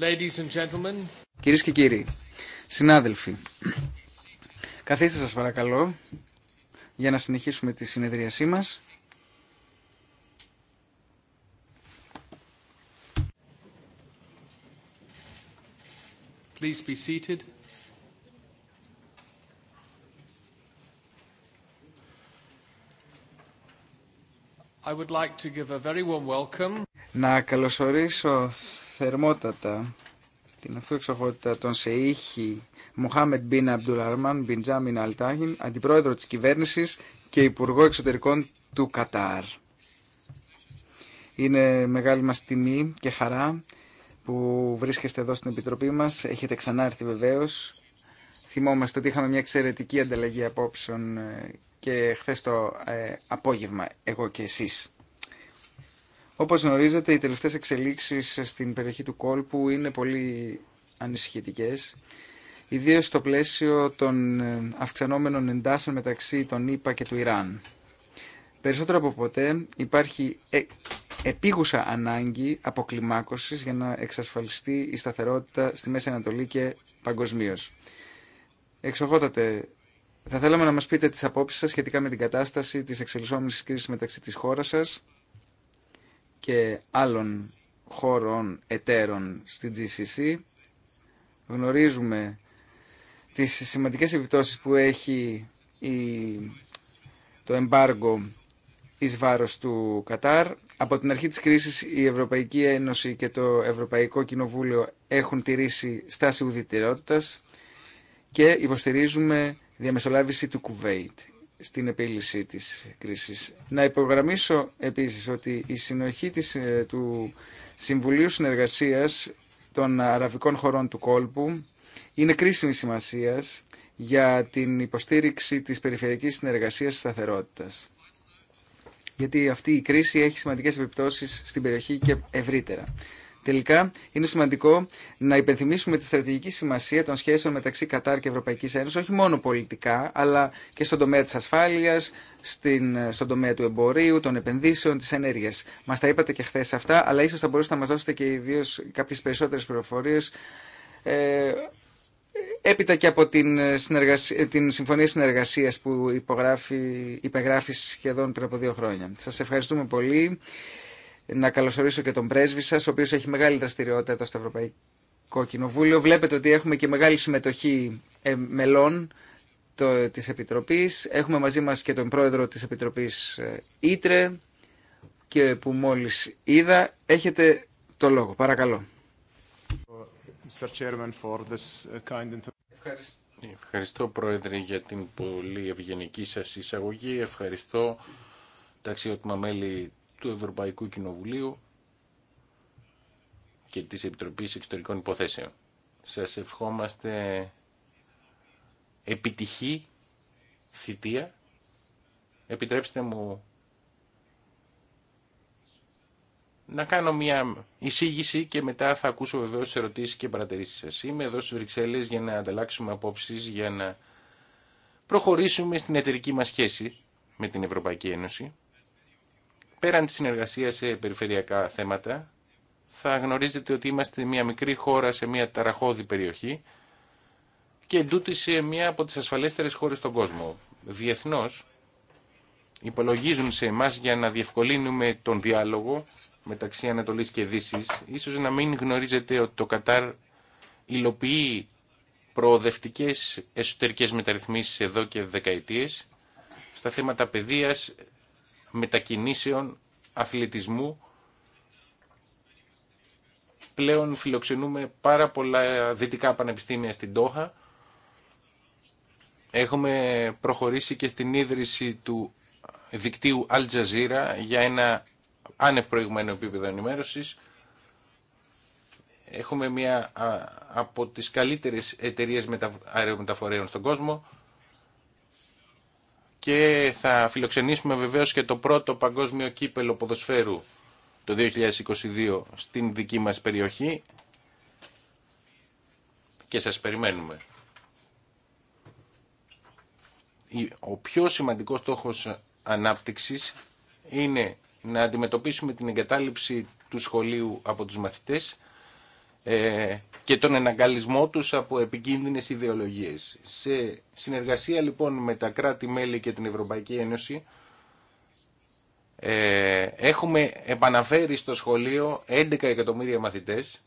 Ladies and gentlemen. Κυρίες και κύριοι, συνάδελφοι, καθίστε σας παρακαλώ για να συνεχίσουμε τη συνεδρίασή μας. Please be seated. I would like to give a very warm welcome. Να καλωσορίσω θερμότατα την αυτοεξοχότητα των Σεήχη Μοχάμετ Μπίν Αμπτουλαρμάν Μπιντζάμιν Αλτάγιν, αντιπρόεδρο της κυβέρνησης και υπουργό εξωτερικών του Κατάρ. Είναι μεγάλη μας τιμή και χαρά που βρίσκεστε εδώ στην Επιτροπή μας. Έχετε ξανάρθει βεβαίως. Θυμόμαστε ότι είχαμε μια εξαιρετική ανταλλαγή απόψεων ε, και χθε το ε, απόγευμα, εγώ και εσείς. Όπως γνωρίζετε, οι τελευταίε εξελίξεις στην περιοχή του κόλπου είναι πολύ ανησυχητικές, ιδίω στο πλαίσιο των ε, αυξανόμενων εντάσεων μεταξύ των ΗΠΑ και του Ιράν. Περισσότερο από ποτέ υπάρχει ε, επίγουσα ανάγκη αποκλιμάκωσης για να εξασφαλιστεί η σταθερότητα στη Μέση Ανατολή και παγκοσμίω. Εξοχότατε, θα θέλαμε να μα πείτε τι απόψει σα σχετικά με την κατάσταση τη εξελισσόμενη κρίση μεταξύ τη χώρα σα και άλλων χώρων εταίρων στην GCC. Γνωρίζουμε τις σημαντικές επιπτώσεις που έχει το εμπάργκο εις βάρος του Κατάρ. Από την αρχή της κρίσης η Ευρωπαϊκή Ένωση και το Ευρωπαϊκό Κοινοβούλιο έχουν τηρήσει στάση ουδετερότητας και υποστηρίζουμε διαμεσολάβηση του Κουβέιτ στην επίλυση της κρίσης. Να υπογραμμίσω επίσης ότι η συνοχή ε, του Συμβουλίου Συνεργασίας των Αραβικών Χωρών του Κόλπου είναι κρίσιμη σημασίας για την υποστήριξη της περιφερειακής συνεργασίας σταθερότητας. Γιατί αυτή η κρίση έχει σημαντικές επιπτώσεις στην περιοχή και ευρύτερα. Τελικά, είναι σημαντικό να υπενθυμίσουμε τη στρατηγική σημασία των σχέσεων μεταξύ Κατάρ και Ευρωπαϊκής Ένωσης, όχι μόνο πολιτικά, αλλά και στον τομέα της ασφάλειας, στον τομέα του εμπορίου, των επενδύσεων, της ενέργειας. Μας τα είπατε και χθε αυτά, αλλά ίσως θα μπορούσατε να μας δώσετε και ιδίω κάποιες περισσότερες πληροφορίε, ε, έπειτα και από την, συνεργασία, την συμφωνία συνεργασίας που υπογράφει, υπεγράφει σχεδόν πριν από δύο χρόνια. Σας ευχαριστούμε πολύ να καλωσορίσω και τον πρέσβη σα, ο οποίο έχει μεγάλη δραστηριότητα εδώ στο Ευρωπαϊκό Κοινοβούλιο. Βλέπετε ότι έχουμε και μεγάλη συμμετοχή ε, μελών τη της Έχουμε μαζί μα και τον πρόεδρο της Επιτροπής ε, Ήτρε και που μόλι είδα. Έχετε το λόγο. Παρακαλώ. Uh, Ευχαριστώ Πρόεδρε για την πολύ ευγενική σας εισαγωγή. Ευχαριστώ τα αξιότιμα μέλη του Ευρωπαϊκού Κοινοβουλίου και της Επιτροπής Εξωτερικών Υποθέσεων. Σας ευχόμαστε επιτυχή θητεία. Επιτρέψτε μου να κάνω μια εισήγηση και μετά θα ακούσω βεβαίως ερωτήσεις και παρατηρήσεις σα. Είμαι εδώ στι για να ανταλλάξουμε απόψεις για να προχωρήσουμε στην εταιρική μας σχέση με την Ευρωπαϊκή Ένωση πέραν της συνεργασίας σε περιφερειακά θέματα, θα γνωρίζετε ότι είμαστε μια μικρή χώρα σε μια ταραχώδη περιοχή και εντούτοι σε μια από τις ασφαλέστερες χώρες στον κόσμο. Διεθνώς υπολογίζουν σε εμάς για να διευκολύνουμε τον διάλογο μεταξύ Ανατολής και Δύσης. Ίσως να μην γνωρίζετε ότι το Κατάρ υλοποιεί προοδευτικές εσωτερικές μεταρρυθμίσεις εδώ και δεκαετίες στα θέματα παιδείας, μετακινήσεων, αθλητισμού. Πλέον φιλοξενούμε πάρα πολλά δυτικά πανεπιστήμια στην Τόχα. Έχουμε προχωρήσει και στην ίδρυση του δικτύου Al Jazeera για ένα άνευ προηγουμένο επίπεδο ενημέρωσης. Έχουμε μία από τις καλύτερες εταιρείες αερομεταφορέων στον κόσμο και θα φιλοξενήσουμε βεβαίως και το πρώτο παγκόσμιο κύπελο ποδοσφαίρου το 2022 στην δική μας περιοχή και σας περιμένουμε. Ο πιο σημαντικός στόχος ανάπτυξης είναι να αντιμετωπίσουμε την εγκατάλειψη του σχολείου από τους μαθητές ε, και τον εναγκαλισμό τους από επικίνδυνες ιδεολογίες. Σε συνεργασία λοιπόν με τα κράτη-μέλη και την Ευρωπαϊκή Ένωση ε, έχουμε επαναφέρει στο σχολείο 11 εκατομμύρια μαθητές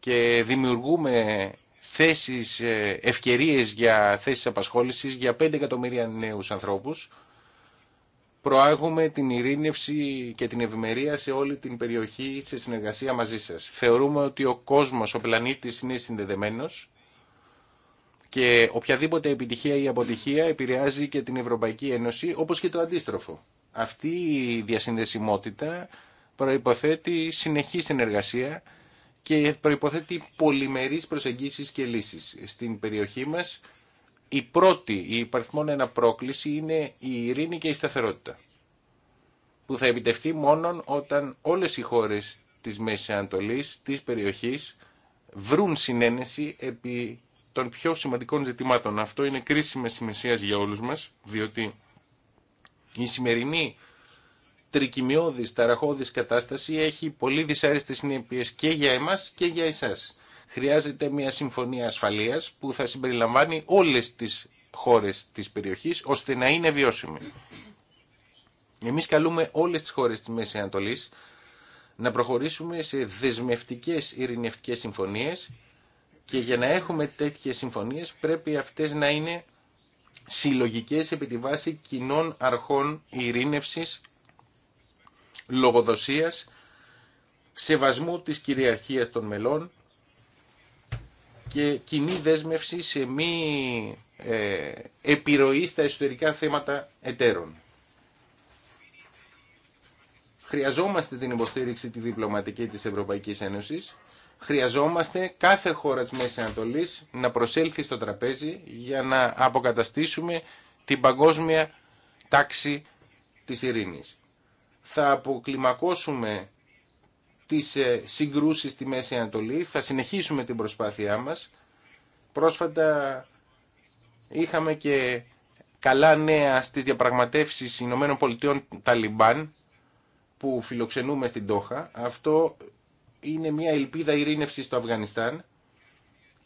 και δημιουργούμε θέσεις, ε, ευκαιρίες για θέσεις απασχόλησης για 5 εκατομμύρια νέους ανθρώπους προάγουμε την ειρήνευση και την ευημερία σε όλη την περιοχή σε συνεργασία μαζί σας. Θεωρούμε ότι ο κόσμος, ο πλανήτης είναι συνδεδεμένος και οποιαδήποτε επιτυχία ή αποτυχία επηρεάζει και την Ευρωπαϊκή Ένωση όπως και το αντίστροφο. Αυτή η διασυνδεσιμότητα προϋποθέτει συνεχή συνεργασία και προϋποθέτει πολυμερείς προσεγγίσεις και λύσεις. Στην περιοχή μας η πρώτη, η υπαριθμόν ένα πρόκληση είναι η ειρήνη και η σταθερότητα που θα επιτευχθεί μόνον όταν όλες οι χώρες της Μέσης Ανατολής, της περιοχής, βρουν συνένεση επί των πιο σημαντικών ζητημάτων. Αυτό είναι κρίσιμη σημασία για όλους μας, διότι η σημερινή τρικυμιώδης, ταραχώδης κατάσταση έχει πολύ δυσάρεστες συνέπειες και για εμάς και για εσάς χρειάζεται μια συμφωνία ασφαλείας που θα συμπεριλαμβάνει όλες τις χώρες της περιοχής ώστε να είναι βιώσιμη. Εμείς καλούμε όλες τις χώρες της Μέσης Ανατολής να προχωρήσουμε σε δεσμευτικές ειρηνευτικές συμφωνίες και για να έχουμε τέτοιες συμφωνίες πρέπει αυτές να είναι συλλογικές επί τη βάση κοινών αρχών ειρήνευσης, λογοδοσίας, σεβασμού της κυριαρχίας των μελών και κοινή δέσμευση σε μη ε, επιρροή στα εσωτερικά θέματα εταίρων. Χρειαζόμαστε την υποστήριξη τη διπλωματική της Ευρωπαϊκής Ένωσης. Χρειαζόμαστε κάθε χώρα της Μέσης Ανατολής να προσέλθει στο τραπέζι για να αποκαταστήσουμε την παγκόσμια τάξη της ειρήνης. Θα αποκλιμακώσουμε τις ε, συγκρούσεις στη Μέση Ανατολή. Θα συνεχίσουμε την προσπάθειά μας. Πρόσφατα είχαμε και καλά νέα στις διαπραγματεύσεις Ηνωμένων Πολιτειών Ταλιμπάν που φιλοξενούμε στην Τόχα. Αυτό είναι μια ελπίδα ειρήνευσης στο Αφγανιστάν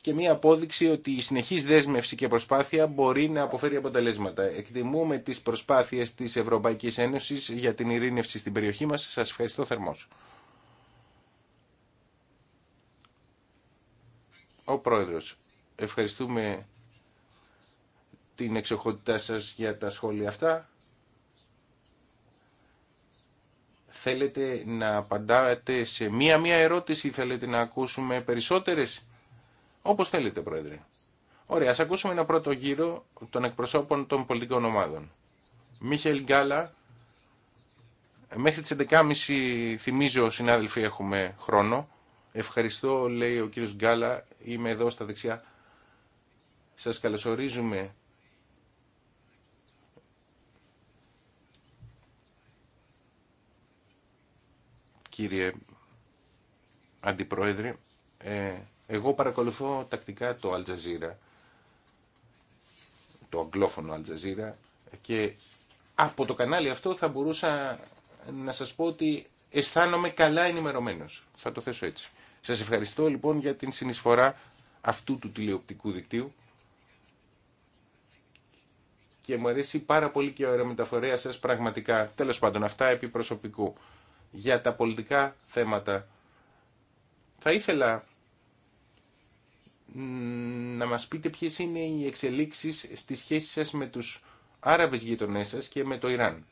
και μια απόδειξη ότι η συνεχής δέσμευση και προσπάθεια μπορεί να αποφέρει αποτελέσματα. Εκτιμούμε τις προσπάθειες της Ευρωπαϊκής Ένωσης για την ειρήνευση στην περιοχή μας. Σας ευχαριστώ θερμός. Ο Πρόεδρος, ευχαριστούμε την εξοχότητά σας για τα σχόλια αυτά. Θέλετε να απαντάτε σε μία-μία ερώτηση ή θέλετε να ακούσουμε περισσότερες. Όπως θέλετε, Πρόεδρε. Ωραία, ας ακούσουμε ένα πρώτο γύρο των εκπροσώπων των πολιτικών ομάδων. Μίχελ Γκάλα, μέχρι τις 11.30 θυμίζω συνάδελφοι έχουμε χρόνο. Ευχαριστώ, λέει ο κύριος Γκάλα, είμαι εδώ στα δεξιά. Σας καλωσορίζουμε κύριε Αντιπρόεδρε. Ε, εγώ παρακολουθώ τακτικά το Αλτζαζίρα, το αγγλόφωνο Αλτζαζίρα και από το κανάλι αυτό θα μπορούσα να σας πω ότι αισθάνομαι καλά ενημερωμένος. Θα το θέσω έτσι. Σας ευχαριστώ λοιπόν για την συνεισφορά αυτού του τηλεοπτικού δικτύου και μου αρέσει πάρα πολύ και η αερομεταφορία σας πραγματικά, τέλος πάντων αυτά επί προσωπικού, για τα πολιτικά θέματα. Θα ήθελα να μας πείτε ποιες είναι οι εξελίξεις στη σχέση σας με τους Άραβες γειτονές σας και με το Ιράν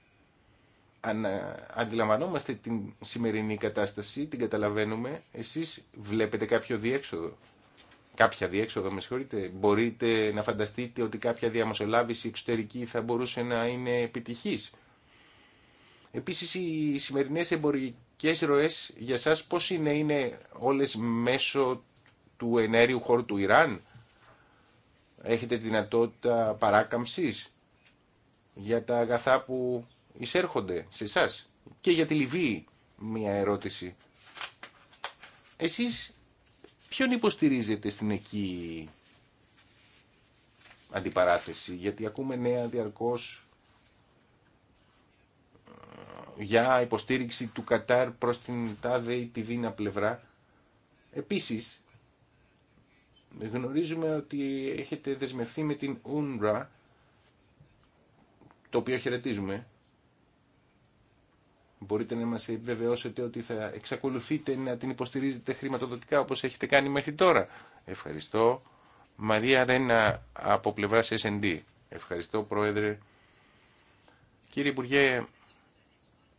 αν αντιλαμβανόμαστε την σημερινή κατάσταση, την καταλαβαίνουμε. Εσείς βλέπετε κάποιο διέξοδο. Κάποια διέξοδο, με συγχωρείτε. Μπορείτε να φανταστείτε ότι κάποια διαμοσολάβηση εξωτερική θα μπορούσε να είναι επιτυχής. Επίσης, οι σημερινές εμπορικές ροές για σας πώς είναι, είναι όλες μέσω του ενέργειου χώρου του Ιράν. Έχετε δυνατότητα παράκαμψης για τα αγαθά που εισέρχονται σε εσά. Και για τη Λιβύη μια ερώτηση. Εσείς ποιον υποστηρίζετε στην εκεί αντιπαράθεση, γιατί ακούμε νέα διαρκώς ε, για υποστήριξη του Κατάρ προς την τάδε ή τη δύνα πλευρά. Επίσης, γνωρίζουμε ότι έχετε δεσμευθεί με την Ουνρα το οποίο χαιρετίζουμε, Μπορείτε να μας επιβεβαιώσετε ότι θα εξακολουθείτε να την υποστηρίζετε χρηματοδοτικά όπως έχετε κάνει μέχρι τώρα. Ευχαριστώ. Μαρία Ρένα από πλευράς S&D. Ευχαριστώ Πρόεδρε. Κύριε Υπουργέ,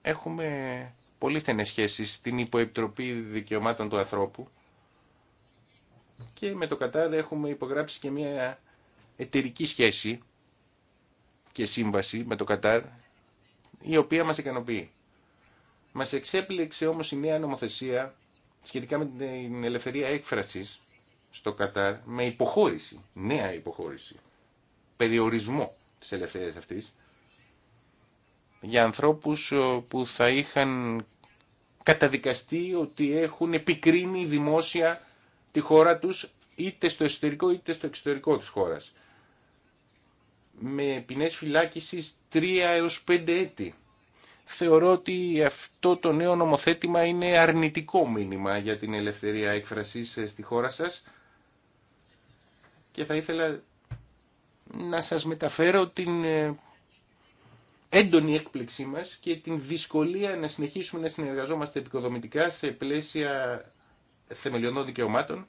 έχουμε πολύ στενές σχέσεις στην Υποεπιτροπή Δικαιωμάτων του Ανθρώπου και με το Κατάρ έχουμε υπογράψει και μια εταιρική σχέση και σύμβαση με το Κατάρ η οποία μας ικανοποιεί. Μα εξέπλεξε όμω η νέα νομοθεσία σχετικά με την ελευθερία έκφραση στο Κατάρ με υποχώρηση, νέα υποχώρηση, περιορισμό της ελευθερία αυτή. για ανθρώπου ε, που θα είχαν καταδικαστεί ότι έχουν επικρίνει δημόσια τη χώρα τους είτε στο εσωτερικό είτε στο εξωτερικό της χώρας με ποινές φυλάκισης 3 έως 5 έτη θεωρώ ότι αυτό το νέο νομοθέτημα είναι αρνητικό μήνυμα για την ελευθερία έκφρασης ε, στη χώρα σας και θα ήθελα να σας μεταφέρω την ε, έντονη έκπληξή μας και την δυσκολία να συνεχίσουμε να συνεργαζόμαστε επικοδομητικά σε πλαίσια θεμελιωδών δικαιωμάτων.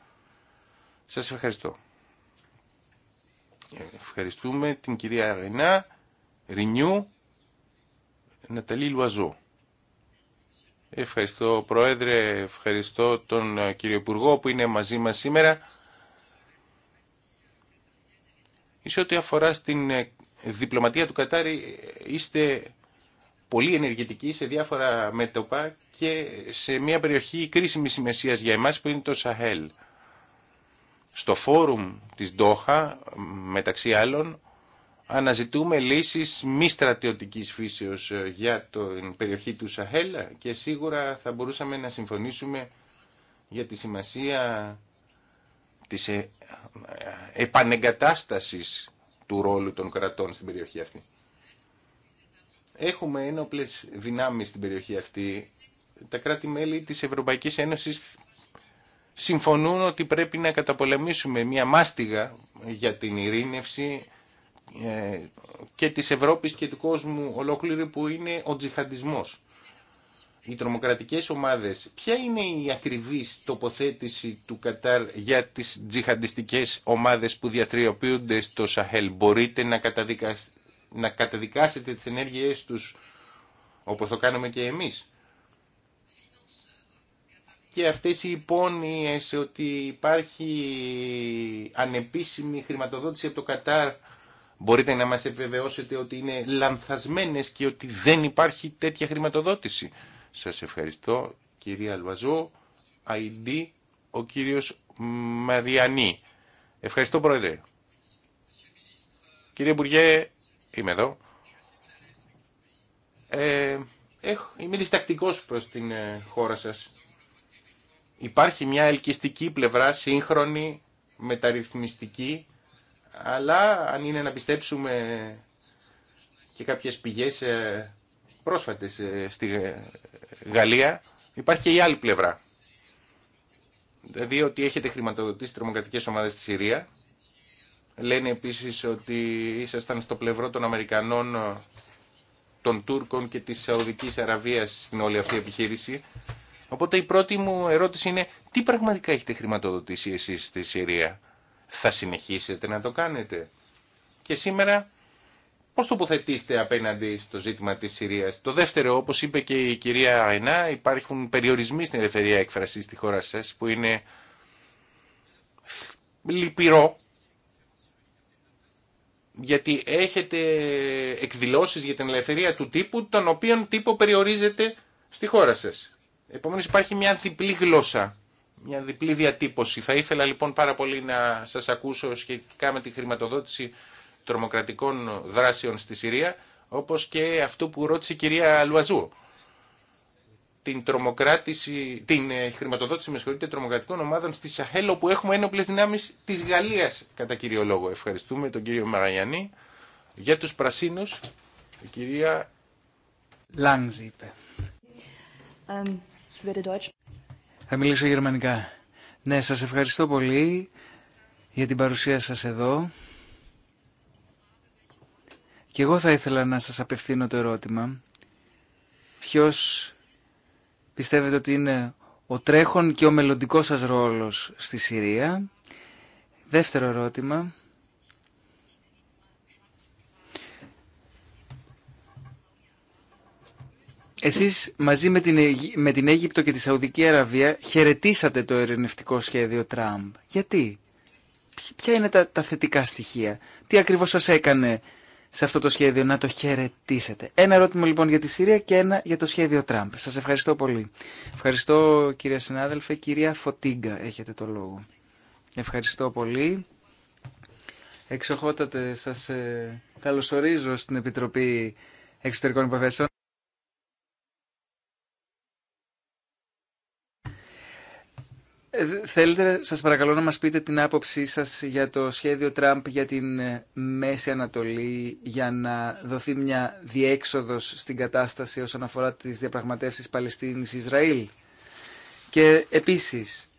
Σας ευχαριστώ. Ε, ευχαριστούμε την κυρία Αγενά, Ρινιού. Ναταλή Λουαζού. Ευχαριστώ Πρόεδρε, ευχαριστώ τον ε, κύριο Υπουργό που είναι μαζί μας σήμερα. Είσαι ό,τι αφορά στην ε, διπλωματία του Κατάρι ε, είστε πολύ ενεργητικοί σε διάφορα μέτωπα και σε μια περιοχή κρίσιμη σημασία για εμάς που είναι το Σαχέλ. Στο φόρουμ της Ντόχα, μεταξύ άλλων, αναζητούμε λύσεις μη στρατιωτικής φύσεως ε, για την περιοχή του Σαχέλα και σίγουρα θα μπορούσαμε να συμφωνήσουμε για τη σημασία της ε, ε, επανεγκατάστασης του ρόλου των κρατών στην περιοχή αυτή. Έχουμε ένοπλες δυνάμεις στην περιοχή αυτή. Τα κράτη-μέλη της Ευρωπαϊκής Ένωσης συμφωνούν ότι πρέπει να καταπολεμήσουμε μια μάστιγα για την ειρήνευση ε, και της Ευρώπης και του κόσμου ολόκληρη που είναι ο τζιχαντισμός. Οι τρομοκρατικές ομάδες, ποια είναι η ακριβής τοποθέτηση του Κατάρ για τις τζιχαντιστικές ομάδες που διαστριοποιούνται στο Σαχέλ. Μπορείτε να, να καταδικάσετε τις ενέργειές τους όπως το κάνουμε και εμείς. Και αυτές οι υπόνοιες ότι υπάρχει ανεπίσημη χρηματοδότηση από το Κατάρ Μπορείτε να μας επιβεβαιώσετε ότι είναι λανθασμένες και ότι δεν υπάρχει τέτοια χρηματοδότηση. Σας ευχαριστώ κυρία Λουαζό, ID ο κύριος Μαριανή. Ευχαριστώ πρόεδρε. Κύριε Υπουργέ, είμαι εδώ. Ε, έχω, είμαι διστακτικός προς την ε, χώρα σας. Υπάρχει μια ελκυστική πλευρά, σύγχρονη, μεταρρυθμιστική, αλλά αν είναι να πιστέψουμε και κάποιες πηγές ε, πρόσφατες ε, στη Γαλλία, υπάρχει και η άλλη πλευρά. Δηλαδή ότι έχετε χρηματοδοτήσει τρομοκρατικές ομάδες στη Συρία. Λένε επίσης ότι ήσασταν στο πλευρό των Αμερικανών, ε, των Τούρκων και της Σαουδικής Αραβίας στην όλη αυτή επιχείρηση. Οπότε η πρώτη μου ερώτηση είναι τι πραγματικά έχετε χρηματοδοτήσει εσείς στη Συρία θα συνεχίσετε να το κάνετε. Και σήμερα πώς τοποθετήσετε απέναντι στο ζήτημα της Συρίας. Το δεύτερο, όπως είπε και η κυρία Αινά, υπάρχουν περιορισμοί στην ελευθερία έκφραση στη χώρα σας που είναι λυπηρό γιατί έχετε εκδηλώσεις για την ελευθερία του τύπου, τον οποίον τύπο περιορίζεται στη χώρα σας. Επομένως υπάρχει μια ανθιπλή γλώσσα μια διπλή διατύπωση. Θα ήθελα λοιπόν πάρα πολύ να σας ακούσω σχετικά με τη χρηματοδότηση τρομοκρατικών δράσεων στη Συρία, όπως και αυτό που ρώτησε η κυρία Λουαζού. Την, τρομοκράτηση, την ε, χρηματοδότηση με συγχωρείτε, τρομοκρατικών ομάδων στη Σαχέλ, όπου έχουμε ένοπλες δυνάμεις της Γαλλίας, κατά κύριο λόγο. Ευχαριστούμε τον κύριο Μαραγιανή. Για τους πρασίνους, η κυρία Λάνζ είπε. Um, θα μιλήσω γερμανικά. Ναι, σας ευχαριστώ πολύ για την παρουσία σας εδώ. Και εγώ θα ήθελα να σας απευθύνω το ερώτημα. Ποιος πιστεύετε ότι είναι ο τρέχον και ο μελλοντικός σας ρόλος στη Συρία. Δεύτερο ερώτημα. Εσείς μαζί με την, με την Αίγυπτο και τη Σαουδική Αραβία χαιρετήσατε το ερευνητικό σχέδιο Τραμπ. Γιατί? Ποια είναι τα, τα θετικά στοιχεία? Τι ακριβώς σας έκανε σε αυτό το σχέδιο να το χαιρετήσετε. Ένα ερώτημα λοιπόν για τη Συρία και ένα για το σχέδιο Τραμπ. Σας ευχαριστώ πολύ. Ευχαριστώ κυρία συνάδελφε. Κυρία Φωτίγκα έχετε το λόγο. Ευχαριστώ πολύ. Εξοχότατε σας ε, καλωσορίζω στην Επιτροπή Εξωτερικών Υποθέσεων. Ε, θέλετε, σας παρακαλώ να μας πείτε την άποψή σας για το σχέδιο Τραμπ για την ε, Μέση Ανατολή για να δοθεί μια διέξοδος στην κατάσταση όσον αφορά τις διαπραγματεύσεις Παλαιστίνης-Ισραήλ. Και επίσης,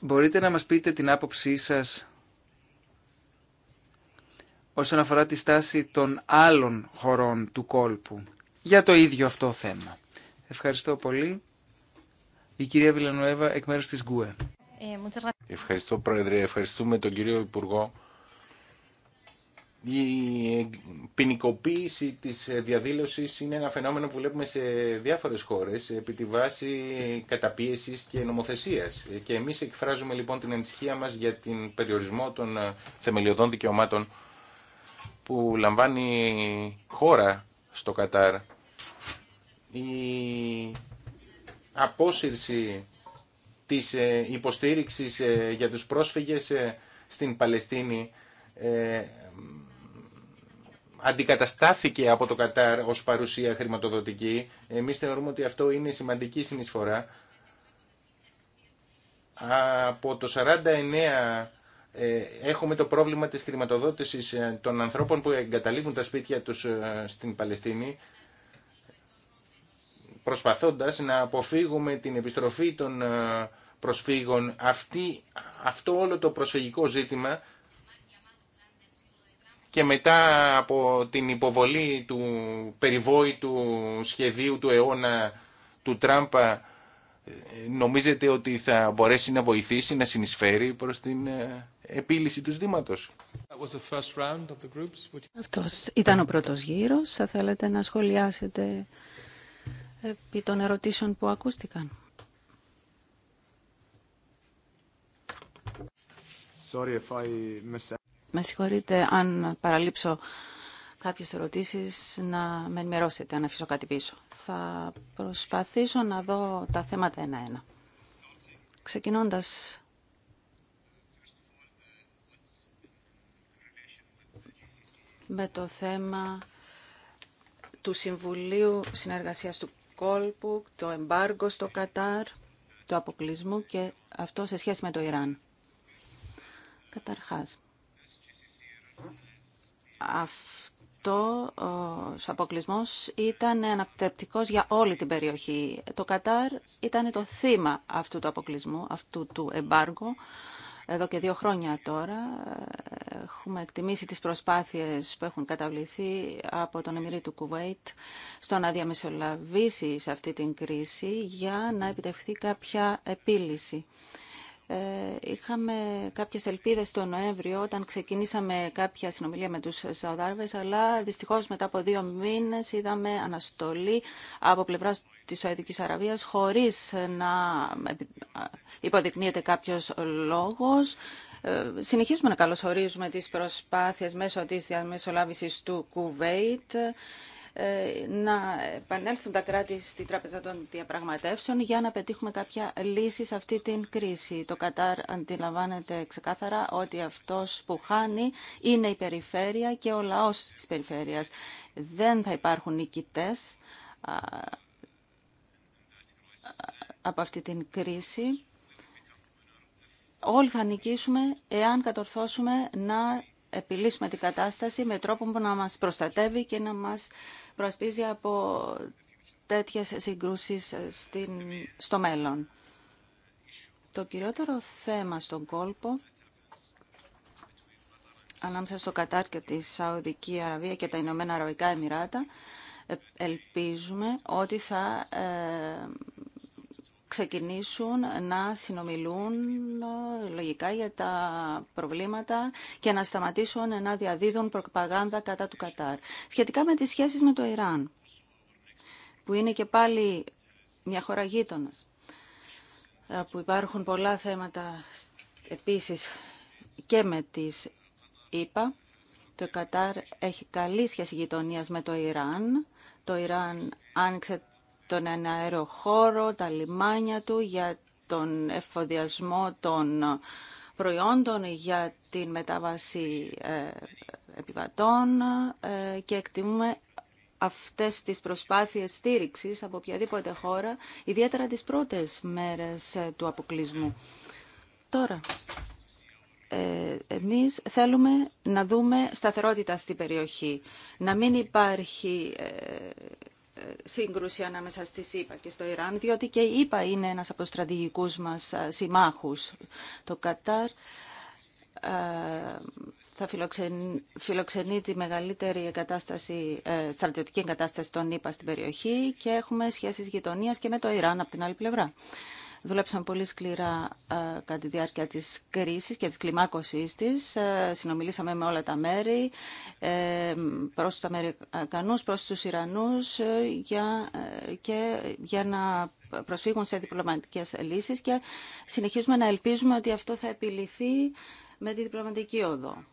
μπορείτε να μας πείτε την άποψή σας όσον αφορά τη στάση των άλλων χωρών του κόλπου για το ίδιο αυτό θέμα. Ευχαριστώ πολύ. Η κυρία Βιλανοέβα εκ μέρους της ΓΚΟΕ. Ε, Ευχαριστώ Πρόεδρε, ευχαριστούμε τον κύριο Υπουργό. Η ποινικοποίηση της διαδήλωσης είναι ένα φαινόμενο που βλέπουμε σε διάφορες χώρες επί τη βάση καταπίεσης και νομοθεσίας. Και εμείς εκφράζουμε λοιπόν την ανησυχία μας για την περιορισμό των θεμελιωδών δικαιωμάτων που λαμβάνει χώρα στο Κατάρ. Η απόσυρση της ε, υποστήριξης ε, για τους πρόσφυγες ε, στην Παλαιστίνη αντικαταστάθηκε από το Κατάρ ως παρουσία χρηματοδοτική. Εμείς θεωρούμε ότι αυτό είναι σημαντική συνεισφορά. Από το 49 έχουμε το πρόβλημα της χρηματοδότησης των ανθρώπων που εγκαταλείπουν τα σπίτια τους στην Παλαιστίνη προσπαθώντας να αποφύγουμε την επιστροφή των ε, προσφύγων. Αυτή, αυτό όλο το προσφυγικό ζήτημα και μετά από την υποβολή του περιβόητου σχεδίου του αιώνα του Τράμπα ε, νομίζετε ότι θα μπορέσει να βοηθήσει, να συνεισφέρει προς την ε, επίλυση του ζητήματος. Αυτός ήταν ο πρώτος γύρος. Θα θέλετε να σχολιάσετε επί των ερωτήσεων που ακούστηκαν. Sorry if I miss... Με συγχωρείτε αν παραλείψω κάποιες ερωτήσεις να με ενημερώσετε αν αφήσω κάτι πίσω. Θα προσπαθήσω να δω τα θέματα ένα-ένα. Ξεκινώντας με το θέμα του Συμβουλίου Συνεργασίας του κόλπου, το εμπάργκο στο Κατάρ, το αποκλεισμό και αυτό σε σχέση με το Ιράν. Καταρχάς, αυτό ο αποκλεισμός ήταν αναπτρεπτικός για όλη την περιοχή. Το Κατάρ ήταν το θύμα αυτού του αποκλεισμού, αυτού του εμπάργου, εδώ και δύο χρόνια τώρα. Έχουμε εκτιμήσει τις προσπάθειες που έχουν καταβληθεί από τον Εμμυρί του Κουβέιτ στο να διαμεσολαβήσει σε αυτή την κρίση για να επιτευχθεί κάποια επίλυση. Ε, είχαμε κάποιες ελπίδες τον Νοέμβριο όταν ξεκινήσαμε κάποια συνομιλία με τους Σαουδάρβες, αλλά δυστυχώς μετά από δύο μήνες είδαμε αναστολή από πλευράς της Σαουδικής Αραβίας χωρίς να υποδεικνύεται κάποιος λόγος. Ε, συνεχίζουμε να καλωσορίζουμε τις προσπάθειες μέσω της διαμεσολάβησης του Κουβέιτ ε, να επανέλθουν τα κράτη στη Τράπεζα των Διαπραγματεύσεων για να πετύχουμε κάποια λύση σε αυτή την κρίση. Το Κατάρ αντιλαμβάνεται ξεκάθαρα ότι αυτός που χάνει είναι η περιφέρεια και ο λαός της περιφέρειας. Δεν θα υπάρχουν νικητές από αυτή την κρίση. Όλοι θα νικήσουμε εάν κατορθώσουμε να επιλύσουμε την κατάσταση με τρόπο που να μας προστατεύει και να μας προασπίζει από τέτοιες συγκρούσεις στην, στο μέλλον. Το κυριότερο θέμα στον κόλπο ανάμεσα στο Κατάρ και τη Σαουδική Αραβία και τα Ηνωμένα Αραβικά Εμμυράτα ε, ελπίζουμε ότι θα ε, ξεκινήσουν να συνομιλούν ε, λογικά για τα προβλήματα και να σταματήσουν να διαδίδουν προπαγάνδα κατά του Κατάρ. Σχετικά με τις σχέσεις με το Ιράν, που είναι και πάλι μια χώρα γείτονα, ε, που υπάρχουν πολλά θέματα επίσης και με τις ΗΠΑ. Το Κατάρ έχει καλή σχέση γειτονίας με το Ιράν. Το Ιράν άνοιξε τον αεροχώρο, τα λιμάνια του, για τον εφοδιασμό των προϊόντων, για την μετάβαση ε, επιβατών ε, και εκτιμούμε αυτές τις προσπάθειες στήριξης από οποιαδήποτε χώρα, ιδιαίτερα τις πρώτες μέρες ε, του αποκλεισμού. Τώρα, εμείς θέλουμε να δούμε σταθερότητα στην περιοχή, να μην υπάρχει σύγκρουση ανάμεσα στη ΣΥΠΑ και στο Ιράν, διότι και η ΙΠΑ είναι ένας από τους στρατηγικούς μας ε, συμμάχους. Το Κατάρ ε, θα φιλοξενεί τη μεγαλύτερη εγκατάσταση, ε, στρατιωτική εγκατάσταση των ΙΠΑ στην περιοχή και έχουμε σχέσεις γειτονίας και με το Ιράν από την άλλη πλευρά δούλεψαν πολύ σκληρά ε, κατά τη διάρκεια της κρίσης και της κλιμάκωσής της. Ε, συνομιλήσαμε με όλα τα μέρη, ε, προς τους Αμερικανούς, προς τους Ιρανούς για, και για να προσφύγουν σε διπλωματικές λύσεις και συνεχίζουμε να ελπίζουμε ότι αυτό θα επιληθεί με τη διπλωματική οδό.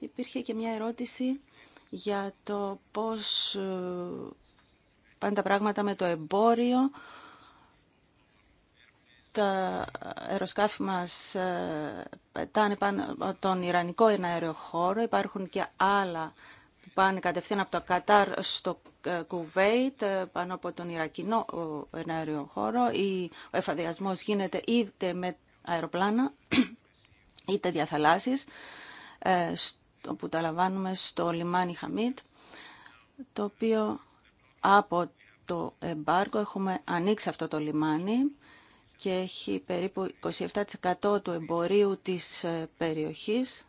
Υπήρχε και μια ερώτηση για το πώς πάνε τα πράγματα με το εμπόριο τα αεροσκάφη μας ε, πετάνε πάνω τον Ιρανικό χώρο. Υπάρχουν και άλλα που πάνε κατευθείαν από το Κατάρ στο ε, Κουβέιτ ε, πάνω από τον Ιρακινό χώρο. Ο εφαδιασμός γίνεται είτε με αεροπλάνα είτε διαθαλάσσεις που τα λαμβάνουμε στο λιμάνι Χαμίτ το οποίο από το εμπάρκο έχουμε ανοίξει αυτό το λιμάνι και έχει περίπου 27% του εμπορίου της ε, περιοχής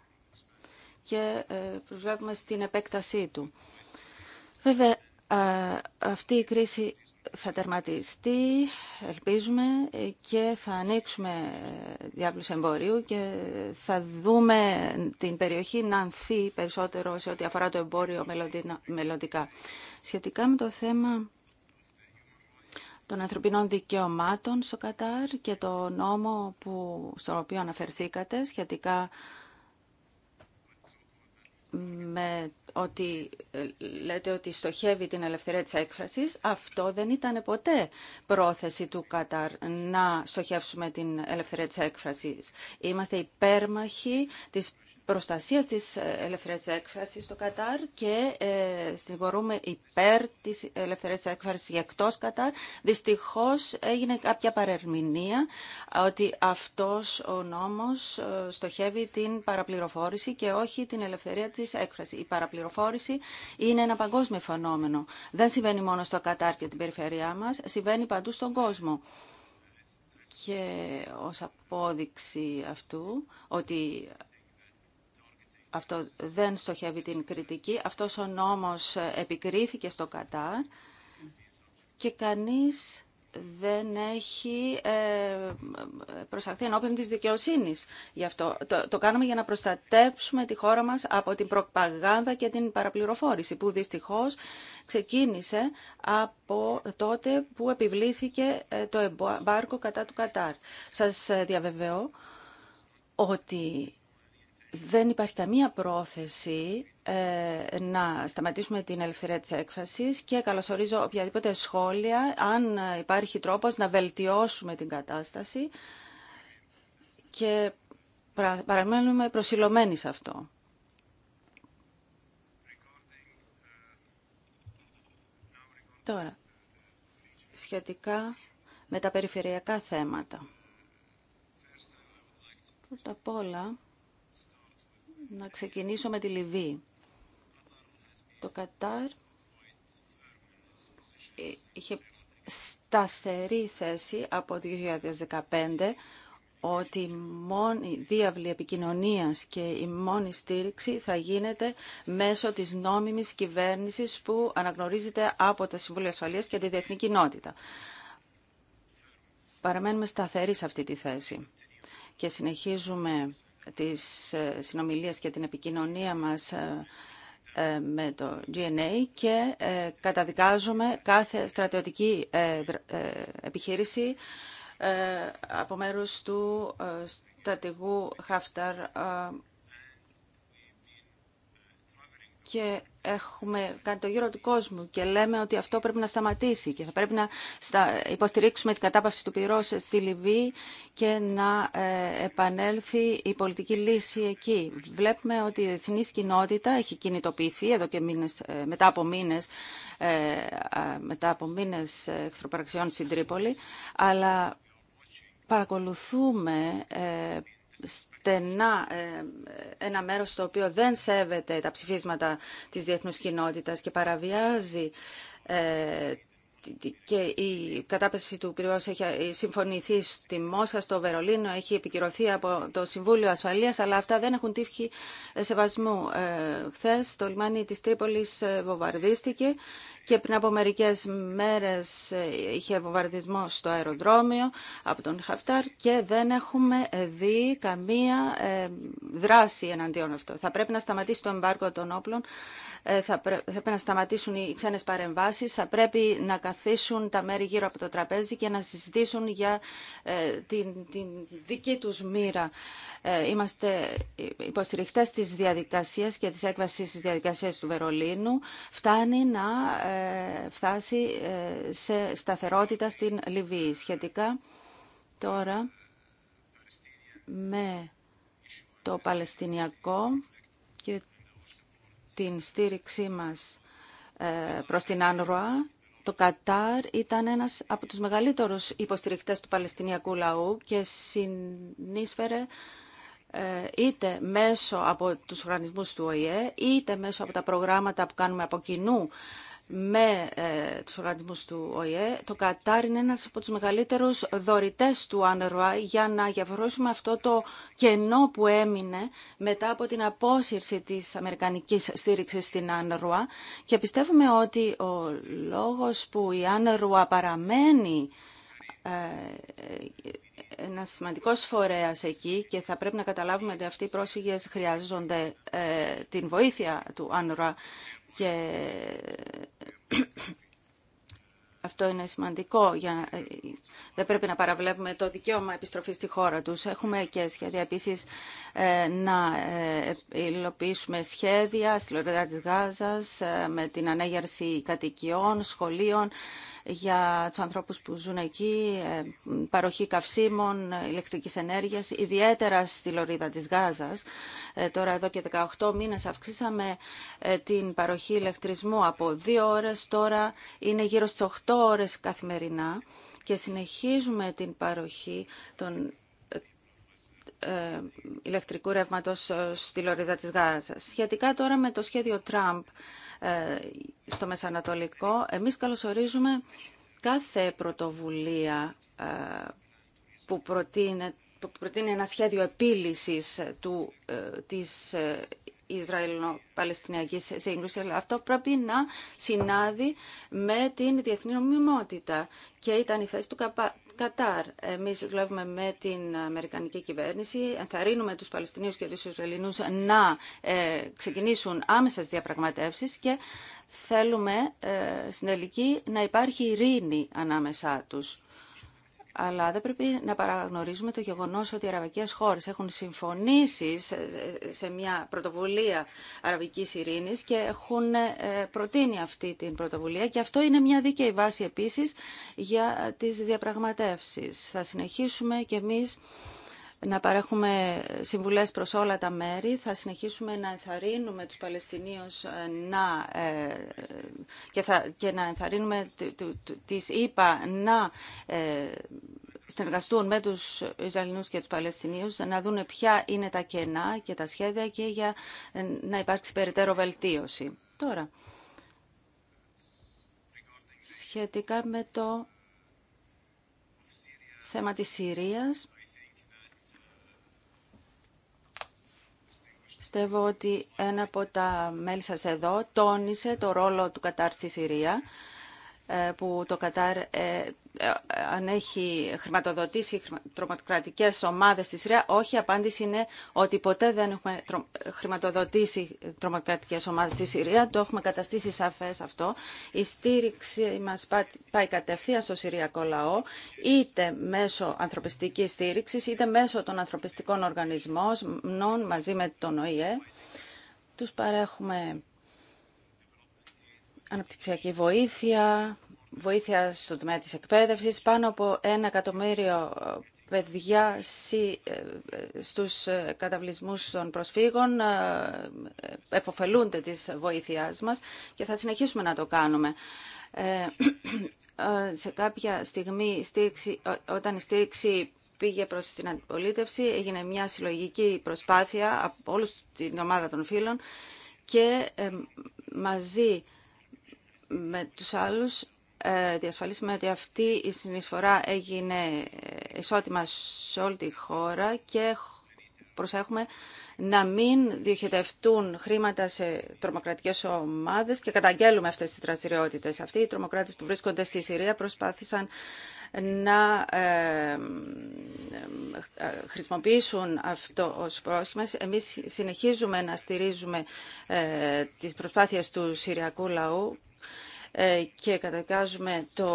και ε, προσβλέπουμε στην επέκτασή του. Βέβαια, αυτή η κρίση θα τερματιστεί, ελπίζουμε, ε, και θα ανοίξουμε διάπλους εμπορίου και θα δούμε την περιοχή να ανθεί περισσότερο σε ό,τι αφορά το εμπόριο μελλοντικά. Σχετικά με το θέμα των ανθρωπίνων δικαιωμάτων στο Κατάρ και το νόμο που, στο οποίο αναφερθήκατε σχετικά με ότι ε, λέτε ότι στοχεύει την ελευθερία της έκφρασης, αυτό δεν ήταν ποτέ πρόθεση του Κατάρ να στοχεύσουμε την ελευθερία της έκφρασης. Είμαστε υπέρμαχοι της προστασία της ε, ελευθερίας έκφρασης στο Κατάρ και ε, συγχωρούμε υπέρ της ελευθερίας έκφρασης για εκτός Κατάρ. Δυστυχώς έγινε κάποια παρερμηνία ότι αυτός ο νόμος ε, στοχεύει την παραπληροφόρηση και όχι την ελευθερία της έκφρασης. Η παραπληροφόρηση είναι ένα παγκόσμιο φαινόμενο. Δεν συμβαίνει μόνο στο Κατάρ και την περιφέρειά μας, συμβαίνει παντού στον κόσμο και ως απόδειξη αυτού ότι αυτό δεν στοχεύει την κριτική. Αυτός ο νόμος επικρίθηκε στο Κατάρ και κανείς δεν έχει ε, προσαχθεί ενώπιν της δικαιοσύνης. Γι' αυτό το, το κάνουμε για να προστατέψουμε τη χώρα μας από την προπαγάνδα και την παραπληροφόρηση που δυστυχώς ξεκίνησε από τότε που επιβλήθηκε ε, το εμπάρκο κατά του Κατάρ. Σας ε, διαβεβαιώ ότι δεν υπάρχει καμία πρόθεση ε, να σταματήσουμε την ελευθερία της έκφρασης και καλωσορίζω οποιαδήποτε σχόλια, αν υπάρχει τρόπος να βελτιώσουμε την κατάσταση και παραμένουμε προσιλωμένοι σε αυτό. Τώρα, σχετικά με τα περιφερειακά θέματα. Πρώτα απ' όλα, να ξεκινήσω με τη Λιβύη. Το Κατάρ είχε σταθερή θέση από το 2015 ότι η μόνη διάβλη επικοινωνίας και η μόνη στήριξη θα γίνεται μέσω της νόμιμης κυβέρνησης που αναγνωρίζεται από το Συμβούλιο Ασφαλείας και τη Διεθνή Κοινότητα. Παραμένουμε σταθεροί σε αυτή τη θέση και συνεχίζουμε της ε, συνομιλίας και την επικοινωνία μας ε, ε, με το GNA και καταδικάζουμε κάθε στρατιωτική επιχείρηση από μέρους του στρατηγού Χαφταρ και έχουμε κάνει το γύρο του κόσμου και λέμε ότι αυτό πρέπει να σταματήσει και θα πρέπει να υποστηρίξουμε την κατάπαυση του πυρός στη Λιβύη και να ε, επανέλθει η πολιτική λύση εκεί. Βλέπουμε ότι η διεθνή κοινότητα έχει κινητοποιηθεί εδώ και μήνες, ε, μετά από μήνες ε, μετά από μήνες στην Τρίπολη, αλλά παρακολουθούμε στενά ε, ένα μέρος το οποίο δεν σέβεται τα ψηφίσματα της διεθνούς κοινότητας και παραβιάζει ε, και η κατάπεση του πυρός έχει ε, συμφωνηθεί στη Μόσα, στο Βερολίνο, έχει επικυρωθεί από το Συμβούλιο Ασφαλείας, αλλά αυτά δεν έχουν τύχει ε, σεβασμού. Ε, Χθε το λιμάνι της Τρίπολης ε, βομβαρδίστηκε και πριν από μερικές μέρες είχε βομβαρδισμό στο αεροδρόμιο από τον Χαφτάρ και δεν έχουμε δει καμία δράση εναντίον αυτό. Θα πρέπει να σταματήσει το εμπάρκο των όπλων ε, θα πρέπει να σταματήσουν οι ξένες παρεμβάσεις, θα πρέπει να καθίσουν τα μέρη γύρω από το τραπέζι και να συζητήσουν για ε, την, δική τους μοίρα. Ε, είμαστε υποστηριχτές της διαδικασίας και της έκβασης της διαδικασίας του Βερολίνου. Φτάνει να φτάσει σε σταθερότητα στην Λιβύη. Σχετικά τώρα με το Παλαιστινιακό και την στήριξή μας ε, προς την Άνρουα. Το Κατάρ ήταν ένας από τους μεγαλύτερους υποστηρικτές του Παλαιστινιακού λαού και συνείσφερε ε, είτε μέσω από τους οργανισμούς του ΟΗΕ, είτε μέσω από τα προγράμματα που κάνουμε από κοινού με ε, τους του ΟΗΕ. Το Κατάρ είναι ένας από τους μεγαλύτερους δωρητές του Άνερουα για να διαφορώσουμε αυτό το κενό που έμεινε μετά από την απόσυρση της αμερικανικής στήριξης στην Άνερουα και πιστεύουμε ότι ο λόγος που η Άνερουα παραμένει ε, ένα σημαντικό φορέα εκεί και θα πρέπει να καταλάβουμε ότι αυτοί οι πρόσφυγε χρειάζονται ε, την βοήθεια του Άνουρα και αυτό είναι σημαντικό. Για... Δεν πρέπει να παραβλέπουμε το δικαίωμα επιστροφής στη χώρα τους. Έχουμε και σχέδια επίσης ε, να ε, υλοποιήσουμε σχέδια στη Λωρίδα της Γάζας ε, με την ανέγερση κατοικιών, σχολείων για τους ανθρώπους που ζουν εκεί, ε, παροχή καυσίμων, ηλεκτρικής ενέργειας, ιδιαίτερα στη λωρίδα της Γάζας. Ε, τώρα εδώ και 18 μήνες αυξήσαμε ε, την παροχή ηλεκτρισμού από δύο ώρες, τώρα είναι γύρω στις 8 ώρες καθημερινά και συνεχίζουμε την παροχή των ε, ηλεκτρικού ρεύματος ε, στη Λωρίδα της Γάζας. Σχετικά τώρα με το σχέδιο Τραμπ ε, στο Μεσανατολικό, εμείς καλωσορίζουμε κάθε πρωτοβουλία που προτείνει, ένα σχέδιο επίλυσης του, της Ισραηλο-Παλαιστινιακής σύγκρουσης, αυτό πρέπει να συνάδει με την διεθνή νομιμότητα. Και ήταν η θέση του Κατάρ. Εμείς δουλεύουμε με την Αμερικανική κυβέρνηση, ενθαρρύνουμε τους Παλαιστινίου και τους Ισραηλινούς να ε, ξεκινήσουν άμεσες διαπραγματεύσεις και θέλουμε ε, στην τελική να υπάρχει ειρήνη ανάμεσά τους αλλά δεν πρέπει να παραγνωρίζουμε το γεγονός ότι οι αραβικές χώρες έχουν συμφωνήσει σε μια πρωτοβουλία αραβικής ειρήνης και έχουν ε, προτείνει αυτή την πρωτοβουλία και αυτό είναι μια δίκαιη βάση επίσης για τις διαπραγματεύσεις. Θα συνεχίσουμε και εμείς να παρέχουμε συμβουλές προς όλα τα μέρη. Θα συνεχίσουμε να ενθαρρύνουμε τους Παλαιστινίους ε, να, ε, και, να ενθαρρύνουμε τις ΗΠΑ να ε, συνεργαστούν με τους Ισραηλινούς και τους Παλαιστινίους να δουν ποια είναι τα κενά και τα σχέδια και για ε, να υπάρξει περαιτέρω βελτίωση. Τώρα, σχετικά με το θέμα της Συρίας, Πιστεύω ότι ένα από τα μέλη σας εδώ τόνισε το ρόλο του Κατάρ στη Συρία ε, που το Κατάρ ε, ε, έχει χρηματοδοτήσει τρομοκρατικές ομάδες στη Συρία. Όχι, η απάντηση είναι ότι ποτέ δεν έχουμε χρηματοδοτήσει τρομοκρατικές ομάδες στη Συρία. Το έχουμε καταστήσει σαφές αυτό. Η στήριξη μας πάει κατευθείαν στο Συριακό λαό, είτε μέσω ανθρωπιστικής στήριξης, είτε μέσω των ανθρωπιστικών οργανισμών, μαζί με τον ΟΗΕ. Τους παρέχουμε αναπτυξιακή βοήθεια, βοήθεια στο τομέα της εκπαίδευσης, πάνω από ένα εκατομμύριο παιδιά ε, στους ε, καταβλισμούς των προσφύγων ε, εποφελούνται της βοήθειάς μας και θα συνεχίσουμε να το κάνουμε. σε κάποια στιγμή, όταν η στήριξη πήγε προς την αντιπολίτευση, έγινε μια συλλογική προσπάθεια από όλους την ομάδα των φίλων και μαζί με τους άλλους ε, διασφαλίσουμε ότι αυτή η συνεισφορά έγινε ε, ισότιμα σε όλη τη χώρα και προσέχουμε να μην διοχετευτούν χρήματα σε τρομοκρατικές ομάδες και καταγγέλουμε αυτές τις δραστηριότητε. Αυτοί οι τρομοκράτες που βρίσκονται στη Συρία προσπάθησαν να ε, χρησιμοποιήσουν αυτό ως πρόσχημα. Εμείς συνεχίζουμε να στηρίζουμε τις προσπάθειες του Συριακού λαού ε, και καταδικάζουμε το,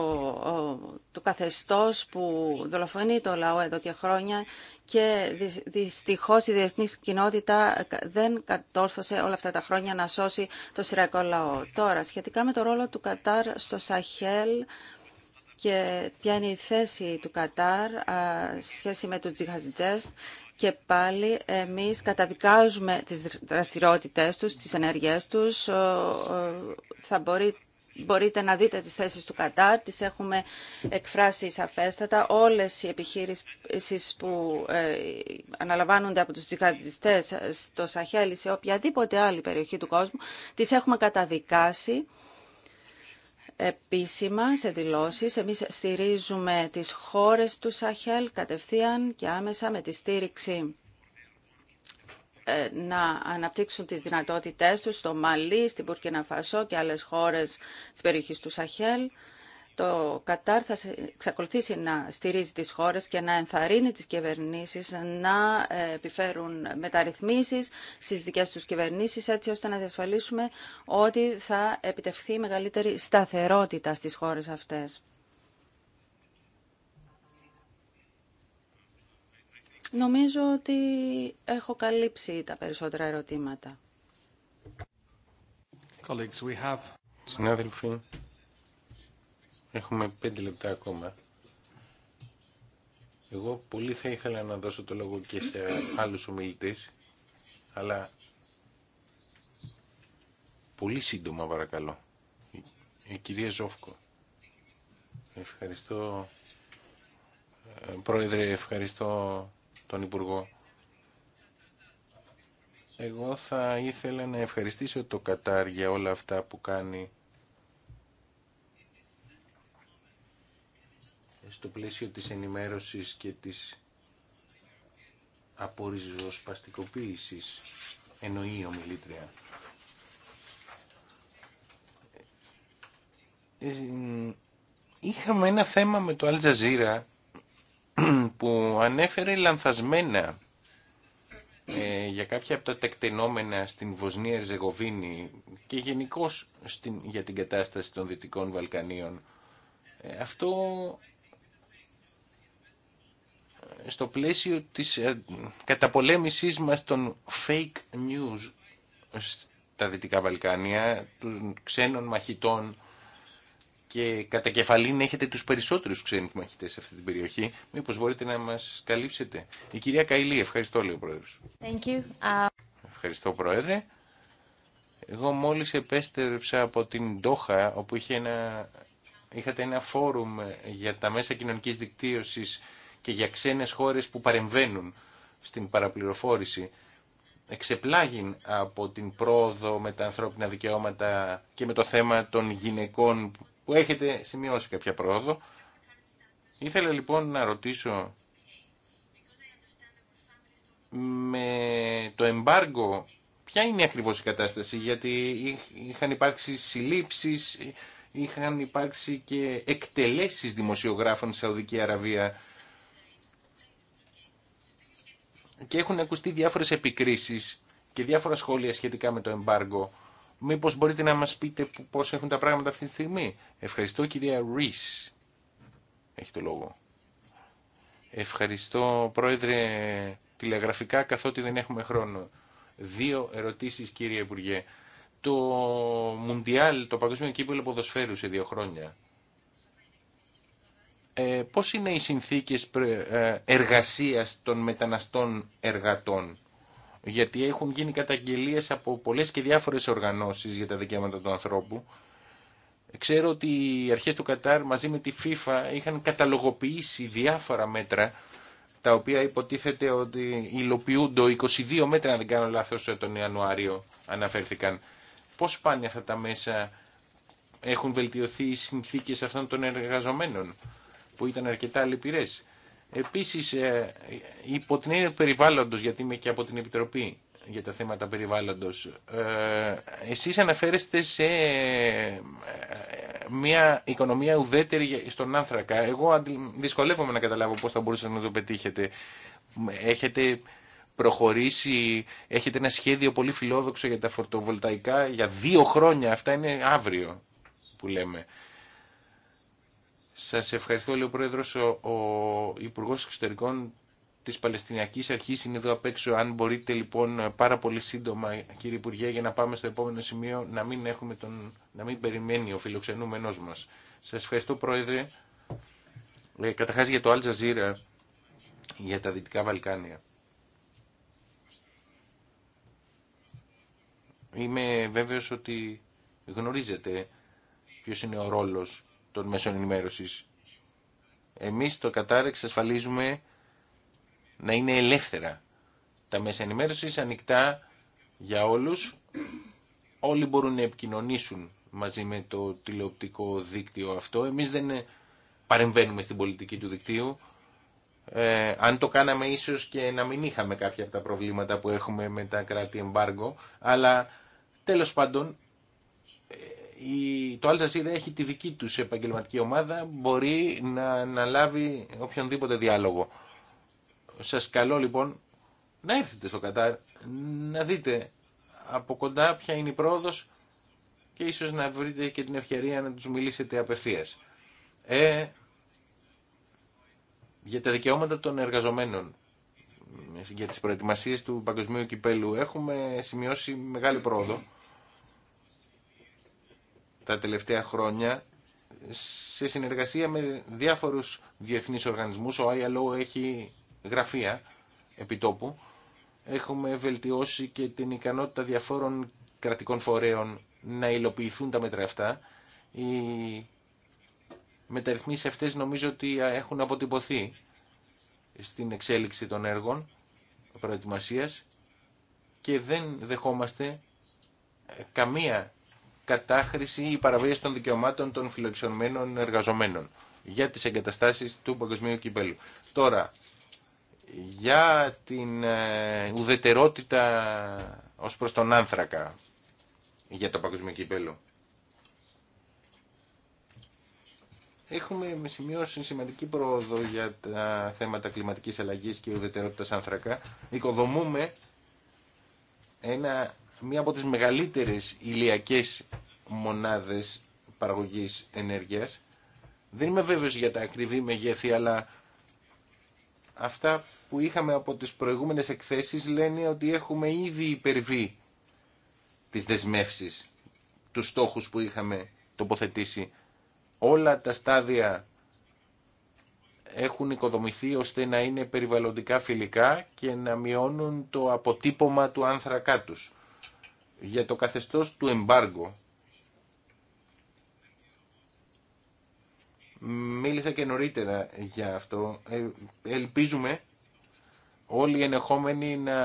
το καθεστώς που δολοφονεί το λαό εδώ και χρόνια και δυστυχώς η διεθνής κοινότητα δεν κατόρθωσε όλα αυτά τα χρόνια να σώσει το σειρακό λαό. Τώρα, σχετικά με το ρόλο του Κατάρ στο Σαχέλ, και ποια είναι η θέση του Κατάρ σε σχέση με του τζιχαζιτζές και πάλι εμείς καταδικάζουμε τις δραστηριότητες τους, τις ενέργειές τους. Θα μπορείτε να δείτε τις θέσεις του κατά, τις έχουμε εκφράσει σαφέστατα. Όλες οι επιχείρησεις που ε, αναλαμβάνονται από τους τζιχαντιστές στο Σαχέλ ή σε οποιαδήποτε άλλη περιοχή του κόσμου, τις έχουμε καταδικάσει επίσημα σε δηλώσεις. Εμείς στηρίζουμε τις χώρες του Σαχέλ κατευθείαν και άμεσα με τη στήριξη ε, να αναπτύξουν τις δυνατότητές τους στο Μαλί, στην Πουρκίνα Φασό και άλλες χώρες της περιοχής του Σαχέλ. Το Κατάρ θα εξακολουθήσει να στηρίζει τις χώρες και να ενθαρρύνει τις κυβερνήσεις να ε, επιφέρουν μεταρρυθμίσεις στις δικές τους κυβερνήσεις έτσι ώστε να διασφαλίσουμε ότι θα επιτευχθεί μεγαλύτερη σταθερότητα στις χώρες αυτές. Νομίζω ότι έχω καλύψει τα περισσότερα ερωτήματα. Συνάδελφοι, έχουμε πέντε λεπτά ακόμα. Εγώ πολύ θα ήθελα να δώσω το λόγο και σε άλλους ομιλητές, αλλά πολύ σύντομα παρακαλώ. Η ε, κυρία Ζόφκο. Ευχαριστώ. Ε, πρόεδρε, ευχαριστώ τον Υπουργό. Εγώ θα ήθελα να ευχαριστήσω το Κατάρ για όλα αυτά που κάνει στο πλαίσιο της ενημέρωσης και της απορριζοσπαστικοποίησης εννοεί η ομιλήτρια. Είχαμε ένα θέμα με το Αλτζαζίρα που ανέφερε λανθασμένα ε, για κάποια από τα τεκτενόμενα στην Βοσνία Ερζεγοβίνη και γενικώ για την κατάσταση των Δυτικών Βαλκανίων. Ε, αυτό ε, στο πλαίσιο της ε, καταπολέμησής μας των fake news στα Δυτικά Βαλκάνια, των ξένων μαχητών και κατά κεφαλήν έχετε τους περισσότερους ξένους μαχητές σε αυτή την περιοχή. Μήπως μπορείτε να μας καλύψετε. Η κυρία Καηλή, ευχαριστώ λέει ο Πρόεδρος. Thank you. Ευχαριστώ Πρόεδρε. Εγώ μόλις επέστρεψα από την Ντόχα, όπου είχε ένα, είχατε ένα φόρουμ για τα μέσα κοινωνικής δικτύωσης και για ξένες χώρες που παρεμβαίνουν στην παραπληροφόρηση. Εξεπλάγει από την πρόοδο με τα ανθρώπινα δικαιώματα και με το θέμα των γυναικών που έχετε σημειώσει κάποια πρόοδο. Ήθελα λοιπόν να ρωτήσω με το εμπάργκο ποια είναι ακριβώς η κατάσταση γιατί είχαν υπάρξει συλλήψεις, είχαν υπάρξει και εκτελέσεις δημοσιογράφων σε Σαουδική Αραβία και έχουν ακουστεί διάφορες επικρίσεις και διάφορα σχόλια σχετικά με το εμπάργκο. Μήπως μπορείτε να μας πείτε πώς έχουν τα πράγματα αυτή τη στιγμή. Ευχαριστώ κυρία Ρις. Έχει το λόγο. Ευχαριστώ πρόεδρε τηλεγραφικά καθότι δεν έχουμε χρόνο. Δύο ερωτήσεις κύριε Υπουργέ. Το Μουντιάλ, το Παγκόσμιο Κύπελο Ποδοσφαίρου σε δύο χρόνια. Ε, πώς είναι οι συνθήκες ε, εργασίας των μεταναστών εργατών γιατί έχουν γίνει καταγγελίες από πολλές και διάφορες οργανώσεις για τα δικαιώματα του ανθρώπου. Ξέρω ότι οι αρχές του Κατάρ μαζί με τη FIFA είχαν καταλογοποιήσει διάφορα μέτρα τα οποία υποτίθεται ότι υλοποιούνται 22 μέτρα, αν δεν κάνω λάθος, τον Ιανουάριο αναφέρθηκαν. Πώς πάνε αυτά τα μέσα, έχουν βελτιωθεί οι συνθήκες αυτών των εργαζομένων, που ήταν αρκετά λυπηρές. Επίσης, ε, υπό την έννοια του περιβάλλοντος, γιατί είμαι και από την Επιτροπή για τα θέματα περιβάλλοντος, ε, εσείς αναφέρεστε σε ε, μια οικονομία ουδέτερη στον άνθρακα. Εγώ δυσκολεύομαι να καταλάβω πώς θα μπορούσατε να το πετύχετε. Έχετε προχωρήσει, έχετε ένα σχέδιο πολύ φιλόδοξο για τα φωτοβολταϊκά για δύο χρόνια, αυτά είναι αύριο που λέμε. Σας ευχαριστώ, λέει ο Πρόεδρο Ο, ο Υπουργός Εξωτερικών της Παλαιστινιακής Αρχής είναι εδώ απ' έξω. Αν μπορείτε λοιπόν πάρα πολύ σύντομα, κύριε Υπουργέ, για να πάμε στο επόμενο σημείο, να μην, έχουμε τον, να μην περιμένει ο φιλοξενούμενός μας. Σας ευχαριστώ, Πρόεδρε. Ε, για το Al Jazeera, για τα Δυτικά Βαλκάνια. Είμαι βέβαιος ότι γνωρίζετε ποιος είναι ο ρόλος των μέσων ενημέρωσης. Εμείς στο Κατάρ εξασφαλίζουμε να είναι ελεύθερα τα μέσα ενημέρωσης, ανοιχτά για όλους. Όλοι μπορούν να επικοινωνήσουν μαζί με το τηλεοπτικό δίκτυο αυτό. Εμείς δεν παρεμβαίνουμε στην πολιτική του δικτύου. Ε, αν το κάναμε ίσως και να μην είχαμε κάποια από τα προβλήματα που έχουμε με τα κράτη εμπάργκο, αλλά τέλος πάντων το Al Jazeera έχει τη δική τους επαγγελματική ομάδα, μπορεί να λάβει οποιονδήποτε διάλογο. Σας καλώ λοιπόν να έρθετε στο Κατάρ, να δείτε από κοντά ποια είναι η πρόοδος και ίσως να βρείτε και την ευκαιρία να τους μιλήσετε απευθείας. Ε, για τα δικαιώματα των εργαζομένων, για τις προετοιμασίες του παγκοσμίου κυπέλου, έχουμε σημειώσει μεγάλη πρόοδο τα τελευταία χρόνια σε συνεργασία με διάφορους διεθνείς οργανισμούς. Ο ILO έχει γραφεία επιτόπου. Έχουμε βελτιώσει και την ικανότητα διαφόρων κρατικών φορέων να υλοποιηθούν τα μέτρα αυτά. Οι μεταρρυθμίσεις αυτές νομίζω ότι έχουν αποτυπωθεί στην εξέλιξη των έργων προετοιμασίας και δεν δεχόμαστε καμία κατάχρηση ή παραβίαση των δικαιωμάτων των φιλοξενωμένων εργαζομένων για τις εγκαταστάσεις του παγκοσμίου κυπέλου. Τώρα, για την ε, ουδετερότητα ως προς τον άνθρακα για το παγκοσμίο κυπέλο. Έχουμε σημειώσει σημαντική πρόοδο για τα θέματα κλιματικής αλλαγής και ουδετερότητας άνθρακα. Οικοδομούμε ένα μία από τις μεγαλύτερες ηλιακές μονάδες παραγωγής ενέργειας. Δεν είμαι βέβαιος για τα ακριβή μεγέθη, αλλά αυτά που είχαμε από τις προηγούμενες εκθέσεις λένε ότι έχουμε ήδη υπερβεί τις δεσμεύσεις, τους στόχους που είχαμε τοποθετήσει. Όλα τα στάδια έχουν οικοδομηθεί ώστε να είναι περιβαλλοντικά φιλικά και να μειώνουν το αποτύπωμα του άνθρακά τους για το καθεστώς του εμπάργου. Μίλησα και νωρίτερα για αυτό. Ε, ελπίζουμε όλοι οι ενεχόμενοι να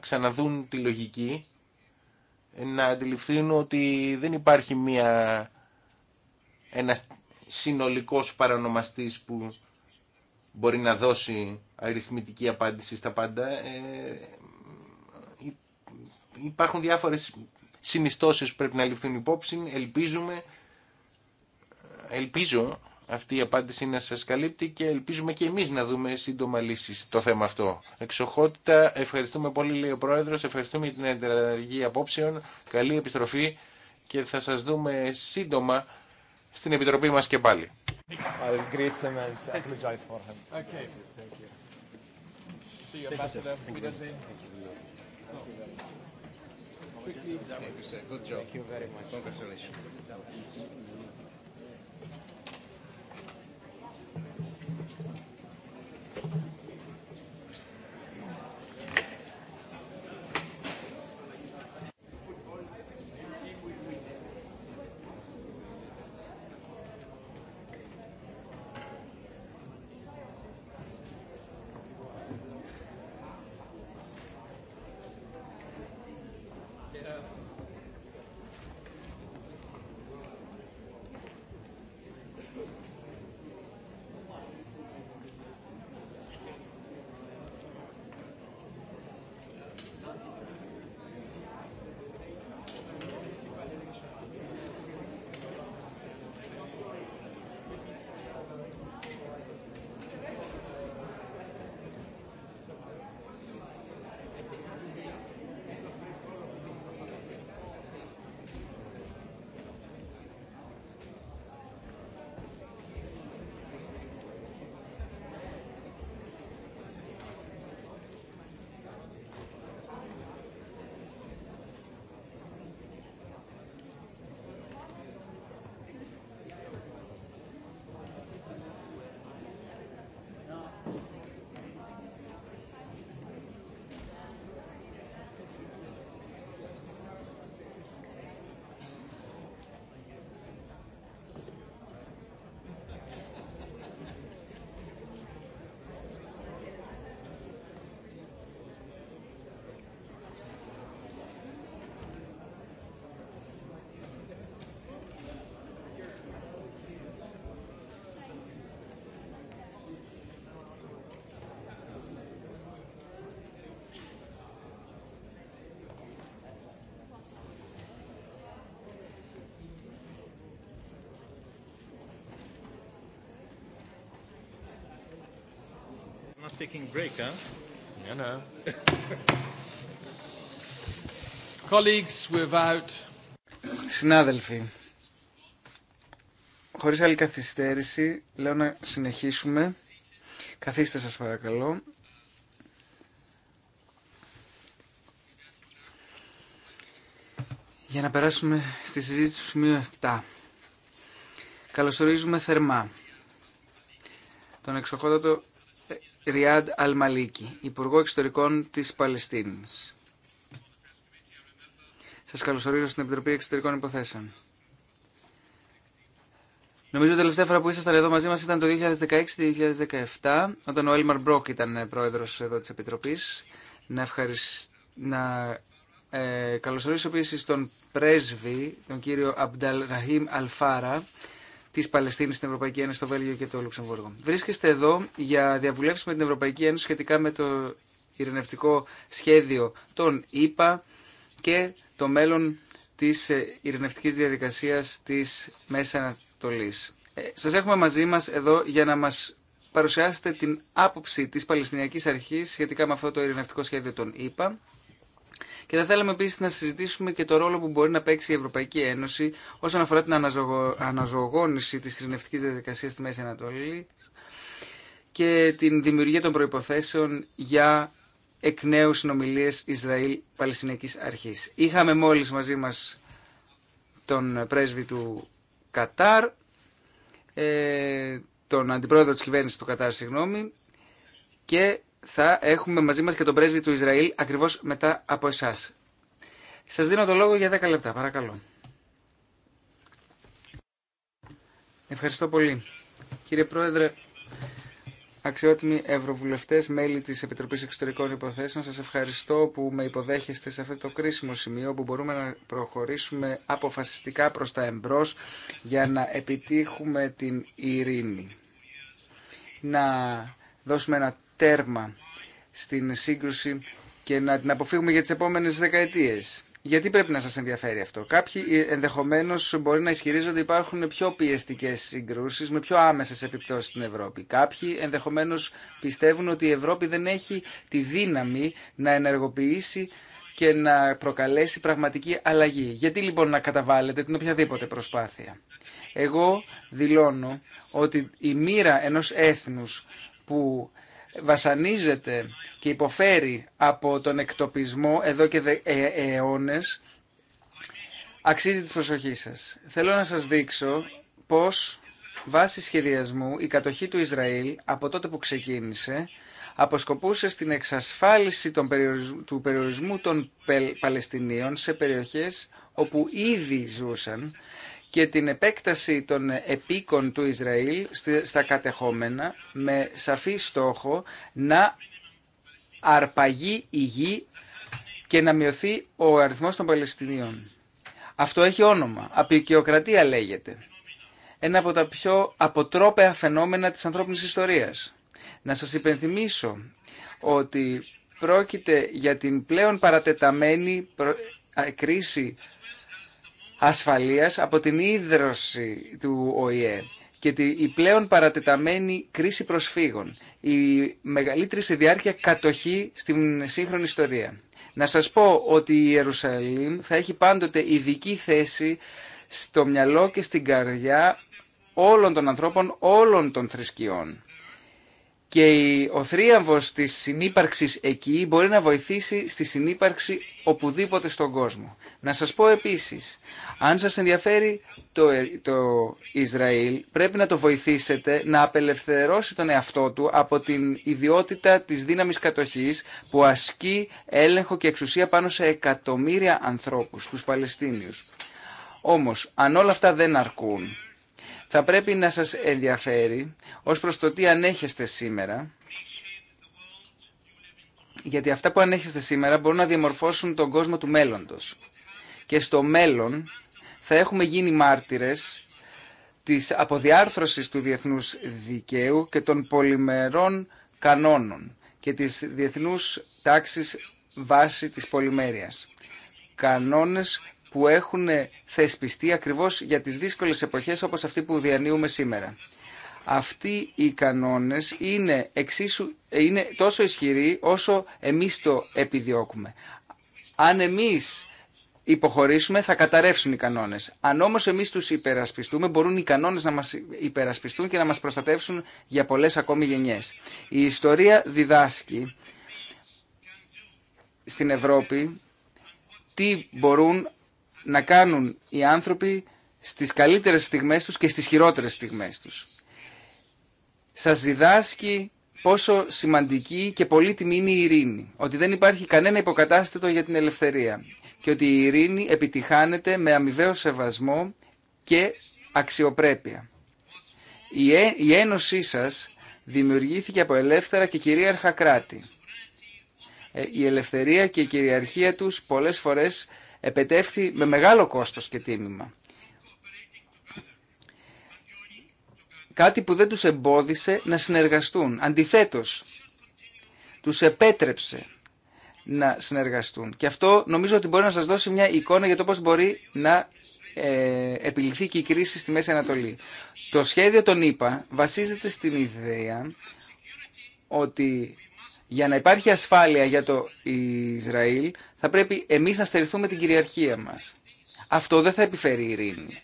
ξαναδούν τη λογική, να αντιληφθούν ότι δεν υπάρχει μια, ένας συνολικός παρανομαστής που μπορεί να δώσει αριθμητική απάντηση στα πάντα. Ε, υπάρχουν διάφορες συνιστώσεις που πρέπει να ληφθούν υπόψη. Ελπίζουμε, ελπίζω αυτή η απάντηση να σας καλύπτει και ελπίζουμε και εμείς να δούμε σύντομα λύσεις στο θέμα αυτό. Εξοχότητα, ευχαριστούμε πολύ λέει ο Πρόεδρος, ευχαριστούμε για την ανταλλαγή απόψεων, καλή επιστροφή και θα σας δούμε σύντομα στην Επιτροπή μας και πάλι. Thank you quickly. Good job. Thank you very much. Congratulations. taking break, huh? Colleagues, without... Συνάδελφοι, χωρίς άλλη καθυστέρηση, λέω να συνεχίσουμε. Καθίστε σας παρακαλώ. Για να περάσουμε στη συζήτηση του σημείου 7. Καλωσορίζουμε θερμά τον εξοχότατο Ριάντ Αλμαλίκη, Υπουργό Εξωτερικών της Παλαιστίνης. Σας καλωσορίζω στην Επιτροπή Εξωτερικών Υποθέσεων. Νομίζω η τελευταία φορά που ήσασταν εδώ μαζί μας ήταν το 2016-2017, όταν ο Έλμαρ Μπρόκ ήταν ε, πρόεδρος εδώ της Επιτροπής. Να, ευχαρισ... να ε, καλωσορίσω επίσης τον πρέσβη, τον κύριο Ραχίμ Αλφάρα, τη Παλαιστίνη στην Ευρωπαϊκή Ένωση, το Βέλγιο και το Λουξεμβούργο. Βρίσκεστε εδώ για διαβουλεύσει με την Ευρωπαϊκή Ένωση σχετικά με το ειρηνευτικό σχέδιο των ΗΠΑ και το μέλλον τη ε, ειρηνευτική διαδικασία τη Μέσα Ανατολή. Ε, Σα έχουμε μαζί μα εδώ για να μα παρουσιάσετε την άποψη τη Παλαιστινιακή Αρχή σχετικά με αυτό το ειρηνευτικό σχέδιο των ΗΠΑ και θα θέλαμε επίση να συζητήσουμε και το ρόλο που μπορεί να παίξει η Ευρωπαϊκή Ένωση όσον αφορά την αναζωογόνηση τη ειρηνευτική διαδικασία στη Μέση Ανατολή και την δημιουργία των προποθέσεων για εκ νέου συνομιλίε Ισραήλ-Παλαιστινιακή Αρχή. Είχαμε μόλι μαζί μα τον πρέσβη του Κατάρ, ε, τον αντιπρόεδρο της κυβέρνησης του Κατάρ, συγγνώμη, και θα έχουμε μαζί μας και τον πρέσβη του Ισραήλ ακριβώς μετά από εσάς. Σας δίνω το λόγο για 10 λεπτά, παρακαλώ. Ευχαριστώ πολύ. Κύριε Πρόεδρε, αξιότιμοι ευρωβουλευτές, μέλη της Επιτροπής Εξωτερικών Υποθέσεων, σας ευχαριστώ που με υποδέχεστε σε αυτό το κρίσιμο σημείο που μπορούμε να προχωρήσουμε αποφασιστικά προς τα εμπρό για να επιτύχουμε την ειρήνη. Να δώσουμε ένα τέρμα στην σύγκρουση και να την αποφύγουμε για τις επόμενες δεκαετίες. Γιατί πρέπει να σας ενδιαφέρει αυτό. Κάποιοι ε, ενδεχομένως μπορεί να ισχυρίζονται ότι υπάρχουν πιο πιεστικές συγκρούσεις με πιο άμεσες επιπτώσεις στην Ευρώπη. Κάποιοι ενδεχομένως πιστεύουν ότι η Ευρώπη δεν έχει τη δύναμη να ενεργοποιήσει και να προκαλέσει πραγματική αλλαγή. Γιατί λοιπόν να καταβάλλετε την οποιαδήποτε προσπάθεια. Εγώ δηλώνω ότι η μοίρα ενός έθνους που βασανίζεται και υποφέρει από τον εκτοπισμό εδώ και ε, αιώνες, αξίζει της προσοχής σας. Θέλω να σας δείξω πώς βάσει σχεδιασμού η κατοχή του Ισραήλ από τότε που ξεκίνησε αποσκοπούσε στην εξασφάλιση του περιορισμού των Παλαιστινίων σε περιοχές όπου ήδη ζούσαν και την επέκταση των επίκων του Ισραήλ στα κατεχόμενα με σαφή στόχο να αρπαγεί η γη και να μειωθεί ο αριθμός των Παλαιστινίων. Αυτό έχει όνομα. Απικιοκρατία λέγεται. Ένα από τα πιο αποτρόπαια φαινόμενα της ανθρώπινης ιστορίας. Να σας υπενθυμίσω ότι πρόκειται για την πλέον παρατεταμένη ε, κρίση ασφαλείας από την ίδρωση του ΟΗΕ και η πλέον παρατεταμένη κρίση προσφύγων, η μεγαλύτερη σε διάρκεια κατοχή στην σύγχρονη ιστορία. Να σας πω ότι η Ιερουσαλήμ θα έχει πάντοτε ειδική θέση στο μυαλό και στην καρδιά όλων των ανθρώπων, όλων των θρησκειών και ο θρίαμβος της συνύπαρξης εκεί μπορεί να βοηθήσει στη συνύπαρξη οπουδήποτε στον κόσμο. Να σας πω επίσης, αν σας ενδιαφέρει το, το Ισραήλ, πρέπει να το βοηθήσετε να απελευθερώσει τον εαυτό του από την ιδιότητα της δύναμης κατοχής που ασκεί έλεγχο και εξουσία πάνω σε εκατομμύρια ανθρώπους, τους Παλαιστίνιους. Όμως, αν όλα αυτά δεν αρκούν, θα πρέπει να σας ενδιαφέρει ως προς το τι ανέχεστε σήμερα, γιατί αυτά που ανέχεστε σήμερα μπορούν να διαμορφώσουν τον κόσμο του μέλλοντος. Και στο μέλλον θα έχουμε γίνει μάρτυρες της αποδιάρθρωσης του διεθνούς δικαίου και των πολυμερών κανόνων και της διεθνούς τάξης βάση της πολυμέρειας. Κανόνες που έχουν θεσπιστεί ακριβώς για τις δύσκολες εποχές όπως αυτή που διανύουμε σήμερα. Αυτοί οι κανόνες είναι, εξίσου, είναι τόσο ισχυροί όσο εμείς το επιδιώκουμε. Αν εμείς υποχωρήσουμε θα καταρρεύσουν οι κανόνες. Αν όμως εμείς τους υπερασπιστούμε μπορούν οι κανόνες να μας υπερασπιστούν και να μας προστατεύσουν για πολλές ακόμη γενιές. Η ιστορία διδάσκει στην Ευρώπη τι μπορούν να κάνουν οι άνθρωποι στις καλύτερες στιγμές τους και στις χειρότερες στιγμές τους. Σας διδάσκει πόσο σημαντική και πολύτιμη είναι η ειρήνη. Ότι δεν υπάρχει κανένα υποκατάστατο για την ελευθερία. Και ότι η ειρήνη επιτυχάνεται με αμοιβαίο σεβασμό και αξιοπρέπεια. Η ε, ένωσή σας δημιουργήθηκε από ελεύθερα και κυρίαρχα κράτη. Ε, η ελευθερία και η κυριαρχία τους πολλές φορές Επιτεύχθη με μεγάλο κόστος και τίμημα. Κάτι που δεν τους εμπόδισε να συνεργαστούν. Αντιθέτως, τους επέτρεψε να συνεργαστούν. Και αυτό νομίζω ότι μπορεί να σας δώσει μια εικόνα για το πώς μπορεί να ε, επιληθεί και η κρίση στη Μέση Ανατολή. Το σχέδιο τον ΗΠΑ βασίζεται στην ιδέα ότι για να υπάρχει ασφάλεια για το Ισραήλ θα πρέπει εμείς να στερηθούμε την κυριαρχία μας. Αυτό δεν θα επιφέρει ειρήνη.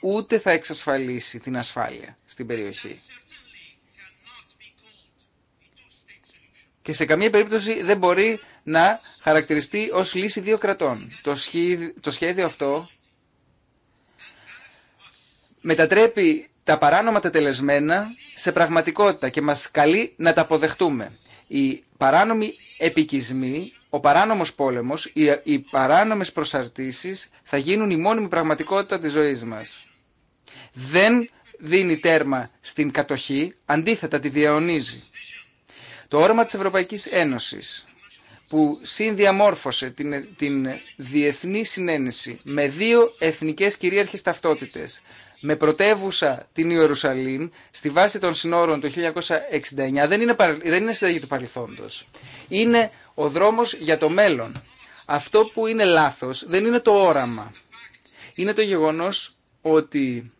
Ούτε θα εξασφαλίσει την ασφάλεια στην περιοχή. Και σε καμία περίπτωση δεν μπορεί να χαρακτηριστεί ως λύση δύο κρατών. Το σχέδιο αυτό μετατρέπει τα παράνομα τελεσμένα σε πραγματικότητα και μας καλεί να τα αποδεχτούμε. Οι παράνομοι επικισμοί, ο παράνομος πόλεμος, οι παράνομες προσαρτήσεις θα γίνουν η μόνιμη πραγματικότητα της ζωής μας. Δεν δίνει τέρμα στην κατοχή, αντίθετα τη διαονίζει. Το όραμα της Ευρωπαϊκής Ένωσης που συνδιαμόρφωσε την, την διεθνή συνένεση με δύο εθνικές κυρίαρχες ταυτότητες με πρωτεύουσα την Ιερουσαλήμ στη βάση των συνόρων το 1969 δεν είναι, δεν είναι συνταγή του παρελθόντος. Είναι ο δρόμος για το μέλλον. Αυτό που είναι λάθος δεν είναι το όραμα. Είναι το γεγονός ότι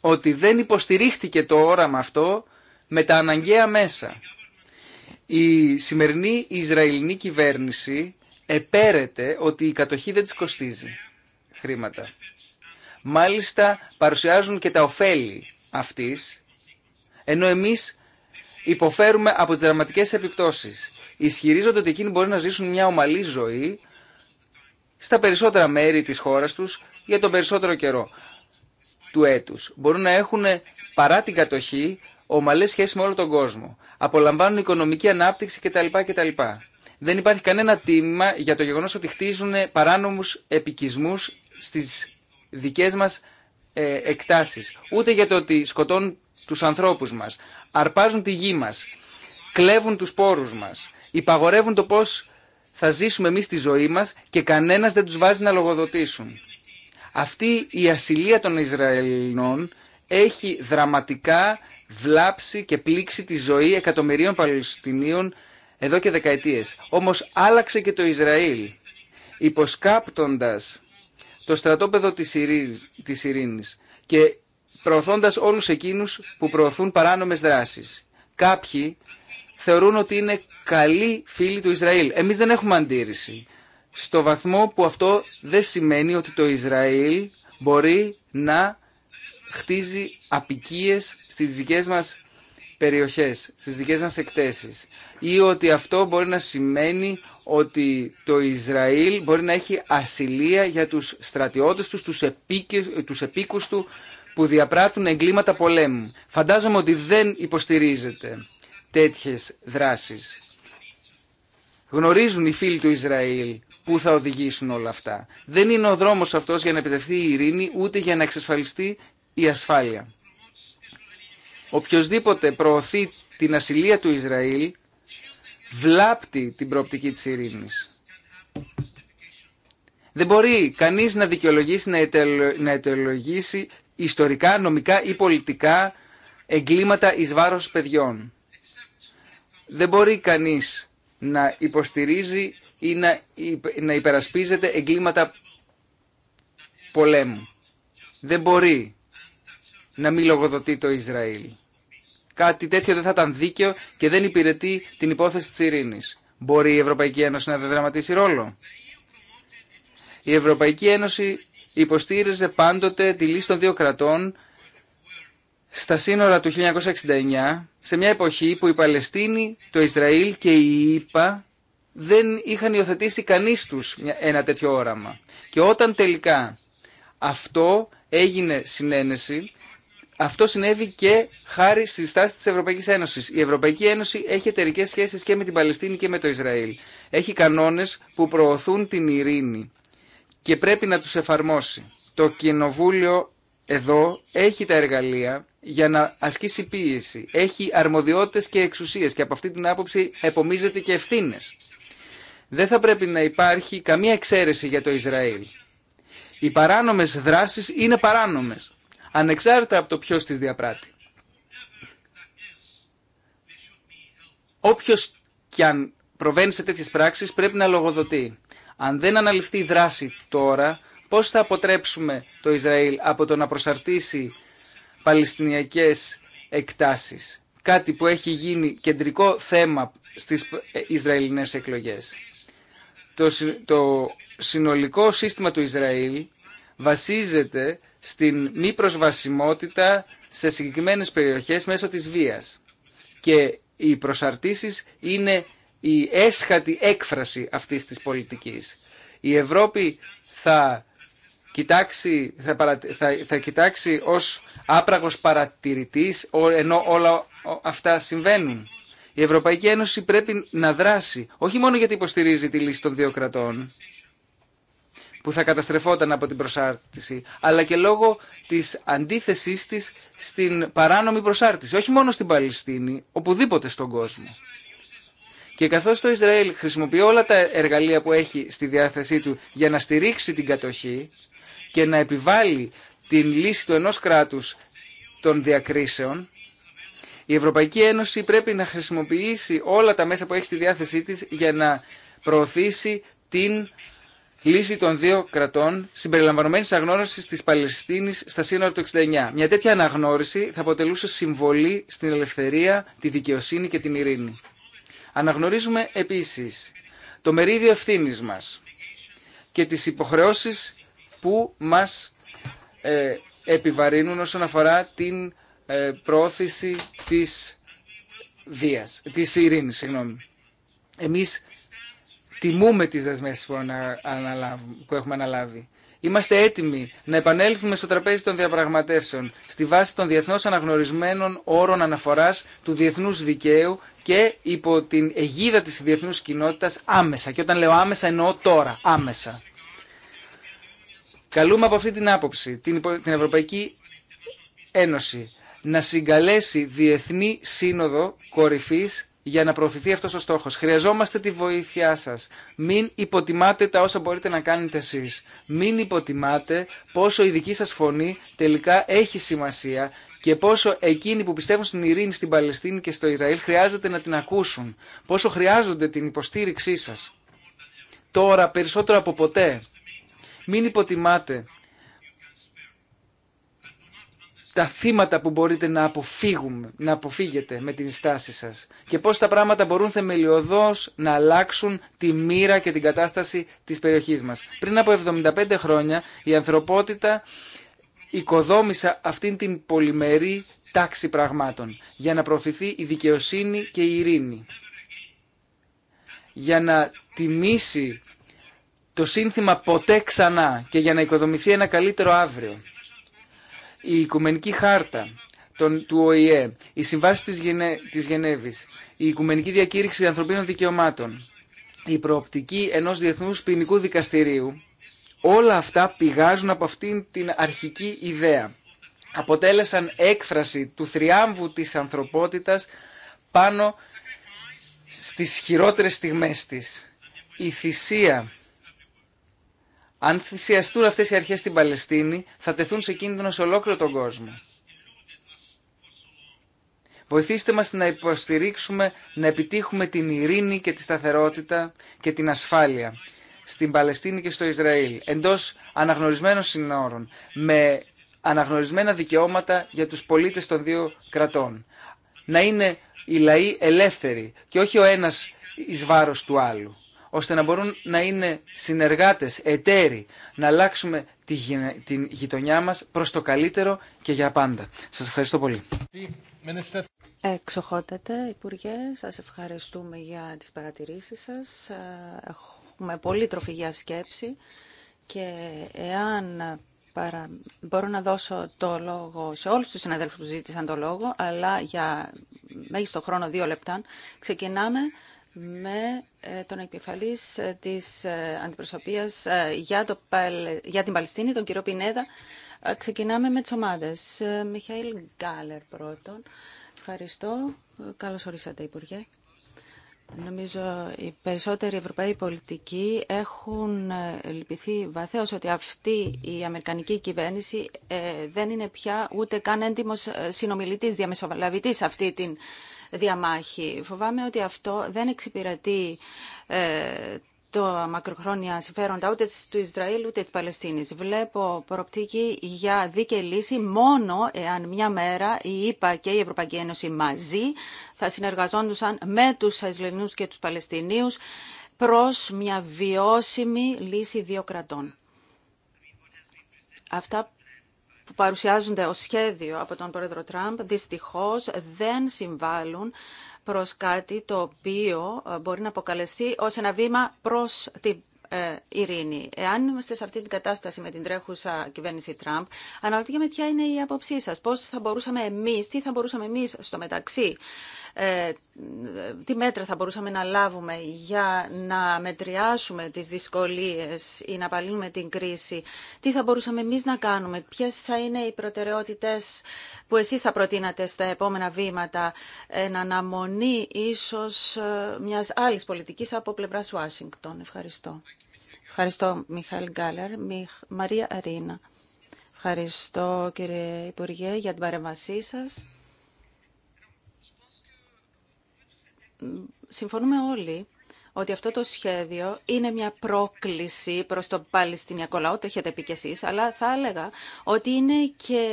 ότι δεν υποστηρίχτηκε το όραμα αυτό με τα αναγκαία μέσα. Η σημερινή Ισραηλινή κυβέρνηση επέρεται ότι η κατοχή δεν της κοστίζει χρήματα. Μάλιστα παρουσιάζουν και τα ωφέλη αυτής, ενώ εμείς υποφέρουμε από τις δραματικές επιπτώσεις. Ισχυρίζονται ότι εκείνοι μπορεί να ζήσουν μια ομαλή ζωή στα περισσότερα μέρη της χώρας τους για τον περισσότερο καιρό του έτους. Μπορούν να έχουν παρά την κατοχή ομαλές σχέσεις με όλο τον κόσμο. Απολαμβάνουν οικονομική ανάπτυξη κτλ. κτλ. Δεν υπάρχει κανένα τίμημα για το γεγονός ότι χτίζουν παράνομους επικισμούς στις δικές μας ε, εκτάσεις. Ούτε για το ότι σκοτώνουν τους ανθρώπους μας, αρπάζουν τη γη μας, κλέβουν τους πόρους μας, υπαγορεύουν το πώς θα ζήσουμε εμείς τη ζωή μας και κανένας δεν τους βάζει να λογοδοτήσουν. Αυτή η ασυλία των Ισραηλινών έχει δραματικά βλάψει και πλήξει τη ζωή εκατομμυρίων Παλαιστινίων εδώ και δεκαετίες. Όμως άλλαξε και το Ισραήλ, υποσκάπτοντας το στρατόπεδο της, ειρήνης και προωθώντας όλους εκείνους που προωθούν παράνομες δράσεις. Κάποιοι θεωρούν ότι είναι καλοί φίλοι του Ισραήλ. Εμείς δεν έχουμε αντίρρηση. Στο βαθμό που αυτό δεν σημαίνει ότι το Ισραήλ μπορεί να χτίζει απικίες στις δικές μας περιοχές, στις δικές μας εκτέσεις ή ότι αυτό μπορεί να σημαίνει ότι το Ισραήλ μπορεί να έχει ασυλία για τους στρατιώτες τους, τους, επίκες, τους επίκους του που διαπράττουν εγκλήματα πολέμου. Φαντάζομαι ότι δεν υποστηρίζεται τέτοιες δράσεις. Γνωρίζουν οι φίλοι του Ισραήλ πού θα οδηγήσουν όλα αυτά. Δεν είναι ο δρόμος αυτός για να επιτευχθεί η ειρήνη ούτε για να εξασφαλιστεί η ασφάλεια οποιοδήποτε προωθεί την ασυλία του Ισραήλ βλάπτει την προοπτική της ειρήνης. Δεν μπορεί κανείς να δικαιολογήσει, να αιτιολογήσει ιστορικά, νομικά ή πολιτικά εγκλήματα εις βάρος παιδιών. Δεν μπορεί κανείς να υποστηρίζει ή να υπερασπίζεται εγκλήματα πολέμου. Δεν μπορεί να μην λογοδοτεί το Ισραήλ. Κάτι τέτοιο δεν θα ήταν δίκαιο και δεν υπηρετεί την υπόθεση της ειρήνης. Μπορεί η Ευρωπαϊκή Ένωση να δραματίσει ρόλο. Η Ευρωπαϊκή Ένωση υποστήριζε πάντοτε τη λύση των δύο κρατών στα σύνορα του 1969, σε μια εποχή που η Παλαιστίνη, το Ισραήλ και η ΙΠΑ δεν είχαν υιοθετήσει κανείς τους ένα τέτοιο όραμα. Και όταν τελικά αυτό έγινε συνένεση, αυτό συνέβη και χάρη στη στάση τη Ευρωπαϊκή Ένωση. Η Ευρωπαϊκή Ένωση έχει εταιρικέ σχέσει και με την Παλαιστίνη και με το Ισραήλ. Έχει κανόνε που προωθούν την ειρήνη και πρέπει να του εφαρμόσει. Το Κοινοβούλιο εδώ έχει τα εργαλεία για να ασκήσει πίεση. Έχει αρμοδιότητες και εξουσίες και από αυτή την άποψη επομίζεται και ευθύνε. Δεν θα πρέπει να υπάρχει καμία εξαίρεση για το Ισραήλ. Οι παράνομες δράσεις είναι παράνομες ανεξάρτητα από το ποιο τι διαπράττει. Όποιος κι αν προβαίνει σε τέτοιε πράξεις πρέπει να λογοδοτεί. Αν δεν αναλυφθεί η δράση τώρα, πώς θα αποτρέψουμε το Ισραήλ από το να προσαρτήσει παλαιστινιακές εκτάσεις. Κάτι που έχει γίνει κεντρικό θέμα στις Ισραηλινές εκλογές. Το, συνολικό σύστημα του Ισραήλ βασίζεται στην μη προσβασιμότητα σε συγκεκριμένες περιοχές μέσω της βίας. Και οι προσαρτήσεις είναι η έσχατη έκφραση αυτής της πολιτικής. Η Ευρώπη θα κοιτάξει, θα, θα, κοιτάξει ως άπραγος παρατηρητής ενώ όλα αυτά συμβαίνουν. Η Ευρωπαϊκή Ένωση πρέπει να δράσει, όχι μόνο γιατί υποστηρίζει τη λύση των δύο κρατών, που θα καταστρεφόταν από την προσάρτηση, αλλά και λόγω της αντίθεσής της στην παράνομη προσάρτηση, όχι μόνο στην Παλαιστίνη, οπουδήποτε στον κόσμο. Και καθώς το Ισραήλ χρησιμοποιεί όλα τα εργαλεία που έχει στη διάθεσή του για να στηρίξει την κατοχή και να επιβάλλει την λύση του ενός κράτους των διακρίσεων, η Ευρωπαϊκή Ένωση πρέπει να χρησιμοποιήσει όλα τα μέσα που έχει στη διάθεσή της για να προωθήσει την λύση των δύο κρατών συμπεριλαμβανομένη αναγνώριση τη Παλαιστίνη στα σύνορα του 69. Μια τέτοια αναγνώριση θα αποτελούσε συμβολή στην ελευθερία, τη δικαιοσύνη και την ειρήνη. Αναγνωρίζουμε επίση το μερίδιο ευθύνη μα και τι υποχρεώσει που μα ε, επιβαρύνουν όσον αφορά την ε, προώθηση της βίας, της ειρήνης, Εμείς τιμούμε τις δεσμεύσεις που, που έχουμε αναλάβει. Είμαστε έτοιμοι να επανέλθουμε στο τραπέζι των διαπραγματεύσεων στη βάση των διεθνώς αναγνωρισμένων όρων αναφοράς του διεθνούς δικαίου και υπό την αιγίδα της διεθνούς κοινότητας άμεσα. Και όταν λέω άμεσα εννοώ τώρα, άμεσα. Καλούμε από αυτή την άποψη την Ευρωπαϊκή Ένωση να συγκαλέσει διεθνή σύνοδο κορυφής για να προωθηθεί αυτός ο στόχος. Χρειαζόμαστε τη βοήθειά σας. Μην υποτιμάτε τα όσα μπορείτε να κάνετε εσείς. Μην υποτιμάτε πόσο η δική σας φωνή τελικά έχει σημασία και πόσο εκείνοι που πιστεύουν στην ειρήνη στην Παλαιστίνη και στο Ισραήλ χρειάζεται να την ακούσουν. Πόσο χρειάζονται την υποστήριξή σας. Τώρα περισσότερο από ποτέ. Μην υποτιμάτε τα θύματα που μπορείτε να, αποφύγουμε, να αποφύγετε με την στάση σας και πώς τα πράγματα μπορούν θεμελιωδώς να αλλάξουν τη μοίρα και την κατάσταση της περιοχής μας. Πριν από 75 χρόνια η ανθρωπότητα οικοδόμησε αυτήν την πολυμερή τάξη πραγμάτων για να προωθηθεί η δικαιοσύνη και η ειρήνη. Για να τιμήσει το σύνθημα ποτέ ξανά και για να οικοδομηθεί ένα καλύτερο αύριο η Οικουμενική Χάρτα τον, του ΟΗΕ, οι συμβάσει της, Γενε, της Γενέβης, η Οικουμενική Διακήρυξη Ανθρωπίνων Δικαιωμάτων, η προοπτική ενός διεθνούς ποινικού δικαστηρίου, όλα αυτά πηγάζουν από αυτήν την αρχική ιδέα. Αποτέλεσαν έκφραση του θριάμβου της ανθρωπότητας πάνω στις χειρότερες στιγμές της. Η θυσία αν θυσιαστούν αυτές οι αρχές στην Παλαιστίνη, θα τεθούν σε κίνδυνο σε ολόκληρο τον κόσμο. Βοηθήστε μας να υποστηρίξουμε, να επιτύχουμε την ειρήνη και τη σταθερότητα και την ασφάλεια στην Παλαιστίνη και στο Ισραήλ, εντός αναγνωρισμένων συνόρων, με αναγνωρισμένα δικαιώματα για τους πολίτες των δύο κρατών. Να είναι οι λαοί ελεύθεροι και όχι ο ένας εις του άλλου ώστε να μπορούν να είναι συνεργάτες, εταίροι, να αλλάξουμε τη, την γειτονιά μας προς το καλύτερο και για πάντα. Σας ευχαριστώ πολύ. Εξοχότατε, Υπουργέ, σας ευχαριστούμε για τις παρατηρήσεις σας. Έχουμε πολύ για σκέψη και εάν μπορώ να δώσω το λόγο σε όλους τους συναδέλφους που ζήτησαν το λόγο, αλλά για μέγιστο χρόνο δύο λεπτά ξεκινάμε με ε, τον επικεφαλής ε, της ε, αντιπροσωπείας για, το, για την Παλαιστίνη, τον κύριο Πινέδα. Ξεκινάμε με τις ομάδες. Μιχαήλ Γκάλερ πρώτον. Ευχαριστώ. Καλώς ορίσατε, Υπουργέ. Νομίζω οι περισσότεροι ευρωπαίοι πολιτικοί έχουν ε, λυπηθεί βαθέως ότι αυτή η αμερικανική κυβέρνηση ε, δεν είναι πια ούτε καν έντιμος ε, συνομιλητής, διαμεσολαβητής αυτή την διαμάχη. Φοβάμαι ότι αυτό δεν εξυπηρετεί το μακροχρόνια συμφέροντα ούτε του Ισραήλ ούτε της Παλαιστίνης. Βλέπω προοπτική για δίκαιη λύση μόνο εάν μια μέρα η ΕΠΑ και η Ευρωπαϊκή Ένωση μαζί θα συνεργαζόντουσαν με τους Ισραηλινούς και τους Παλαιστινίους προς μια βιώσιμη λύση δύο κρατών. Αυτά που παρουσιάζονται ως σχέδιο από τον πρόεδρο Τραμπ δυστυχώς δεν συμβάλλουν προς κάτι το οποίο ε, μπορεί να αποκαλεστεί ως ένα βήμα προς την ε, ειρήνη. Εάν είμαστε σε αυτή την κατάσταση με την τρέχουσα κυβέρνηση Τραμπ, αναρωτιέμαι ποια είναι η άποψή σας. Πώς θα μπορούσαμε εμείς, τι θα μπορούσαμε εμείς στο μεταξύ ε, τι μέτρα θα μπορούσαμε να λάβουμε για να μετριάσουμε τις δυσκολίες ή να απαλύνουμε την κρίση, τι θα μπορούσαμε εμείς να κάνουμε, ποιες θα είναι οι προτεραιότητες που εσείς θα προτείνατε στα επόμενα βήματα, εν αναμονή ίσως ε, μιας άλλης πολιτικής από πλευράς Ουάσιγκτον. Ευχαριστώ. Ευχαριστώ, Μιχαήλ Γκάλερ. Μαρία Αρίνα. Ευχαριστώ, κύριε Υπουργέ, για την παρέμβασή σας. συμφωνούμε όλοι ότι αυτό το σχέδιο είναι μια πρόκληση προς το Παλαιστινιακό λαό, το έχετε πει εσείς, αλλά θα έλεγα ότι είναι και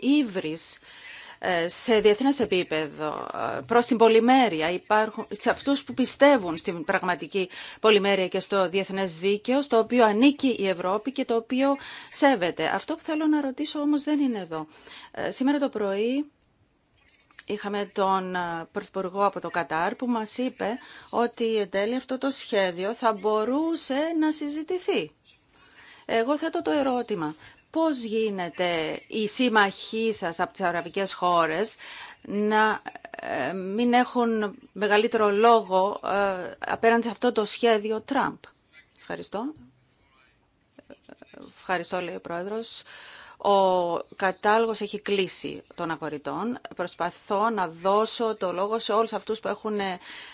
ύβρις ε, σε διεθνές επίπεδο, ε, προς την πολυμέρεια. Υπάρχουν, σε αυτούς που πιστεύουν στην πραγματική πολυμέρεια και στο διεθνές δίκαιο, στο οποίο ανήκει η Ευρώπη και το οποίο σέβεται. Αυτό που θέλω να ρωτήσω όμως δεν είναι εδώ. Ε, σήμερα το πρωί είχαμε τον ε, Πρωθυπουργό από το Κατάρ που μας είπε ότι εν τέλει αυτό το σχέδιο θα μπορούσε να συζητηθεί. Εγώ θέτω το ερώτημα, πώς γίνεται η σύμμαχοί σας από τις αραβικές χώρες να ε, μην έχουν μεγαλύτερο λόγο ε, απέναντι σε αυτό το σχέδιο Τραμπ. Ευχαριστώ. Ευχαριστώ, λέει ο Πρόεδρος. Ο κατάλογος έχει κλείσει των αγοριτών. Προσπαθώ να δώσω το λόγο σε όλους αυτούς που έχουν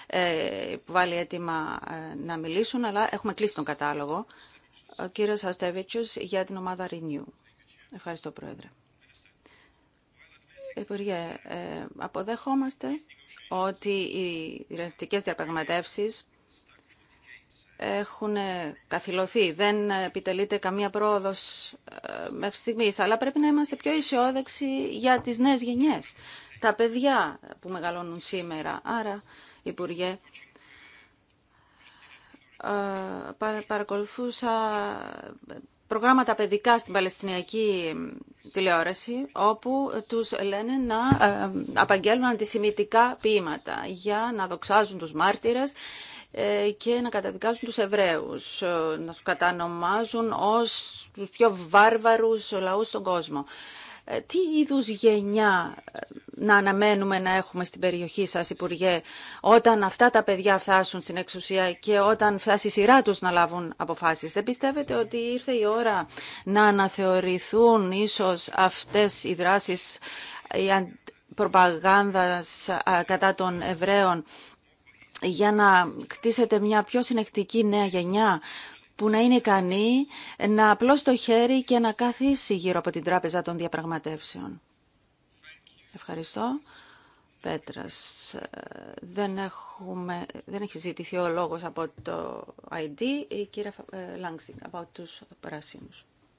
ε, βάλει έτοιμα ε, να μιλήσουν, αλλά έχουμε κλείσει τον κατάλογο. Ο κύριος Αστέβιτσιος για την ομάδα Renew. Ευχαριστώ, Πρόεδρε. Υπουργέ, ε, αποδεχόμαστε ότι οι διαπραγματεύσεις έχουν ε, καθυλωθεί. Δεν επιτελείται καμία πρόοδος ε, μέχρι στιγμής, αλλά πρέπει να είμαστε πιο αισιόδοξοι για τις νέες γενιές, τα παιδιά που μεγαλώνουν σήμερα. Άρα, Υπουργέ, ε, παρακολουθούσα προγράμματα παιδικά στην Παλαιστινιακή τηλεόραση, όπου τους λένε να απαγγέλνουν αντισημιτικά ποίηματα για να δοξάζουν τους μάρτυρες ε, και να καταδικάσουν τους Εβραίους, ε, να τους κατανομάζουν ως τους πιο βάρβαρους λαούς στον κόσμο. Ε, τι είδους γενιά να αναμένουμε να έχουμε στην περιοχή σας, Υπουργέ, όταν αυτά τα παιδιά φτάσουν στην εξουσία και όταν φτάσει η σειρά τους να λάβουν αποφάσεις. Δεν πιστεύετε ότι ήρθε η ώρα να αναθεωρηθούν ίσως αυτές οι δράσεις προπαγάνδας κατά των Εβραίων για να κτίσετε μια πιο συνεκτική νέα γενιά που να είναι ικανή να απλώσει το χέρι και να καθίσει γύρω από την τράπεζα των διαπραγματεύσεων. Ευχαριστώ. Πέτρας, ε, δεν, έχουμε, δεν έχει ζητηθεί ο λόγος από το ID, η κύριε Λάγκστιν, από τους Πράσινους.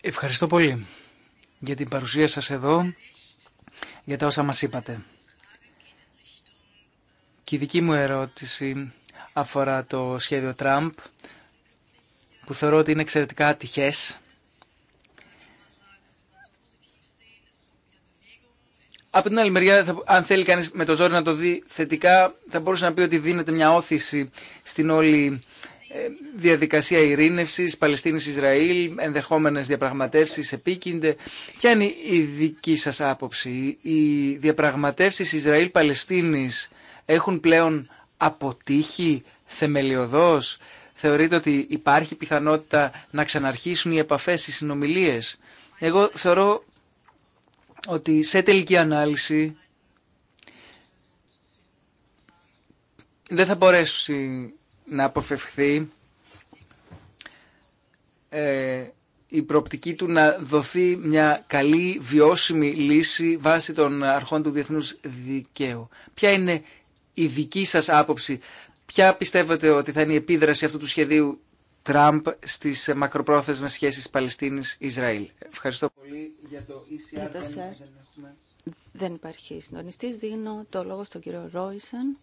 Ευχαριστώ πολύ για την παρουσία σας εδώ για τα όσα μας είπατε. Και η δική μου ερώτηση αφορά το σχέδιο Τραμπ, που θεωρώ ότι είναι εξαιρετικά ατυχές. Από την άλλη μεριά, αν θέλει κανείς με το ζόρι να το δει θετικά, θα μπορούσε να πει ότι δίνεται μια όθηση στην όλη ε, διαδικασία ειρήνευσης Παλαιστίνης-Ισραήλ, ενδεχόμενες διαπραγματεύσεις επίκυνται. Ποια είναι η δική σα άποψη. Οι διαπραγματεύσεις Ισραήλ-Παλαιστίνης έχουν πλέον αποτύχει θεμελιωδώς. Θεωρείτε ότι υπάρχει πιθανότητα να ξαναρχίσουν οι επαφές, οι συνομιλίε. Εγώ θεωρώ ότι σε τελική ανάλυση δεν θα μπορέσει να αποφευχθεί ε, η προοπτική του να δοθεί μια καλή βιώσιμη λύση βάσει των αρχών του διεθνούς δικαίου. Ποια είναι η δική σας άποψη, ποια πιστεύετε ότι θα είναι η επίδραση αυτού του σχεδίου Τραμπ στις μακροπρόθεσμες σχέσεις Παλαιστίνης-Ισραήλ. Ευχαριστώ πολύ για το ECR. Δεν υπάρχει συντονιστής. Δίνω το λόγο στον κύριο Ρόισεν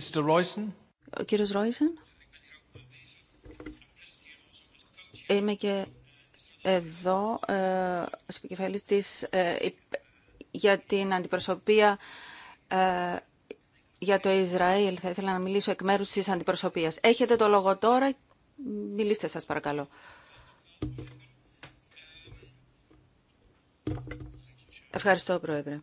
Mr. Ο κύριος Ρόισεν. Είμαι και εδώ ε, επικεφαλής της ε, για την αντιπροσωπεία ε, για το Ισραήλ. Θα ήθελα να μιλήσω εκ μέρους της αντιπροσωπείας. Έχετε το λόγο τώρα. Μιλήστε σας παρακαλώ. Ευχαριστώ, Πρόεδρε.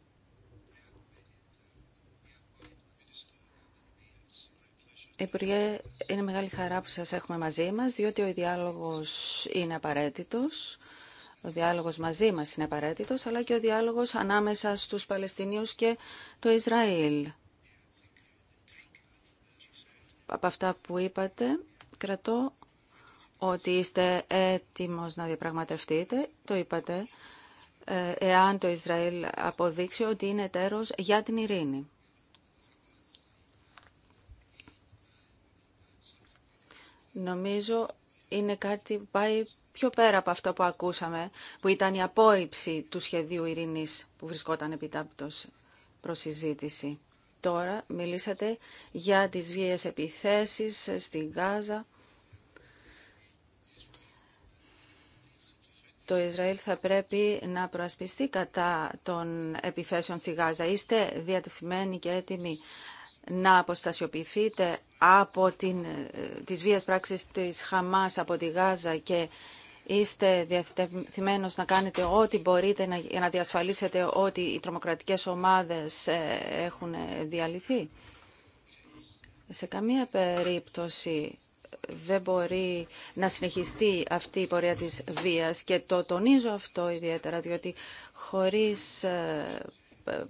Υπουργέ, είναι μεγάλη χαρά που σας έχουμε μαζί μας, διότι ο διάλογος είναι απαραίτητος. Ο διάλογος μαζί μας είναι απαραίτητος, αλλά και ο διάλογος ανάμεσα στους Παλαιστινίους και το Ισραήλ. Από αυτά που είπατε, κρατώ ότι είστε έτοιμος να διαπραγματευτείτε, το είπατε, ε, εάν το Ισραήλ αποδείξει ότι είναι τέρος για την ειρήνη. Νομίζω είναι κάτι που πάει πιο πέρα από αυτό που ακούσαμε, που ήταν η απόρριψη του σχεδίου ειρήνης που βρισκόταν επιτάπτως προς συζήτηση. Τώρα μιλήσατε για τις βίαιες επιθέσεις στην Γάζα. το Ισραήλ θα πρέπει να προασπιστεί κατά των επιθέσεων στη Γάζα. Είστε διατεθειμένοι και έτοιμοι να αποστασιοποιηθείτε από την, ε, τις βίας πράξεις της Χαμάς από τη Γάζα και είστε διαθετημένος να κάνετε ό,τι μπορείτε να, να διασφαλίσετε ότι οι τρομοκρατικές ομάδες ε, έχουν διαλυθεί. Σε καμία περίπτωση δεν μπορεί να συνεχιστεί αυτή η πορεία της βίας και το τονίζω αυτό ιδιαίτερα διότι χωρίς ε,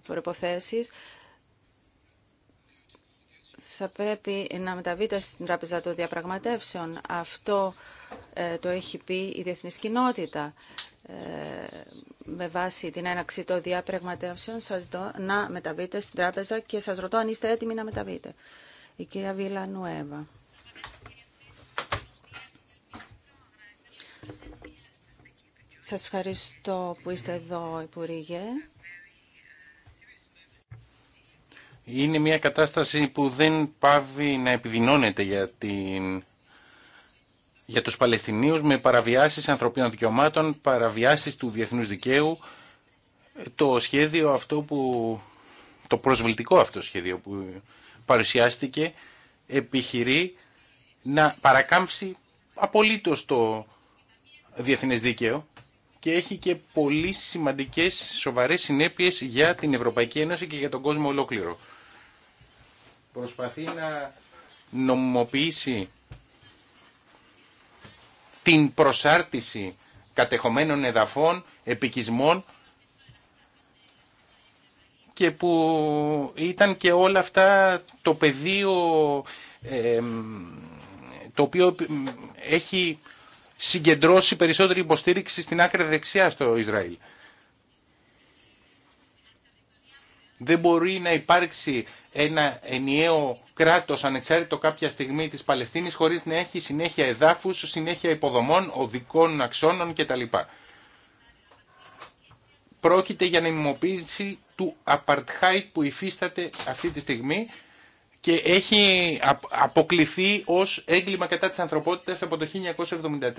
προϋποθέσεις θα πρέπει να μεταβείτε στην Τράπεζα των Διαπραγματεύσεων. Αυτό ε, το έχει πει η διεθνή κοινότητα. Ε, με βάση την έναξη των διαπραγματεύσεων σα δω να μεταβείτε στην τράπεζα και σα ρωτώ αν είστε έτοιμοι να μεταβείτε. Η κυρία Βίλα Νουέβα. Σας ευχαριστώ που είστε εδώ, Υπουργέ. είναι μια κατάσταση που δεν πάβει να επιδεινώνεται για, την... για τους Παλαιστινίους με παραβιάσεις ανθρωπίνων δικαιωμάτων, παραβιάσεις του διεθνούς δικαίου. Το σχέδιο αυτό που... το προσβλητικό αυτό σχέδιο που παρουσιάστηκε επιχειρεί να παρακάμψει απολύτως το διεθνές δίκαιο και έχει και πολύ σημαντικές σοβαρές συνέπειες για την Ευρωπαϊκή Ένωση και για τον κόσμο ολόκληρο προσπαθεί να νομοποιήσει την προσάρτηση κατεχομένων εδαφών, επικισμών και που ήταν και όλα αυτά το πεδίο το οποίο έχει συγκεντρώσει περισσότερη υποστήριξη στην άκρη δεξιά στο Ισραήλ. Δεν μπορεί να υπάρξει ένα ενιαίο κράτος ανεξάρτητο κάποια στιγμή της Παλαιστίνης χωρίς να έχει συνέχεια εδάφους, συνέχεια υποδομών, οδικών αξώνων κτλ. Πρόκειται για νομιμοποίηση του apartheid που υφίσταται αυτή τη στιγμή και έχει αποκληθεί ως έγκλημα κατά της ανθρωπότητας από το 1973.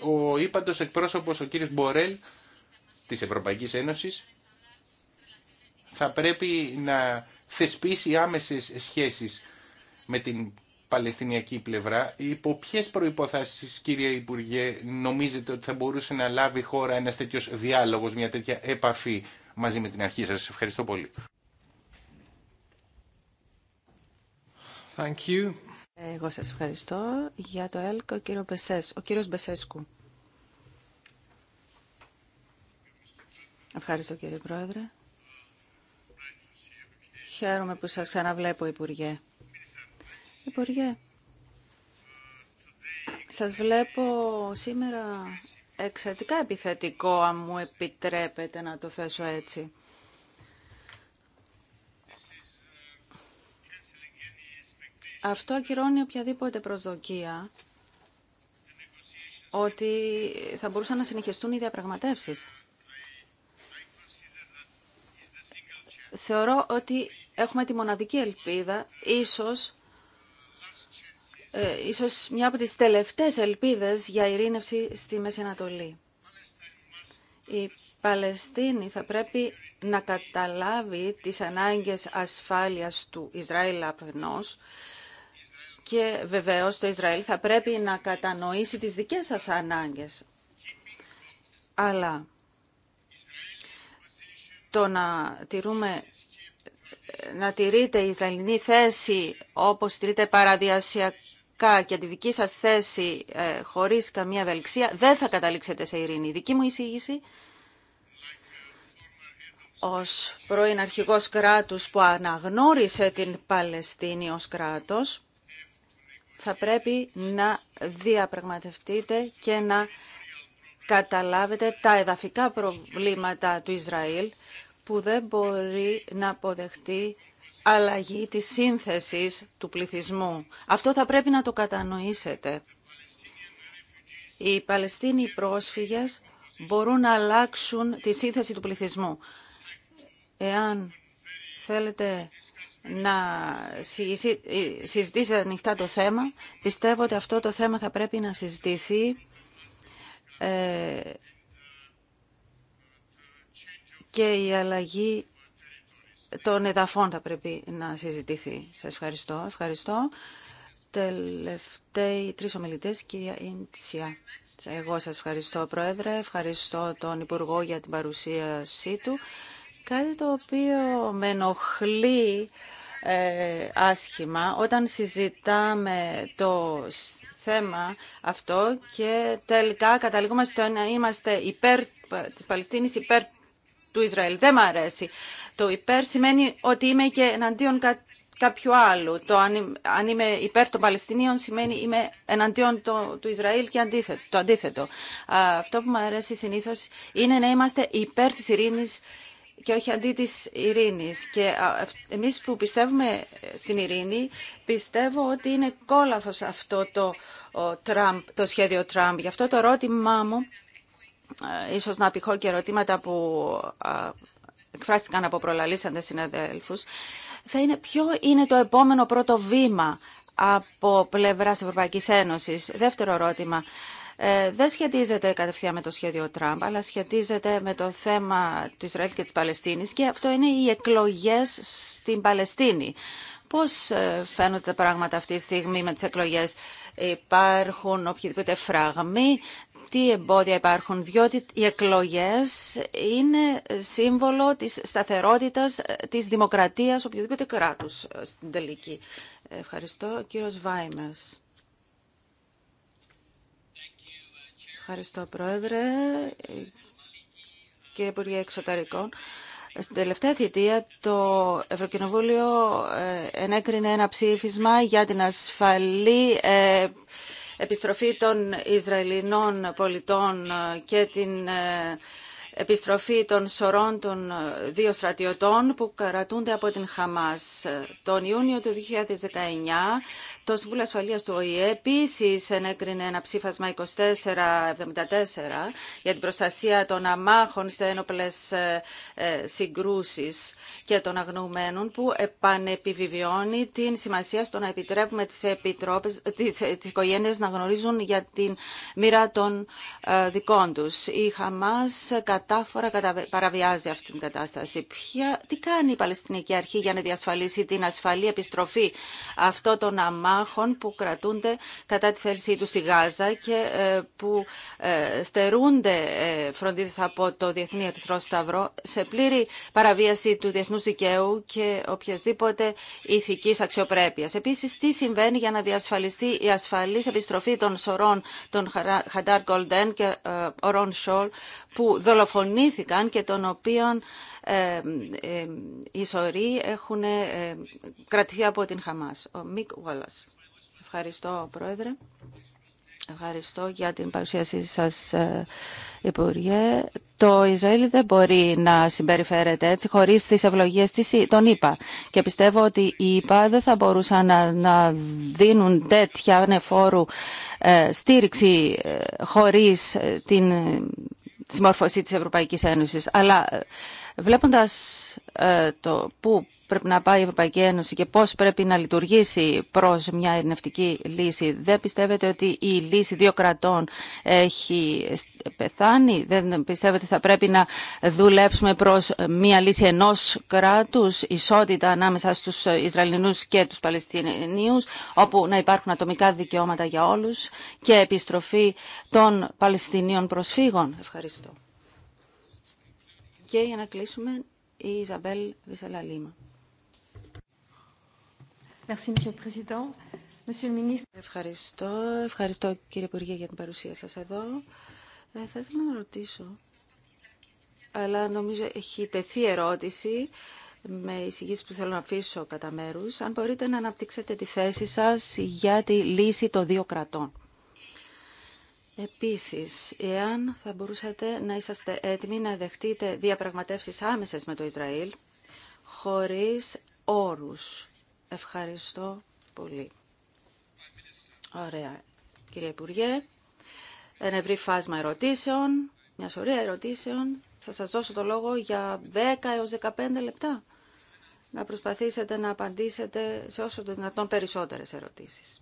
Ο ύπαντος εκπρόσωπος, ο κύριος Μπορέλ, της Ευρωπαϊκής Ένωσης, θα πρέπει να θεσπίσει άμεσες σχέσεις με την Παλαιστινιακή πλευρά. Υπό ποιε προποθέσει, κύριε Υπουργέ, νομίζετε ότι θα μπορούσε να λάβει η χώρα ένα τέτοιο διάλογο, μια τέτοια επαφή μαζί με την αρχή σα. Ευχαριστώ πολύ. Thank you. Εγώ σας ευχαριστώ για το ΕΛΚΟ, κύριο ο κύριος Μπεσέσκου. Ευχαριστώ κύριε Πρόεδρε. Χαίρομαι που σας ξαναβλέπω, Υπουργέ. Υπουργέ, σας βλέπω σήμερα εξαιρετικά επιθετικό, αν μου επιτρέπετε να το θέσω έτσι. Αυτό ακυρώνει οποιαδήποτε προσδοκία ότι θα μπορούσαν να συνεχιστούν οι διαπραγματεύσεις. Θεωρώ ότι έχουμε τη μοναδική ελπίδα, ίσως, ε, ίσως μια από τις τελευταίες ελπίδες για ειρήνευση στη Μέση Ανατολή. Η Παλαιστίνη θα πρέπει να καταλάβει τις ανάγκες ασφάλειας του Ισραήλ ενό. και βεβαίως το Ισραήλ θα πρέπει να κατανοήσει τις δικές σας ανάγκες. Αλλά το να τηρούμε να τηρείτε η Ισραηλινή θέση όπως τηρείτε παραδιασιακά και τη δική σας θέση ε, χωρίς καμία ευελιξία, δεν θα καταλήξετε σε ειρήνη. δική μου εισήγηση ως πρώην αρχηγός κράτους που αναγνώρισε την Παλαιστίνη ως κράτος, θα πρέπει να διαπραγματευτείτε και να καταλάβετε τα εδαφικά προβλήματα του Ισραήλ που δεν μπορεί να αποδεχτεί αλλαγή της σύνθεσης του πληθυσμού. Αυτό θα πρέπει να το κατανοήσετε. Οι Παλαιστίνοι πρόσφυγες μπορούν να αλλάξουν τη σύνθεση του πληθυσμού. Εάν θέλετε να συζητήσετε ανοιχτά το θέμα, πιστεύω ότι αυτό το θέμα θα πρέπει να συζητηθεί ε, και η αλλαγή των εδαφών θα πρέπει να συζητηθεί. Σας ευχαριστώ. Ευχαριστώ. Τελευταίοι τρεις ομιλητέ κυρία Ιντσιά. Εγώ σας ευχαριστώ, Πρόεδρε. Ευχαριστώ τον Υπουργό για την παρουσίασή του. Κάτι το οποίο με ενοχλεί ε, άσχημα όταν συζητάμε το θέμα αυτό και τελικά καταλήγουμε στο να είμαστε υπέρ της Παλαιστίνης, υπέρ του Ισραήλ. Δεν μ' αρέσει. Το υπέρ σημαίνει ότι είμαι και εναντίον κάποιου άλλου. Το αν, είμαι υπέρ των Παλαιστινίων σημαίνει είμαι εναντίον του Ισραήλ και αντίθετο, το αντίθετο. αυτό που μου αρέσει συνήθως είναι να είμαστε υπέρ της ειρήνης και όχι αντί της ειρήνης. Και εμείς που πιστεύουμε στην ειρήνη, πιστεύω ότι είναι κόλαφος αυτό το, Τραμπ, το σχέδιο Τραμπ. Γι' αυτό το ερώτημά μου ε, ίσως να απηχώ και ερωτήματα που εκφράστηκαν από προλαλήσαντες συναδέλφους, θα είναι ποιο είναι το επόμενο πρώτο βήμα από πλευράς Ευρωπαϊκής Ένωσης. Δεύτερο ερώτημα. Ε, δεν σχετίζεται κατευθείαν με το σχέδιο Τραμπ, αλλά σχετίζεται με το θέμα του Ισραήλ και της Παλαιστίνης και αυτό είναι οι εκλογές στην Παλαιστίνη. Πώς ε, φαίνονται τα πράγματα αυτή τη στιγμή με τις εκλογές. Υπάρχουν οποιοδήποτε φραγμοί, τι εμπόδια υπάρχουν, διότι οι εκλογές είναι σύμβολο της σταθερότητας της δημοκρατίας οποιοδήποτε κράτους ε, στην τελική. Ευχαριστώ, κύριος Βάιμες. Ευχαριστώ, Πρόεδρε, κύριε Υπουργέ Εξωτερικών. Στην τελευταία θητεία το Ευρωκοινοβούλιο ε, ενέκρινε ένα ψήφισμα για την ασφαλή ε, επιστροφή των Ισραηλινών πολιτών ε, και την ε, επιστροφή των σωρών των ε, δύο στρατιωτών που κρατούνται από την Χαμάς. Τον Ιούνιο του 2019 το Συμβούλιο Ασφαλείας του ΟΗΕ επίση ενέκρινε ένα ψήφασμα 2474 για την προστασία των αμάχων σε ένοπλε ε, συγκρούσει και των αγνοωμένων που επανεπιβιβιώνει την σημασία στο να επιτρέπουμε τις, επιτρόπες, τις, ε, τις να γνωρίζουν για την μοίρα των ε, δικών του. Η Χαμάς κατάφορα παραβιάζει αυτή την κατάσταση. τι κάνει η Παλαιστινική Αρχή για να διασφαλίσει την ασφαλή επιστροφή αυτών των αμάχων που κρατούνται κατά τη θέλησή του στη Γάζα και ε, που ε, στερούνται ε, φροντίδες από το Διεθνή Ερυθρό Σταυρό σε πλήρη παραβίαση του διεθνούς δικαίου και οποιασδήποτε ηθική αξιοπρέπειας. Επίση, τι συμβαίνει για να διασφαλιστεί η ασφαλής επιστροφή των σωρών των Χαντάρ Γκολντέν και Ορών Σόλ που δολοφονήθηκαν και των οποίων οι σωροί έχουν κρατηθεί από την Χαμάς. Ο Μικ Wallace. Ευχαριστώ, Πρόεδρε. Ευχαριστώ για την παρουσίασή σας, ε, Υπουργέ. Το Ισραήλ δεν μπορεί να συμπεριφέρεται έτσι χωρίς τις ευλογίες τον ΗΠΑ. Και πιστεύω ότι οι ΙΠΑ δεν θα μπορούσαν να, δίνουν τέτοια ανεφόρου ε, στήριξη ε, χωρίς την συμμόρφωση της Ευρωπαϊκής Ένωσης. Αλλά Βλέποντας ε, το πού πρέπει να πάει η Ευρωπαϊκή Ένωση και πώς πρέπει να λειτουργήσει προς μια ειρηνευτική λύση, δεν πιστεύετε ότι η λύση δύο κρατών έχει πεθάνει, δεν πιστεύετε ότι θα πρέπει να δουλέψουμε προς μια λύση ενός κράτους, ισότητα ανάμεσα στους Ισραηλινούς και τους Παλαιστινίους, όπου να υπάρχουν ατομικά δικαιώματα για όλους και επιστροφή των Παλαιστινίων προσφύγων. Ευχαριστώ. Και για να κλείσουμε, η Ιζαμπέλ Βισελαλίμα. Ευχαριστώ. Ευχαριστώ κύριε Υπουργέ για την παρουσία σας εδώ. Ε, θα ήθελα να ρωτήσω, αλλά νομίζω έχει τεθεί ερώτηση με εισηγήσεις που θέλω να αφήσω κατά μέρους. Αν μπορείτε να αναπτύξετε τη θέση σας για τη λύση των δύο κρατών. Επίσης, εάν θα μπορούσατε να είσαστε έτοιμοι να δεχτείτε διαπραγματεύσεις άμεσες με το Ισραήλ, χωρίς όρους. Ευχαριστώ πολύ. Ωραία. Κύριε Υπουργέ, ένα ευρύ φάσμα ερωτήσεων, μια σωρία ερωτήσεων. Θα σας δώσω το λόγο για 10 έως 15 λεπτά να προσπαθήσετε να απαντήσετε σε όσο το δυνατόν περισσότερες ερωτήσεις.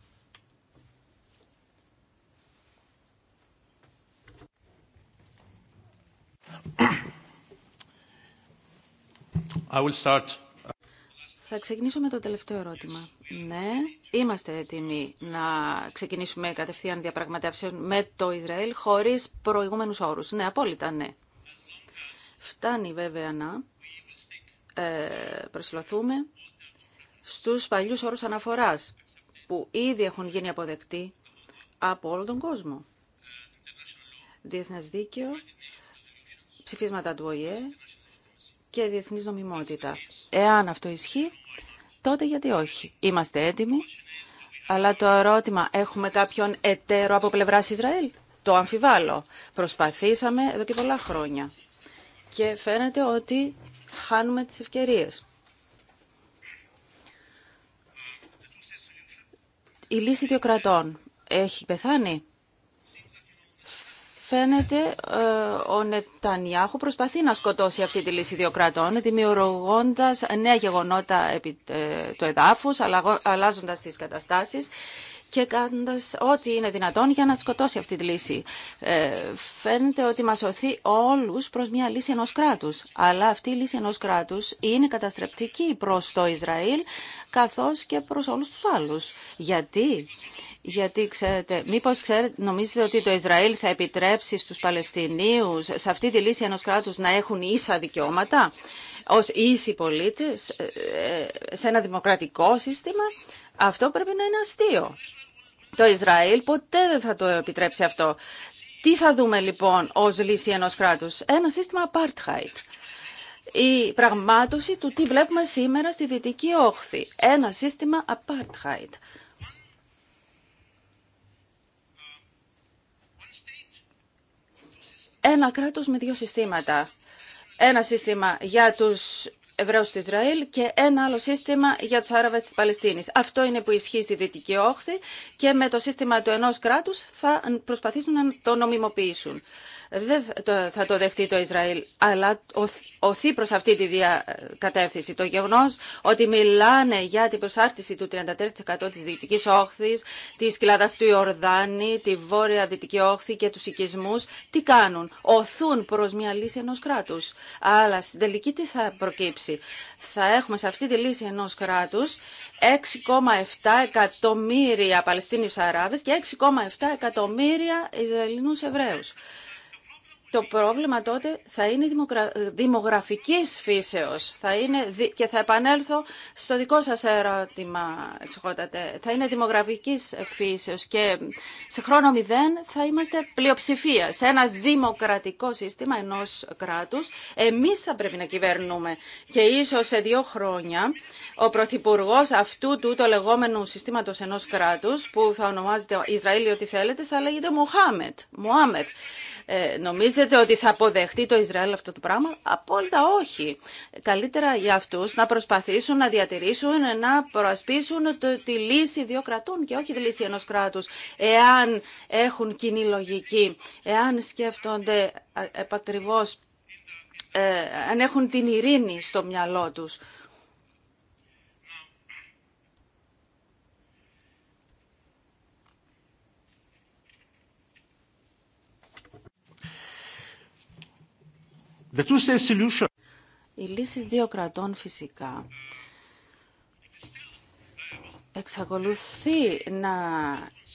Θα ξεκινήσω με το τελευταίο ερώτημα. Ναι, είμαστε έτοιμοι να ξεκινήσουμε κατευθείαν διαπραγματεύσεις με το Ισραήλ χωρίς προηγούμενους όρους. Ναι, απόλυτα ναι. Φτάνει βέβαια να ε, στους παλιούς όρους αναφοράς που ήδη έχουν γίνει αποδεκτοί από όλο τον κόσμο. Διεθνές δίκαιο, ψηφίσματα του ΟΗΕ και διεθνή νομιμότητα. Εάν αυτό ισχύει, τότε γιατί όχι. Είμαστε έτοιμοι, αλλά το ερώτημα έχουμε κάποιον εταίρο από πλευρά Ισραήλ. Το αμφιβάλλω. Προσπαθήσαμε εδώ και πολλά χρόνια. Και φαίνεται ότι χάνουμε τις ευκαιρίες. Η λύση δύο έχει πεθάνει φαίνεται ε, ο Νετανιάχου προσπαθεί να σκοτώσει αυτή τη λύση δύο κρατών, δημιουργώντας νέα γεγονότα επί ε, το εδάφους, αλλάζοντας τις καταστάσεις και κάνοντα ό,τι είναι δυνατόν για να σκοτώσει αυτή τη λύση. Ε, φαίνεται ότι μας σωθεί όλους προς μια λύση ενό κράτου. Αλλά αυτή η λύση ενό κράτου είναι καταστρεπτική προ το Ισραήλ καθώς και προς όλους τους άλλους. Γιατί... Γιατί ξέρετε, μήπως ξέρετε, νομίζετε ότι το Ισραήλ θα επιτρέψει στους Παλαιστινίους σε αυτή τη λύση ενός κράτους να έχουν ίσα δικαιώματα ως ίσοι πολίτες ε, ε, σε ένα δημοκρατικό σύστημα. Αυτό πρέπει να είναι αστείο. Το Ισραήλ ποτέ δεν θα το επιτρέψει αυτό. Τι θα δούμε λοιπόν ως λύση ενός κράτους. Ένα σύστημα apartheid. Η πραγμάτωση του τι βλέπουμε σήμερα στη Δυτική Όχθη. Ένα σύστημα apartheid. Ένα κράτος με δύο συστήματα. Ένα σύστημα για τους Εβραίου του Ισραήλ και ένα άλλο σύστημα για του Άραβες τη Παλαιστίνης. Αυτό είναι που ισχύει στη Δυτική Όχθη και με το σύστημα του ενό κράτου θα προσπαθήσουν να το νομιμοποιήσουν. Δεν θα το δεχτεί το Ισραήλ, αλλά οθεί προ αυτή τη διακατεύθυνση. Το γεγονό ότι μιλάνε για την προσάρτηση του 33% τη δυτική όχθη, τη Κλαδάς του Ιορδάνη, τη Βόρεια Δυτική Όχθη και του οικισμού, τι κάνουν. Οθούν προ μια λύση ενό κράτου. Αλλά στην τελική τι θα προκύψει θα έχουμε σε αυτή τη λύση ενός κράτους 6,7 εκατομμύρια Παλαιστίνιους Αράβες και 6,7 εκατομμύρια Ισραηλινούς Εβραίους το πρόβλημα τότε θα είναι δημογραφικής φύσεως. Θα είναι, και θα επανέλθω στο δικό σας ερώτημα, εξοχότατε. Θα είναι δημογραφικής φύσεως και σε χρόνο μηδέν θα είμαστε πλειοψηφία. Σε ένα δημοκρατικό σύστημα ενός κράτους, εμείς θα πρέπει να κυβερνούμε. Και ίσως σε δύο χρόνια ο Πρωθυπουργό αυτού του το λεγόμενου συστήματος ενός κράτους, που θα ονομάζεται Ισραήλ ό,τι θέλετε, θα λέγεται Μουχάμετ. Ε, νομίζετε ότι θα αποδεχτεί το Ισραήλ αυτό το πράγμα. Απόλυτα όχι. Καλύτερα για αυτούς να προσπαθήσουν να διατηρήσουν, να προασπίσουν τη λύση δύο κρατών και όχι τη λύση ενός κράτους. Εάν έχουν κοινή λογική, εάν σκέφτονται ε, επακριβώς, ε, αν έχουν την ειρήνη στο μυαλό τους. The two solution. Η λύση δύο κρατών φυσικά εξακολουθεί να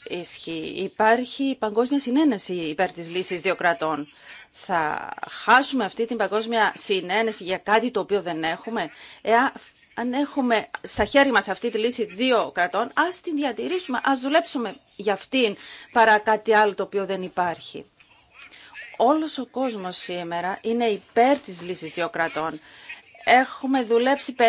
ισχύει. Υπάρχει παγκόσμια συνένεση υπέρ της λύσης δύο κρατών. Θα χάσουμε αυτή την παγκόσμια συνένεση για κάτι το οποίο δεν έχουμε. Εάν αν έχουμε στα χέρια μας αυτή τη λύση δύο κρατών, ας την διατηρήσουμε, ας δουλέψουμε για αυτήν παρά κάτι άλλο το οποίο δεν υπάρχει όλος ο κόσμος σήμερα είναι υπέρ της λύσης δύο κρατών Έχουμε δουλέψει 50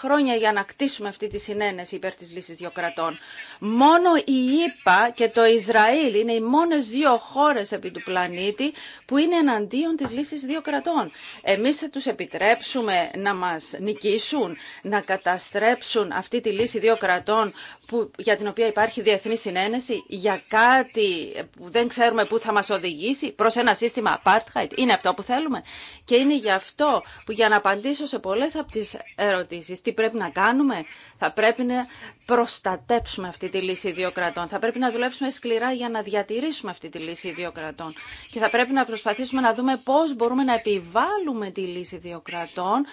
χρόνια για να κτίσουμε αυτή τη συνένεση υπέρ της λύσης δύο κρατών. Μόνο η ΙΠΑ και το Ισραήλ είναι οι μόνες δύο χώρες επί του πλανήτη που είναι εναντίον της λύσης δύο κρατών. Εμείς θα τους επιτρέψουμε να μας νικήσουν, να καταστρέψουν αυτή τη λύση δύο κρατών που, για την οποία υπάρχει διεθνή συνένεση, για κάτι που δεν ξέρουμε πού θα μας οδηγήσει, προς ένα σύστημα apartheid. Είναι αυτό που θέλουμε. Και είναι γι' αυτό που για να απαντήσω σε πολλές από τις ερωτήσεις. Τι πρέπει να κάνουμε? Θα πρέπει να προστατέψουμε αυτή τη λύση δύο κρατών. Θα πρέπει να δουλέψουμε σκληρά για να διατηρήσουμε αυτή τη λύση δύο κρατών. Και θα πρέπει να προσπαθήσουμε να δούμε πώς μπορούμε να επιβάλλουμε τη λύση δύο κρατών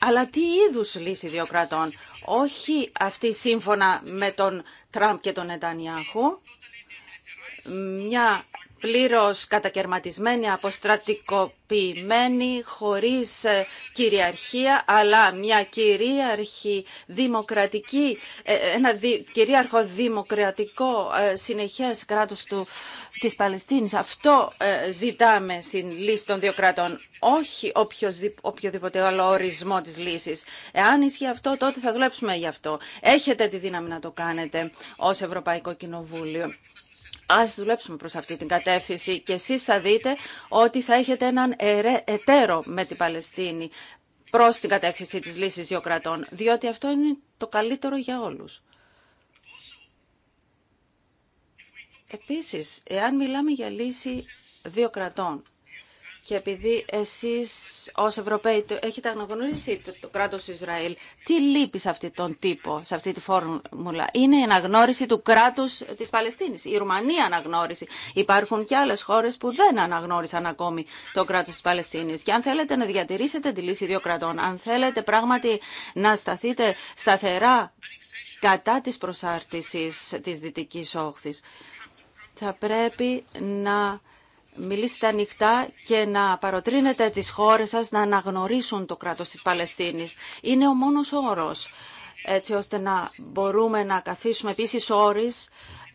αλλά τι είδους λύση δύο κρατών, όχι αυτή σύμφωνα με τον Τραμπ και τον Νετανιάχου, μια πλήρως κατακαιρματισμένη, αποστρατικοποιημένη, χωρίς ε, κυριαρχία, αλλά μια κυρίαρχη δημοκρατική, ε, ε, ένα κυρίαρχο δημοκρατικό συνεχές κράτος του, της Παλαιστίνης. Αυτό ζητάμε στην λύση των δύο κρατών, όχι οποιοδήποτε άλλο ορισμό της λύσης. Εάν ισχύει αυτό, τότε θα δουλέψουμε γι' αυτό. Έχετε τη δύναμη να το κάνετε ως Ευρωπαϊκό Κοινοβούλιο. Ας δουλέψουμε προς αυτή την κατεύθυνση και εσείς θα δείτε ότι θα έχετε έναν εταίρο με την Παλαιστίνη προς την κατεύθυνση της λύσης δύο κρατών, διότι αυτό είναι το καλύτερο για όλους. Επίσης, εάν μιλάμε για λύση δύο κρατών, και επειδή εσείς ως Ευρωπαίοι έχετε αναγνωρίσει το κράτος του Ισραήλ, τι λείπει σε αυτή τον τύπο, σε αυτή τη φόρμουλα. Είναι η αναγνώριση του κράτους της Παλαιστίνης, η Ρουμανία αναγνώριση. Υπάρχουν και άλλες χώρες που δεν αναγνώρισαν ακόμη το κράτος της Παλαιστίνης. Και αν θέλετε να διατηρήσετε τη λύση δύο κρατών, αν θέλετε πράγματι να σταθείτε σταθερά κατά της προσάρτησης της Δυτικής Όχθης, θα πρέπει να μιλήσετε ανοιχτά και να παροτρύνετε τις χώρες σας να αναγνωρίσουν το κράτος της Παλαιστίνης. Είναι ο μόνος όρος έτσι ώστε να μπορούμε να καθίσουμε επίσης όρις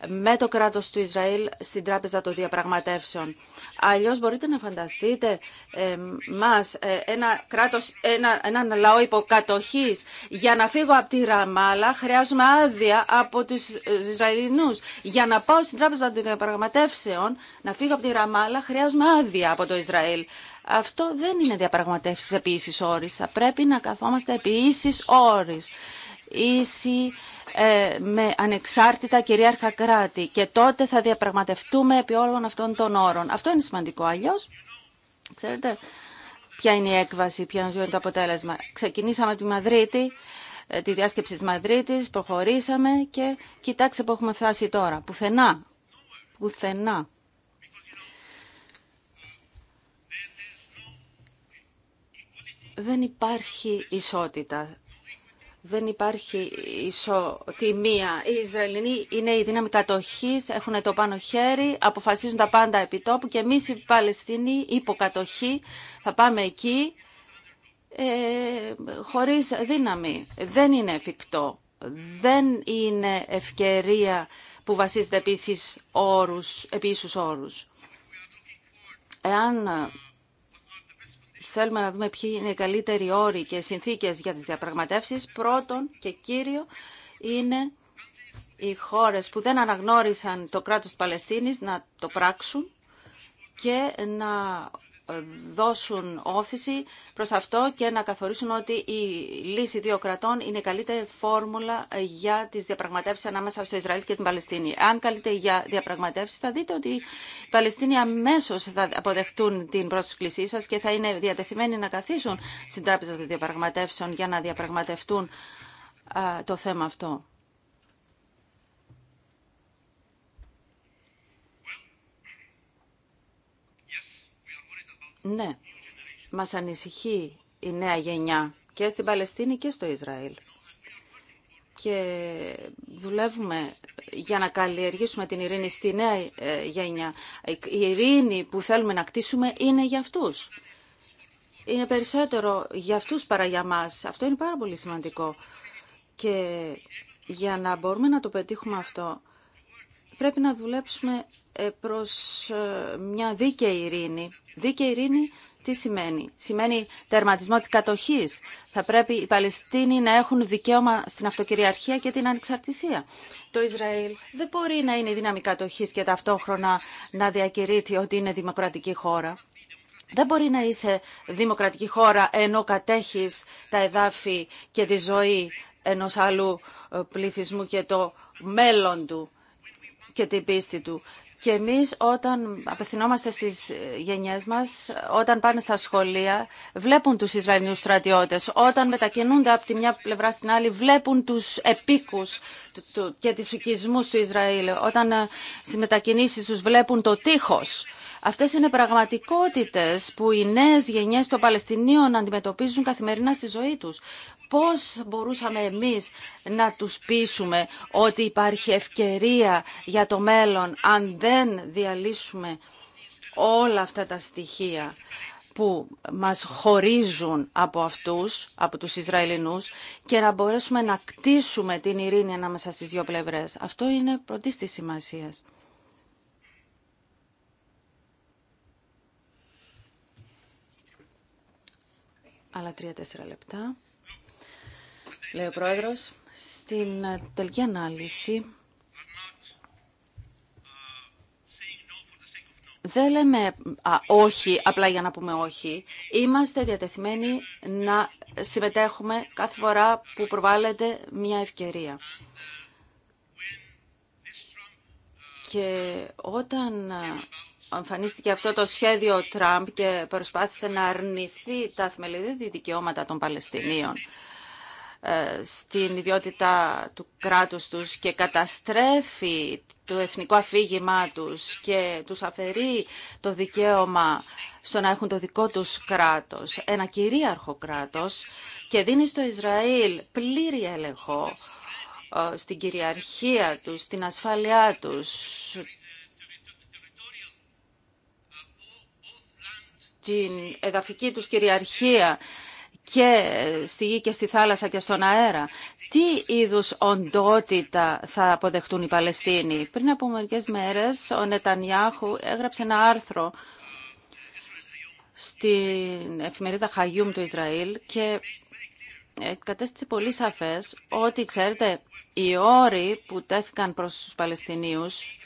με το κράτος του Ισραήλ στην Τράπεζα των Διαπραγματεύσεων. Αλλιώς μπορείτε να φανταστείτε ε, μας ε, ένα κράτος, ένα, έναν λαό υποκατοχής. Για να φύγω από τη Ραμάλα χρειάζομαι άδεια από τους Ισραηλινούς. Για να πάω στην Τράπεζα των Διαπραγματεύσεων, να φύγω από τη Ραμάλα χρειάζομαι άδεια από το Ισραήλ. Αυτό δεν είναι διαπραγματεύσεις επί ίσης Θα πρέπει να καθόμαστε επί ίσης ε, με ανεξάρτητα κυρίαρχα κράτη και τότε θα διαπραγματευτούμε επί όλων αυτών των όρων. Αυτό είναι σημαντικό. αλλιώ. ξέρετε, ποια είναι η έκβαση, ποια είναι το αποτέλεσμα. Ξεκινήσαμε από τη Μαδρίτη, ε, τη διάσκεψη της Μαδρίτης, προχωρήσαμε και κοιτάξτε που έχουμε φτάσει τώρα. Πουθενά. Πουθενά. Δεν υπάρχει ισότητα δεν υπάρχει ισοτιμία. Οι Ισραηλινοί είναι η δύναμη κατοχή, έχουν το πάνω χέρι, αποφασίζουν τα πάντα επί τόπου και εμεί οι Παλαιστίνοι υποκατοχή θα πάμε εκεί ε, χωρίς δύναμη. Δεν είναι εφικτό. Δεν είναι ευκαιρία που βασίζεται επίση όρους, επίσης όρους. Εάν θέλουμε να δούμε ποιοι είναι οι καλύτεροι όροι και συνθήκες για τις διαπραγματεύσεις, πρώτον και κύριο είναι οι χώρες που δεν αναγνώρισαν το κράτος της Παλαιστίνης να το πράξουν και να δώσουν όφηση προς αυτό και να καθορίσουν ότι η λύση δύο κρατών είναι καλύτερη φόρμουλα για τις διαπραγματεύσεις ανάμεσα στο Ισραήλ και την Παλαιστίνη. Αν καλύτερη για διαπραγματεύσεις θα δείτε ότι οι Παλαιστίνοι αμέσως θα αποδεχτούν την πρόσκλησή σας και θα είναι διατεθειμένοι να καθίσουν στην τράπεζα των διαπραγματεύσεων για να διαπραγματευτούν το θέμα αυτό. Ναι, μας ανησυχεί η νέα γενιά και στην Παλαιστίνη και στο Ισραήλ. Και δουλεύουμε για να καλλιεργήσουμε την ειρήνη στη νέα ε, γενιά. Η ειρήνη που θέλουμε να κτίσουμε είναι για αυτούς. Είναι περισσότερο για αυτούς παρά για μας. Αυτό είναι πάρα πολύ σημαντικό. Και για να μπορούμε να το πετύχουμε αυτό, πρέπει να δουλέψουμε ε, προς ε, μια δίκαιη ειρήνη. Δίκαιη ειρήνη τι σημαίνει. Σημαίνει τερματισμό της κατοχής. Θα πρέπει οι Παλαιστίνοι να έχουν δικαίωμα στην αυτοκυριαρχία και την ανεξαρτησία. Το Ισραήλ δεν μπορεί να είναι η δύναμη κατοχής και ταυτόχρονα να διακηρύττει ότι είναι δημοκρατική χώρα. Δεν μπορεί να είσαι δημοκρατική χώρα ενώ κατέχεις τα εδάφη και τη ζωή ενός άλλου ε, πληθυσμού και το μέλλον του και την πίστη του. Και εμείς όταν απευθυνόμαστε στις γενιές μας, όταν πάνε στα σχολεία, βλέπουν τους Ισραηλινούς στρατιώτες. Όταν μετακινούνται από τη μια πλευρά στην άλλη, βλέπουν τους επίκους και τους οικισμούς του Ισραήλ. Όταν ε, στις μετακινήσεις τους βλέπουν το τείχος Αυτές είναι πραγματικότητες που οι νέες γενιές των Παλαιστινίων αντιμετωπίζουν καθημερινά στη ζωή τους. Πώς μπορούσαμε εμείς να τους πείσουμε ότι υπάρχει ευκαιρία για το μέλλον αν δεν διαλύσουμε όλα αυτά τα στοιχεία που μας χωρίζουν από αυτούς, από τους Ισραηλινούς και να μπορέσουμε να κτίσουμε την ειρήνη ανάμεσα στις δύο πλευρές. Αυτό είναι πρωτής σημασίας. αλλα τρια τρία-τέσσερα λεπτά. Λέει ο Πρόεδρος, στην τελική ανάλυση δεν λέμε α, όχι απλά για να πούμε όχι. Είμαστε διατεθειμένοι να συμμετέχουμε κάθε φορά που προβάλλεται μια ευκαιρία. Και όταν εμφανίστηκε αυτό το σχέδιο Τραμπ και προσπάθησε να αρνηθεί τα θεμελιώδη δικαιώματα των Παλαιστινίων ε, στην ιδιότητα του κράτους τους και καταστρέφει το εθνικό αφήγημά τους και τους αφαιρεί το δικαίωμα στο να έχουν το δικό τους κράτος, ένα κυρίαρχο κράτος και δίνει στο Ισραήλ πλήρη έλεγχο ε, στην κυριαρχία τους, στην ασφάλειά τους, την εδαφική τους κυριαρχία και στη γη και στη θάλασσα και στον αέρα. Τι είδους οντότητα θα αποδεχτούν οι Παλαιστίνοι. Πριν από μερικές μέρες ο Νετανιάχου έγραψε ένα άρθρο στην εφημερίδα Χαγιούμ του Ισραήλ και κατέστησε πολύ σαφές ότι, ξέρετε, οι όροι που τέθηκαν προς τους Παλαιστινίους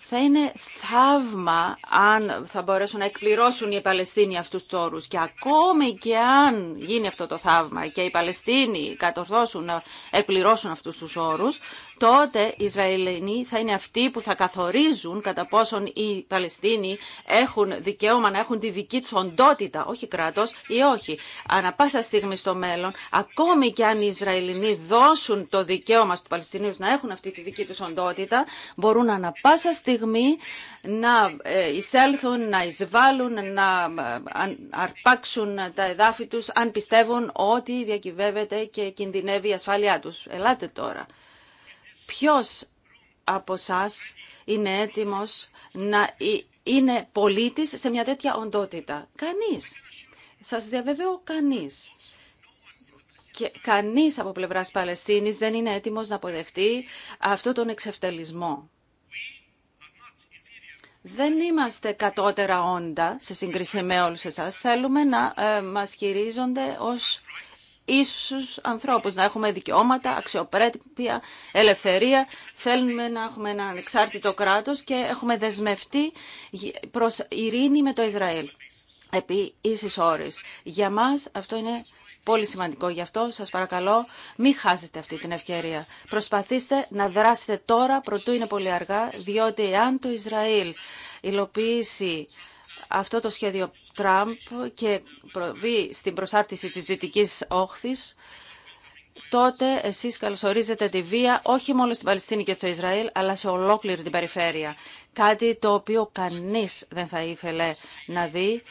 θα είναι θαύμα αν θα μπορέσουν να εκπληρώσουν οι Παλαιστίνοι αυτούς τους όρους. Και ακόμη και αν γίνει αυτό το θαύμα και οι Παλαιστίνοι κατορθώσουν να εκπληρώσουν αυτούς τους όρους, τότε οι Ισραηλινοί θα είναι αυτοί που θα καθορίζουν κατά πόσον οι Παλαιστίνοι έχουν δικαίωμα να έχουν τη δική του οντότητα, όχι κράτος ή όχι. Ανά πάσα στιγμή στο μέλλον, ακόμη και αν οι Ισραηλινοί δώσουν το δικαίωμα στους Παλαιστινίου να έχουν αυτή τη δική του οντότητα, μπορούν ανά πάσα στιγμή να ε, εισέλθουν, να εισβάλλουν, να ε, αρπάξουν τα εδάφη του, αν πιστεύουν ότι διακυβεύεται και κινδυνεύει η ασφάλειά του. Ελάτε τώρα ποιος από εσά είναι έτοιμος να είναι πολίτης σε μια τέτοια οντότητα. Κανείς. Σας διαβεβαιώ κανείς. Και κανείς από πλευράς Παλαιστίνης δεν είναι έτοιμος να αποδεχτεί αυτό τον εξευτελισμό. Δεν είμαστε κατώτερα όντα σε σύγκριση με όλους εσάς. Θέλουμε να ε, μας χειρίζονται ως ίσους ανθρώπους, να έχουμε δικαιώματα, αξιοπρέπεια, ελευθερία. Θέλουμε να έχουμε ένα ανεξάρτητο κράτος και έχουμε δεσμευτεί προς ειρήνη με το Ισραήλ. Επί ίσης ώρες. Για μας αυτό είναι πολύ σημαντικό. Γι' αυτό σας παρακαλώ μην χάσετε αυτή την ευκαιρία. Προσπαθήστε να δράσετε τώρα, προτού είναι πολύ αργά, διότι αν το Ισραήλ υλοποιήσει αυτό το σχέδιο Τραμπ και προβεί στην προσάρτηση της Δυτικής Όχθης, τότε εσείς καλωσορίζετε τη βία όχι μόνο στην Παλαιστίνη και στο Ισραήλ, αλλά σε ολόκληρη την περιφέρεια. Κάτι το οποίο κανείς δεν θα ήθελε να δει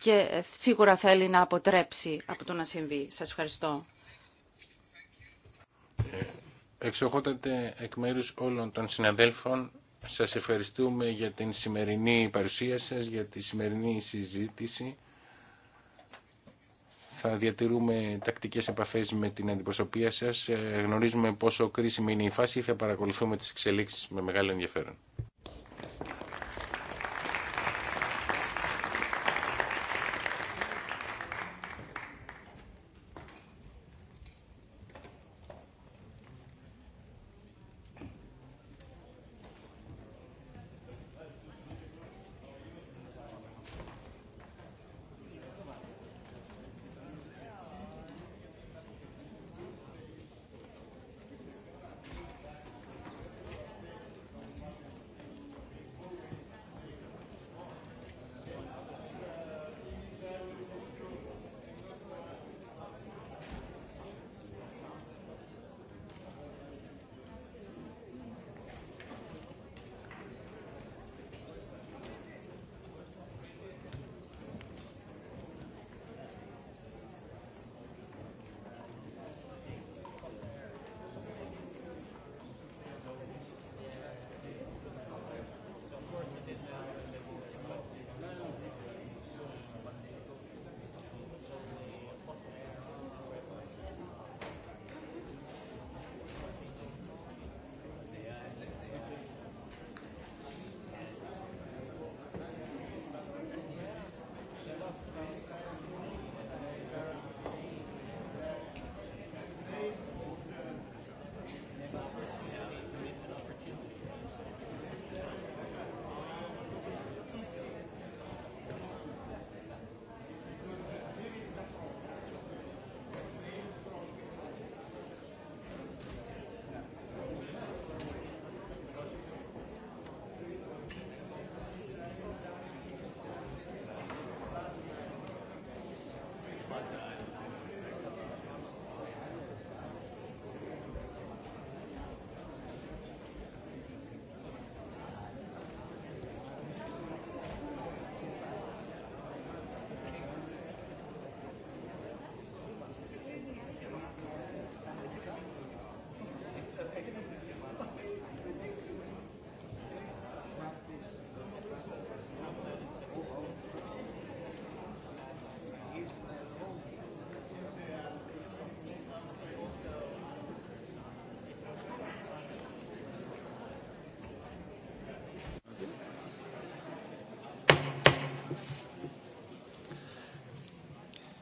και σίγουρα θέλει να αποτρέψει από το να συμβεί. Σας ευχαριστώ. Ε, εξοχότατε εκ μέρου όλων των συναδέλφων σας ευχαριστούμε για την σημερινή παρουσία σας, για τη σημερινή συζήτηση. Θα διατηρούμε τακτικές επαφές με την αντιπροσωπεία σας. Ε, γνωρίζουμε πόσο κρίσιμη είναι η φάση. Θα παρακολουθούμε τις εξελίξεις με μεγάλο ενδιαφέρον.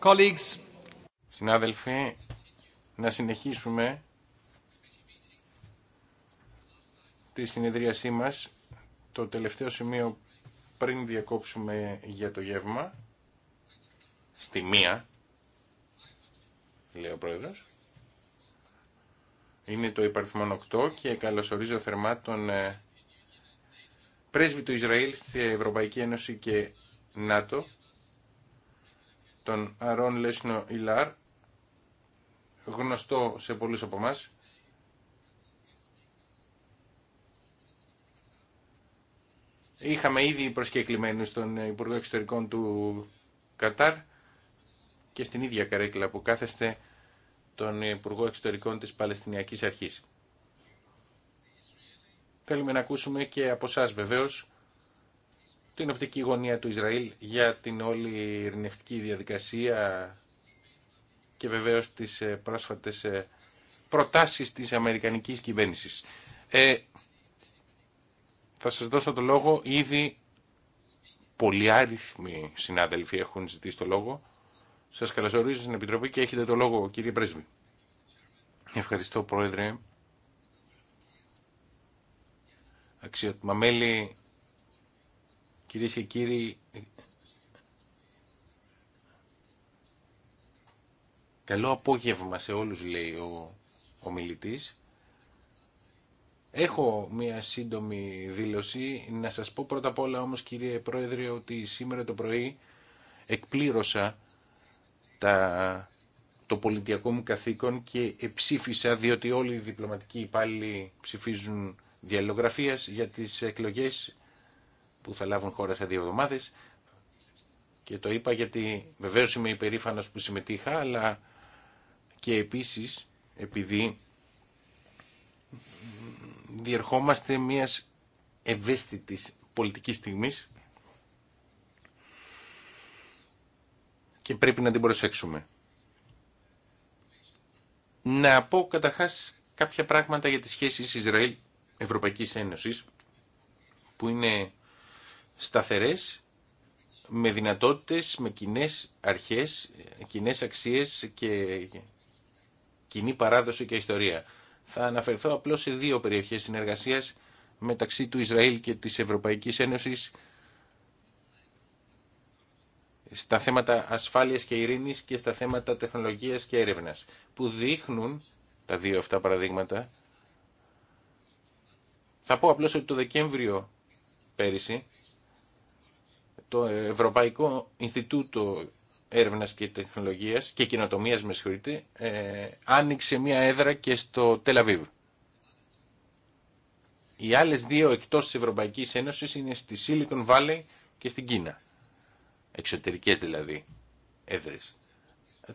Colleagues. Συνάδελφοι, να συνεχίσουμε τη συνεδρίασή μας, το τελευταίο σημείο πριν διακόψουμε για το γεύμα, στη μία, λέει ο Πρόεδρος, είναι το υπαριθμόν 8 και καλωσορίζω θερμά τον ε, πρέσβη του Ισραήλ στη Ευρωπαϊκή Ένωση και ΝΑΤΟ, τον Αρών Λέσνο Ιλάρ, γνωστό σε πολλούς από εμά. Είχαμε ήδη προσκεκλημένους τον Υπουργό Εξωτερικών του Κατάρ και στην ίδια καρέκλα που κάθεστε τον Υπουργό Εξωτερικών της Παλαιστινιακής Αρχής. Θέλουμε να ακούσουμε και από εσά βεβαίως την οπτική γωνία του Ισραήλ για την όλη ειρηνευτική διαδικασία και βεβαίως τις ε, πρόσφατες ε, προτάσεις της Αμερικανικής κυβέρνησης. Ε, θα σας δώσω το λόγο, ήδη πολλοί άριθμοι συνάδελφοι έχουν ζητήσει το λόγο. Σας καλωσορίζω στην Επιτροπή και έχετε το λόγο κύριε Πρέσβη. Ευχαριστώ Πρόεδρε. Αξιότιμα μέλη Κυρίες και κύριοι, καλό απόγευμα σε όλους λέει ο ομιλητής. Έχω μια σύντομη δήλωση. Να σας πω πρώτα απ' όλα όμως κύριε Πρόεδρε ότι σήμερα το πρωί εκπλήρωσα τα, το πολιτιακό μου καθήκον και ψήφισα διότι όλοι οι διπλωματικοί υπάλληλοι ψηφίζουν διαλογραφίας για τις εκλογές που θα λάβουν χώρα σε δύο εβδομάδε και το είπα γιατί βεβαίω είμαι υπερήφανο που συμμετείχα αλλά και επίση επειδή διερχόμαστε μιας ευαίσθητη πολιτικής στιγμής και πρέπει να την προσέξουμε. Να πω καταρχάς κάποια πράγματα για τις σχέσεις Ισραήλ-Ευρωπαϊκής Ένωσης που είναι σταθερές, με δυνατότητες, με κοινέ αρχές, κοινέ αξίες και κοινή παράδοση και ιστορία. Θα αναφερθώ απλώς σε δύο περιοχές συνεργασίας μεταξύ του Ισραήλ και της Ευρωπαϊκής Ένωσης στα θέματα ασφάλειας και ειρήνης και στα θέματα τεχνολογίας και έρευνας, που δείχνουν τα δύο αυτά παραδείγματα. Θα πω απλώς ότι το Δεκέμβριο πέρυσι το Ευρωπαϊκό Ινστιτούτο Έρευνας και Τεχνολογίας και Κοινοτομίας, με ε, άνοιξε μία έδρα και στο Τελαβίβ. Οι άλλες δύο εκτός της Ευρωπαϊκής Ένωσης είναι στη Silicon Valley και στην Κίνα. Εξωτερικές δηλαδή έδρες.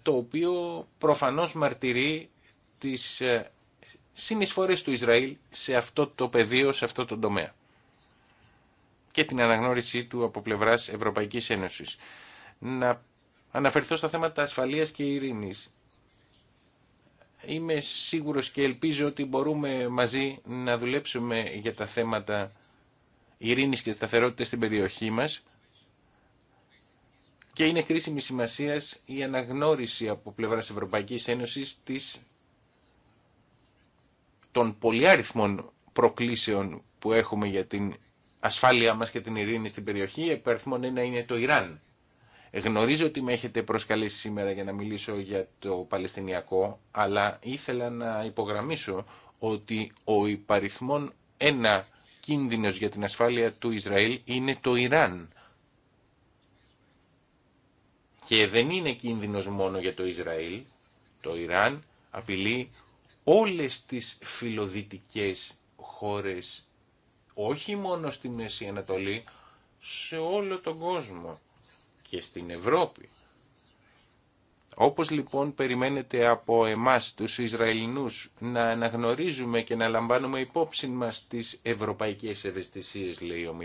Το οποίο προφανώς μαρτυρεί τις ε, συνεισφορές του Ισραήλ σε αυτό το πεδίο, σε αυτό το τομέα και την αναγνώρισή του από πλευρά Ευρωπαϊκής Ένωση. Να αναφερθώ στα θέματα ασφαλείας και ειρήνης. Είμαι σίγουρος και ελπίζω ότι μπορούμε μαζί να δουλέψουμε για τα θέματα ειρήνης και σταθερότητας στην περιοχή μας και είναι κρίσιμη σημασία η αναγνώριση από πλευράς Ευρωπαϊκής Ένωσης των πολυάριθμων προκλήσεων που έχουμε για την ασφάλεια μας και την ειρήνη στην περιοχή, υπαριθμόν ένα είναι το Ιράν. Γνωρίζω ότι με έχετε προσκαλέσει σήμερα για να μιλήσω για το Παλαιστινιακό, αλλά ήθελα να υπογραμμίσω ότι ο υπαριθμόν ένα κίνδυνος για την ασφάλεια του Ισραήλ είναι το Ιράν. Και δεν είναι κίνδυνος μόνο για το Ισραήλ. Το Ιράν απειλεί όλες τις φιλοδυτικές χώρες όχι μόνο στη Μέση Ανατολή, σε όλο τον κόσμο και στην Ευρώπη. Όπως λοιπόν περιμένετε από εμάς τους Ισραηλινούς να αναγνωρίζουμε και να λαμβάνουμε υπόψη μας τις ευρωπαϊκές ευαισθησίες λέει ο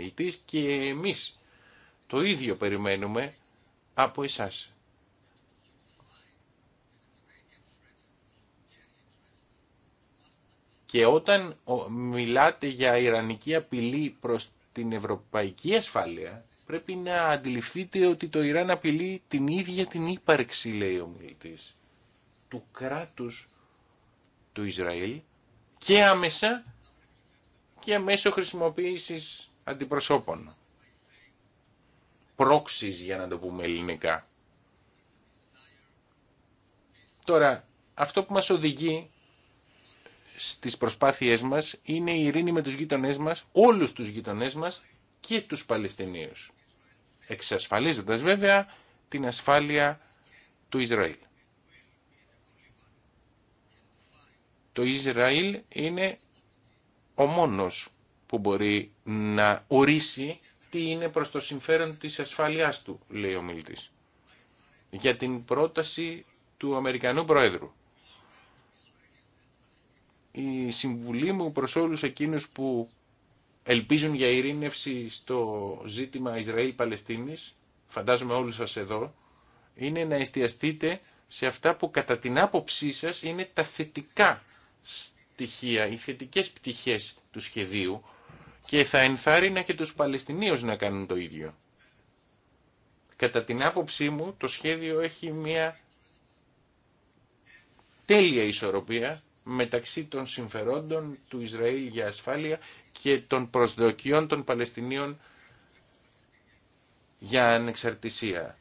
και εμείς το ίδιο περιμένουμε από εσάς. Και όταν μιλάτε για ιρανική απειλή προς την ευρωπαϊκή ασφάλεια, πρέπει να αντιληφθείτε ότι το Ιράν απειλεί την ίδια την ύπαρξη, λέει ο μιλητής, του κράτους του Ισραήλ και άμεσα και μέσω χρησιμοποίησης αντιπροσώπων. Πρόξεις, για να το πούμε ελληνικά. Τώρα, αυτό που μας οδηγεί στις προσπάθειές μας είναι η ειρήνη με τους γείτονές μας, όλους τους γείτονές μας και τους Παλαιστινίους. Εξασφαλίζοντας βέβαια την ασφάλεια του Ισραήλ. Το Ισραήλ είναι ο μόνος που μπορεί να ορίσει τι είναι προς το συμφέρον της ασφάλειάς του, λέει ο Μιλτής, για την πρόταση του Αμερικανού Πρόεδρου η συμβουλή μου προς όλους εκείνους που ελπίζουν για ειρήνευση στο ζήτημα Ισραήλ-Παλαιστίνης, φαντάζομαι όλους σας εδώ, είναι να εστιαστείτε σε αυτά που κατά την άποψή σας είναι τα θετικά στοιχεία, οι θετικές πτυχές του σχεδίου και θα ενθάρρυνα και τους Παλαιστινίους να κάνουν το ίδιο. Κατά την άποψή μου το σχέδιο έχει μια τέλεια ισορροπία μεταξύ των συμφερόντων του Ισραήλ για ασφάλεια και των προσδοκιών των Παλαιστινίων για ανεξαρτησία.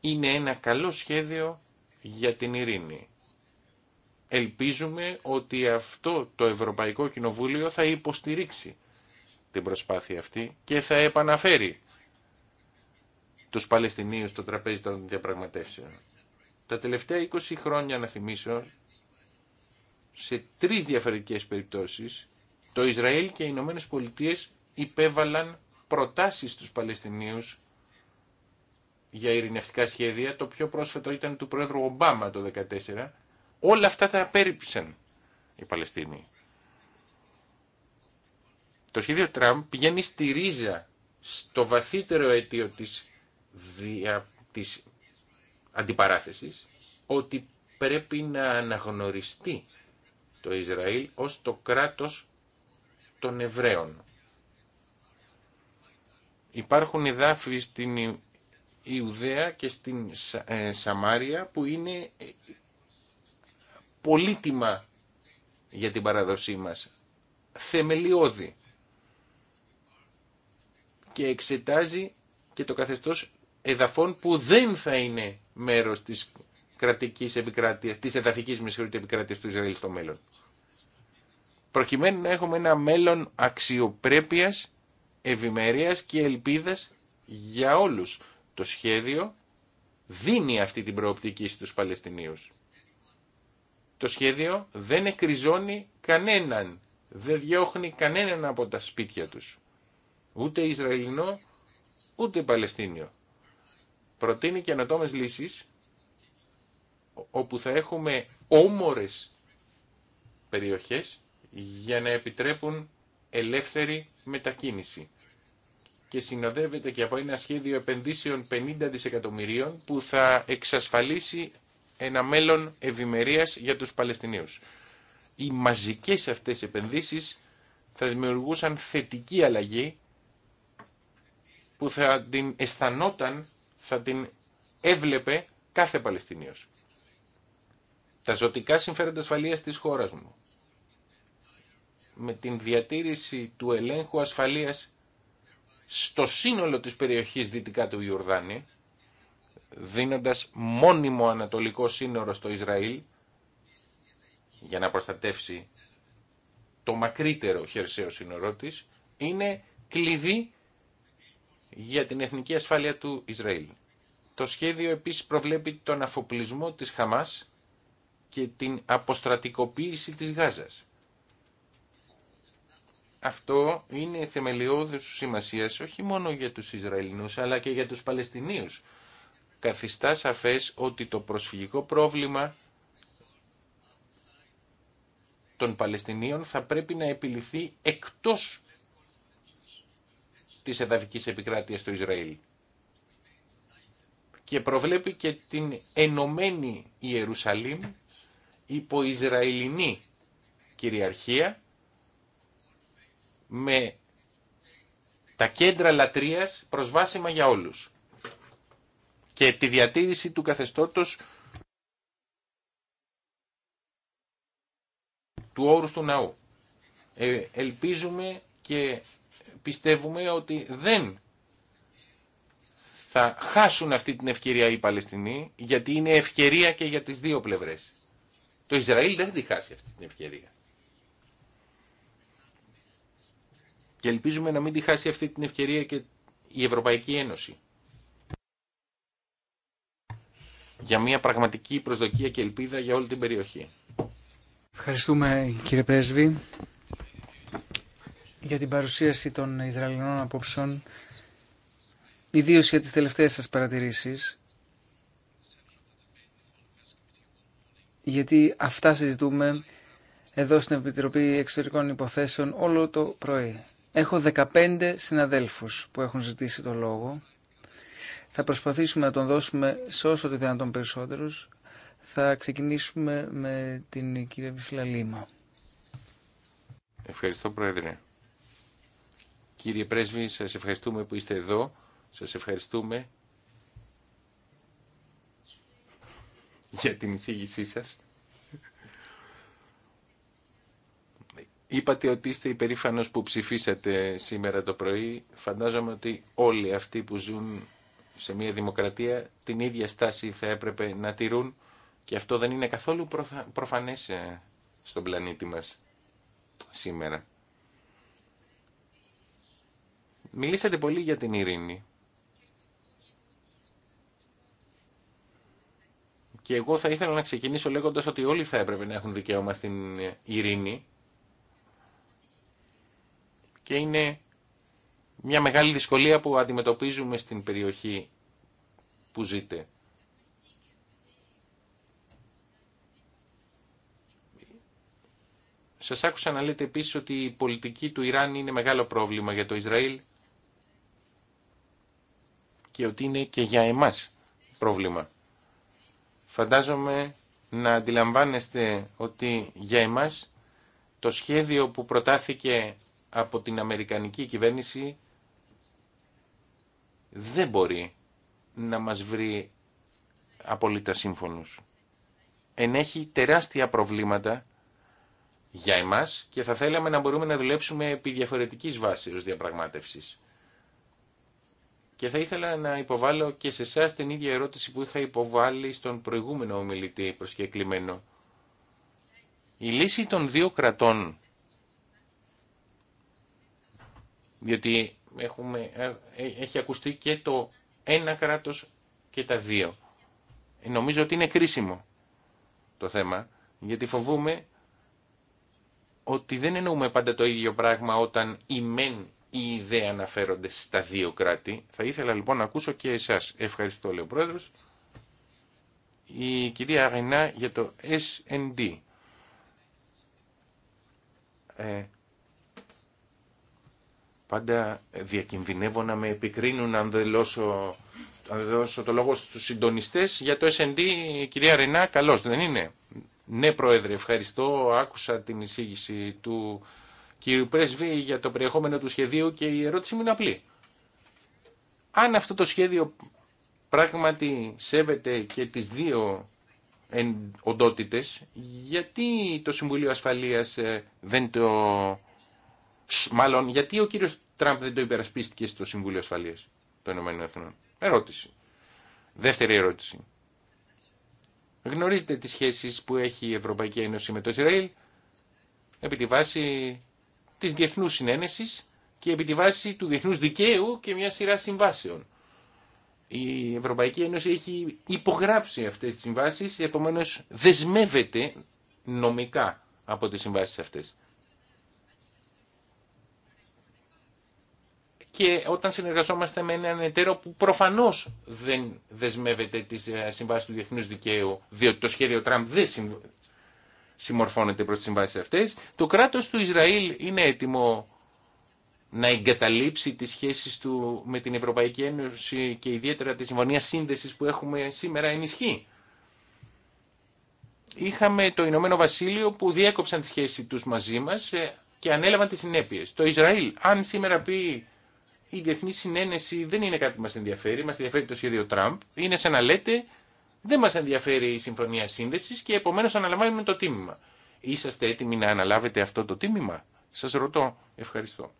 Είναι ένα καλό σχέδιο για την ειρήνη. Ελπίζουμε ότι αυτό το Ευρωπαϊκό Κοινοβούλιο θα υποστηρίξει την προσπάθεια αυτή και θα επαναφέρει τους Παλαιστινίους στο τραπέζι των διαπραγματεύσεων. Τα τελευταία 20 χρόνια, να θυμίσω, σε τρεις διαφορετικές περιπτώσεις, το Ισραήλ και οι Ηνωμένε Πολιτείε υπέβαλαν προτάσεις στους Παλαιστινίους για ειρηνευτικά σχέδια. Το πιο πρόσφατο ήταν του πρόεδρου Ομπάμα το 2014. Όλα αυτά τα απέρριψαν οι Παλαιστίνοι. Το σχέδιο Τραμπ πηγαίνει στη ρίζα, στο βαθύτερο αιτίο της, της αντιπαράθεσης ότι πρέπει να αναγνωριστεί το Ισραήλ ως το κράτος των Εβραίων. Υπάρχουν εδάφη στην Ιουδαία και στην ε, Σαμάρια που είναι πολύτιμα για την παραδοσή μας, θεμελιώδη και εξετάζει και το καθεστώς εδαφών που δεν θα είναι μέρος τη κρατικής επικράτειας, της εδαφικής με επικράτειας του Ισραήλ στο μέλλον. Προκειμένου να έχουμε ένα μέλλον αξιοπρέπειας, ευημερία και ελπίδα για όλους. Το σχέδιο δίνει αυτή την προοπτική στους Παλαιστινίους. Το σχέδιο δεν εκριζώνει κανέναν, δεν διώχνει κανέναν από τα σπίτια τους. Ούτε Ισραηλινό, ούτε Παλαιστίνιο προτείνει καινοτόμε λύσει, όπου θα έχουμε όμορες περιοχές για να επιτρέπουν ελεύθερη μετακίνηση και συνοδεύεται και από ένα σχέδιο επενδύσεων 50 δισεκατομμυρίων που θα εξασφαλίσει ένα μέλλον ευημερίας για τους Παλαιστινίους. Οι μαζικές αυτές επενδύσεις θα δημιουργούσαν θετική αλλαγή που θα την αισθανόταν θα την έβλεπε κάθε Παλαιστινίος. Τα ζωτικά συμφέροντα ασφαλείας της χώρας μου, με την διατήρηση του ελέγχου ασφαλείας στο σύνολο της περιοχής δυτικά του Ιορδάνη, δίνοντας μόνιμο ανατολικό σύνορο στο Ισραήλ, για να προστατεύσει το μακρύτερο χερσαίο σύνορό της, είναι κλειδί για την εθνική ασφάλεια του Ισραήλ. Το σχέδιο επίσης προβλέπει τον αφοπλισμό της Χαμάς και την αποστρατικοποίηση της Γάζας. Αυτό είναι θεμελιώδης σημασίας όχι μόνο για τους Ισραηλινούς αλλά και για τους Παλαιστινίους. Καθιστά σαφές ότι το προσφυγικό πρόβλημα των Παλαιστινίων θα πρέπει να επιληθεί εκτός της εδαφικής επικράτειας του Ισραήλ. Και προβλέπει και την ενωμένη Ιερουσαλήμ υπό Ισραηλινή κυριαρχία με τα κέντρα λατρείας προσβάσιμα για όλους και τη διατήρηση του καθεστώτος του όρους του ναού. Ε, ελπίζουμε και πιστεύουμε ότι δεν θα χάσουν αυτή την ευκαιρία οι Παλαιστινοί, γιατί είναι ευκαιρία και για τις δύο πλευρές. Το Ισραήλ δεν θα τη χάσει αυτή την ευκαιρία. Και ελπίζουμε να μην τη χάσει αυτή την ευκαιρία και η Ευρωπαϊκή Ένωση. Για μια πραγματική προσδοκία και ελπίδα για όλη την περιοχή. Ευχαριστούμε κύριε Πρέσβη για την παρουσίαση των Ισραηλινών απόψεων, ιδίως για τις τελευταίες σας παρατηρήσεις, γιατί αυτά συζητούμε εδώ στην Επιτροπή Εξωτερικών Υποθέσεων όλο το πρωί. Έχω 15 συναδέλφους που έχουν ζητήσει το λόγο. Θα προσπαθήσουμε να τον δώσουμε σε όσο το δυνατόν περισσότερους. Θα ξεκινήσουμε με την κυρία Βυσλαλίμα. Ευχαριστώ Πρόεδρε. Κύριε Πρέσβη, σας ευχαριστούμε που είστε εδώ. Σας ευχαριστούμε για την εισήγησή σας. Είπατε ότι είστε υπερήφανος που ψηφίσατε σήμερα το πρωί. Φαντάζομαι ότι όλοι αυτοί που ζουν σε μια δημοκρατία την ίδια στάση θα έπρεπε να τηρούν και αυτό δεν είναι καθόλου προφανές ε, στον πλανήτη μας σήμερα. Μιλήσατε πολύ για την ειρήνη. Και εγώ θα ήθελα να ξεκινήσω λέγοντας ότι όλοι θα έπρεπε να έχουν δικαίωμα στην ειρήνη. Και είναι μια μεγάλη δυσκολία που αντιμετωπίζουμε στην περιοχή που ζείτε. Σας άκουσα να λέτε επίσης ότι η πολιτική του Ιράν είναι μεγάλο πρόβλημα για το Ισραήλ και ότι είναι και για εμάς πρόβλημα. Φαντάζομαι να αντιλαμβάνεστε ότι για εμάς το σχέδιο που προτάθηκε από την Αμερικανική κυβέρνηση δεν μπορεί να μας βρει απολύτα σύμφωνους. Ενέχει τεράστια προβλήματα για εμάς και θα θέλαμε να μπορούμε να δουλέψουμε επί διαφορετικής βάσης διαπραγμάτευσης. Και θα ήθελα να υποβάλω και σε εσά την ίδια ερώτηση που είχα υποβάλει στον προηγούμενο ομιλητή προσκεκλημένο. Η λύση των δύο κρατών, διότι έχουμε, ε, ε, έχει ακουστεί και το ένα κράτος και τα δύο. Ε, νομίζω ότι είναι κρίσιμο το θέμα, γιατί φοβούμε ότι δεν εννοούμε πάντα το ίδιο πράγμα όταν η μεν ή δεν αναφέρονται στα δύο κράτη. Θα ήθελα λοιπόν να ακούσω και εσάς. Ευχαριστώ, λέει ο Πρόεδρος. Η κυρία Αγενά για το SND. Ε, πάντα διακινδυνεύω να με επικρίνουν αν δεν δώσω, το λόγο στους συντονιστές για το S&D. Κυρία Ρενά, καλώς δεν είναι. Ναι, Πρόεδρε, ευχαριστώ. Άκουσα την εισήγηση του κύριε Πρέσβη για το περιεχόμενο του σχεδίου και η ερώτηση μου είναι απλή. Αν αυτό το σχέδιο πράγματι σέβεται και τις δύο οντότητες, γιατί το Συμβουλίο Ασφαλείας ε, δεν το... Μάλλον, γιατί ο κύριος Τραμπ δεν το υπερασπίστηκε στο Συμβούλιο Ασφαλείας των Ηνωμένων Εθνών. Ερώτηση. Δεύτερη ερώτηση. Γνωρίζετε τις σχέσεις που έχει η Ευρωπαϊκή Ένωση με το Ισραήλ επί τη βάση Τη διεθνού συνένεση και επί τη βάση του Διεθνούς Δικαίου και μια σειρά συμβάσεων. Η Ευρωπαϊκή Ένωση έχει υπογράψει αυτές τις συμβάσεις, επομένως δεσμεύεται νομικά από τις συμβάσεις αυτές. και όταν συνεργαζόμαστε με έναν εταίρο που προφανώ δεν δεσμεύεται τι ε, συμβάσει του διεθνού δικαίου, διότι το σχέδιο Τραμπ δεν συμμορφώνεται προς τις συμβάσεις αυτές. Το κράτος του Ισραήλ είναι έτοιμο να εγκαταλείψει τις σχέσεις του με την Ευρωπαϊκή Ένωση και ιδιαίτερα τη συμφωνία σύνδεσης που έχουμε σήμερα ενισχύει. Είχαμε το Ηνωμένο Βασίλειο που διέκοψαν τη σχέση τους μαζί μας ε, και ανέλαβαν τις συνέπειες. Το Ισραήλ, αν σήμερα πει η διεθνή συνένεση δεν είναι κάτι που μας ενδιαφέρει, μας ενδιαφέρει το σχέδιο Τραμπ, είναι σαν να λέτε δεν μας ενδιαφέρει η συμφωνία σύνδεσης και επομένω αναλαμβάνουμε το τίμημα. Είσαστε έτοιμοι να αναλάβετε αυτό το τίμημα. Σας ρωτώ. Ευχαριστώ.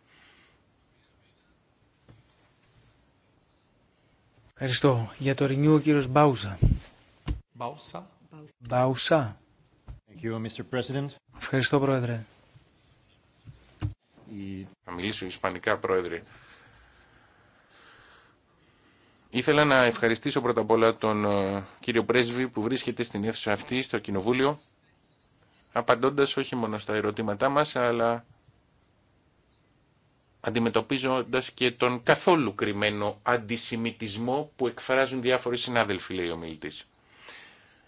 Ευχαριστώ. Για το Renew ο κύριος Μπάουσα. Μπάουσα. Μπάουσα. Ευχαριστώ, Πρόεδρε. Θα μιλήσω ισπανικά, Πρόεδρε. Ήθελα να ευχαριστήσω πρώτα απ' όλα τον ε, κύριο Πρέσβη που βρίσκεται στην αίθουσα αυτή, στο Κοινοβούλιο, απαντώντας όχι μόνο στα ερωτήματά μας, αλλά αντιμετωπίζοντας και τον καθόλου κρυμμένο αντισημιτισμό που εκφράζουν διάφοροι συνάδελφοι, λέει ο μιλητής.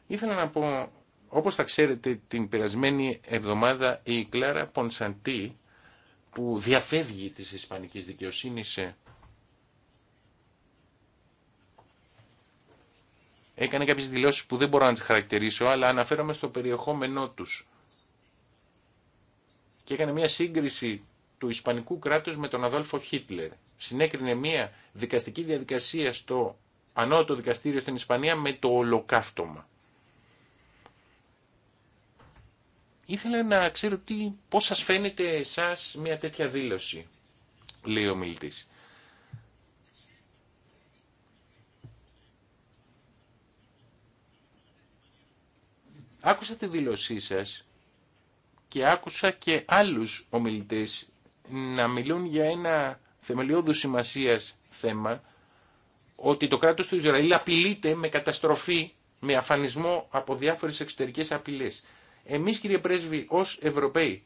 Ήθελα να πω, όπως θα ξέρετε, την περασμένη εβδομάδα η Κλάρα Πονσαντή, που διαφεύγει της Ισπανικής δικαιοσύνης έκανε κάποιες δηλώσεις που δεν μπορώ να τις χαρακτηρίσω, αλλά αναφέρομαι στο περιεχόμενό τους. Και έκανε μια σύγκριση του Ισπανικού κράτους με τον Αδόλφο Χίτλερ. Συνέκρινε μια δικαστική διαδικασία στο ανώτο δικαστήριο στην Ισπανία με το ολοκαύτωμα. Ήθελα να ξέρω τι, πώς σας φαίνεται εσάς μια τέτοια δήλωση, λέει ο μιλητής. Άκουσα τη δήλωσή σας και άκουσα και άλλους ομιλητές να μιλούν για ένα θεμελιώδους σημασίας θέμα ότι το κράτος του Ισραήλ απειλείται με καταστροφή, με αφανισμό από διάφορες εξωτερικές απειλές. Εμείς κύριε Πρέσβη ως Ευρωπαίοι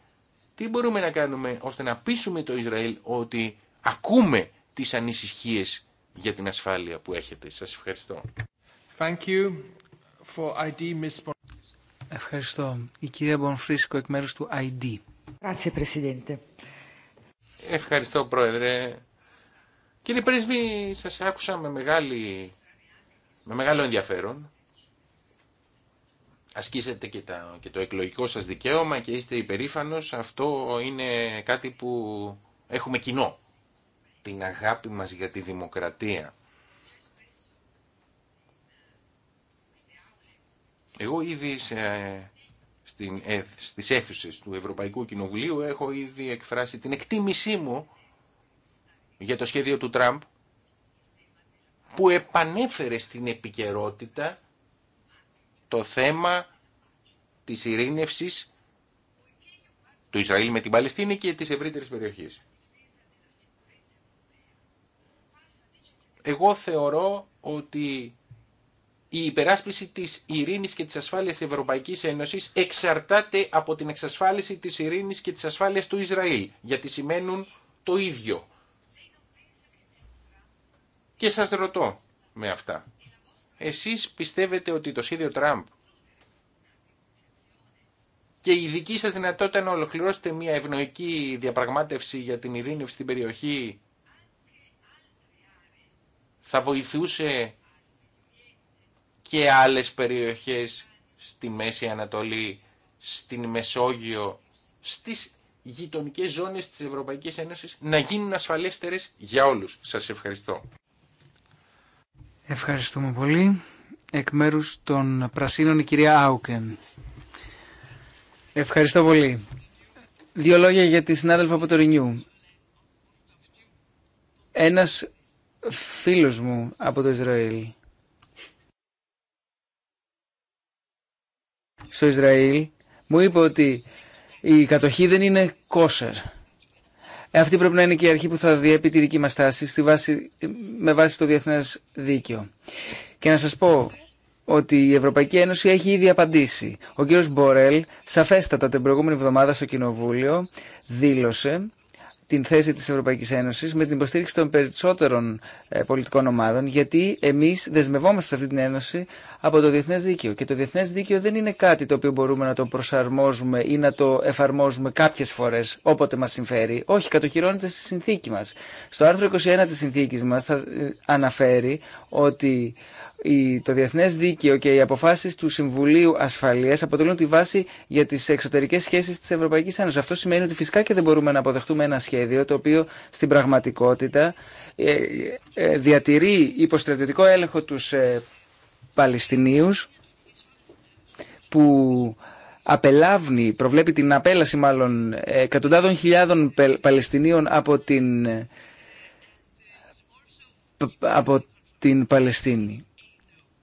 τι μπορούμε να κάνουμε ώστε να πείσουμε το Ισραήλ ότι ακούμε τις ανησυχίες για την ασφάλεια που έχετε. Σας ευχαριστώ. Ευχαριστώ. Η κυρία Μπονφρίσκο εκ μέρους του ID. Ευχαριστώ Πρόεδρε. Κύριε Πρέσβη, σας άκουσα με, μεγάλη, με μεγάλο ενδιαφέρον. Ασκήσετε και, τα, και το εκλογικό σας δικαίωμα και είστε υπερήφανος. Αυτό είναι κάτι που έχουμε κοινό. Την αγάπη μας για τη δημοκρατία. Εγώ ήδη σε, στην, στις αίθουσες του Ευρωπαϊκού Κοινοβουλίου έχω ήδη εκφράσει την εκτίμησή μου για το σχέδιο του Τραμπ που επανέφερε στην επικαιρότητα το θέμα της ειρήνευσης του Ισραήλ με την Παλαιστίνη και της ευρύτερης περιοχής. Εγώ θεωρώ ότι η υπεράσπιση της ειρήνης και της ασφάλειας της Ευρωπαϊκής Ένωσης εξαρτάται από την εξασφάλιση της ειρήνης και της ασφάλειας του Ισραήλ, γιατί σημαίνουν το ίδιο. Και σας ρωτώ με αυτά. Εσείς πιστεύετε ότι το σχέδιο Τραμπ και η δική σας δυνατότητα να ολοκληρώσετε μια ευνοϊκή διαπραγμάτευση για την ειρήνη στην περιοχή θα βοηθούσε και άλλες περιοχές στη Μέση Ανατολή, στην Μεσόγειο, στις γειτονικέ ζώνες της Ευρωπαϊκής Ένωσης να γίνουν ασφαλέστερες για όλους. Σας ευχαριστώ. Ευχαριστούμε πολύ. Εκ μέρου των Πρασίνων η κυρία Άουκεν. Ευχαριστώ πολύ. Δύο λόγια για τη συνάδελφα από το Ρινιού. Ένας φίλος μου από το Ισραήλ στο Ισραήλ μου είπε ότι η κατοχή δεν είναι κόσερ. Ε, αυτή πρέπει να είναι και η αρχή που θα διέπει τη δική μας τάση με βάση το διεθνές δίκαιο. Και να σας πω ότι η Ευρωπαϊκή Ένωση έχει ήδη απαντήσει. Ο κύριος Μπορέλ σαφέστατα την προηγούμενη εβδομάδα στο Κοινοβούλιο δήλωσε την θέση της Ευρωπαϊκής Ένωσης με την υποστήριξη των περισσότερων ε, πολιτικών ομάδων γιατί εμείς δεσμευόμαστε σε αυτή την Ένωση από το Διεθνές Δίκαιο και το Διεθνές Δίκαιο δεν είναι κάτι το οποίο μπορούμε να το προσαρμόζουμε ή να το εφαρμόζουμε κάποιες φορές όποτε μας συμφέρει. Όχι, κατοχυρώνεται στη συνθήκη μας. Στο άρθρο 21 της συνθήκης μας θα ε, αναφέρει ότι το διεθνέ δίκαιο και οι αποφάσεις του Συμβουλίου Ασφαλείας αποτελούν τη βάση για τις εξωτερικές σχέσεις της Ευρωπαϊκής Ένωση. Αυτό σημαίνει ότι φυσικά και δεν μπορούμε να αποδεχτούμε ένα σχέδιο το οποίο στην πραγματικότητα ε, ε, διατηρεί υποστρατιωτικό έλεγχο τους ε, Παλαιστινίου που απελάβνει, προβλέπει την απέλαση μάλλον εκατοντάδων χιλιάδων Παλαιστινίων από την, από την Παλαιστίνη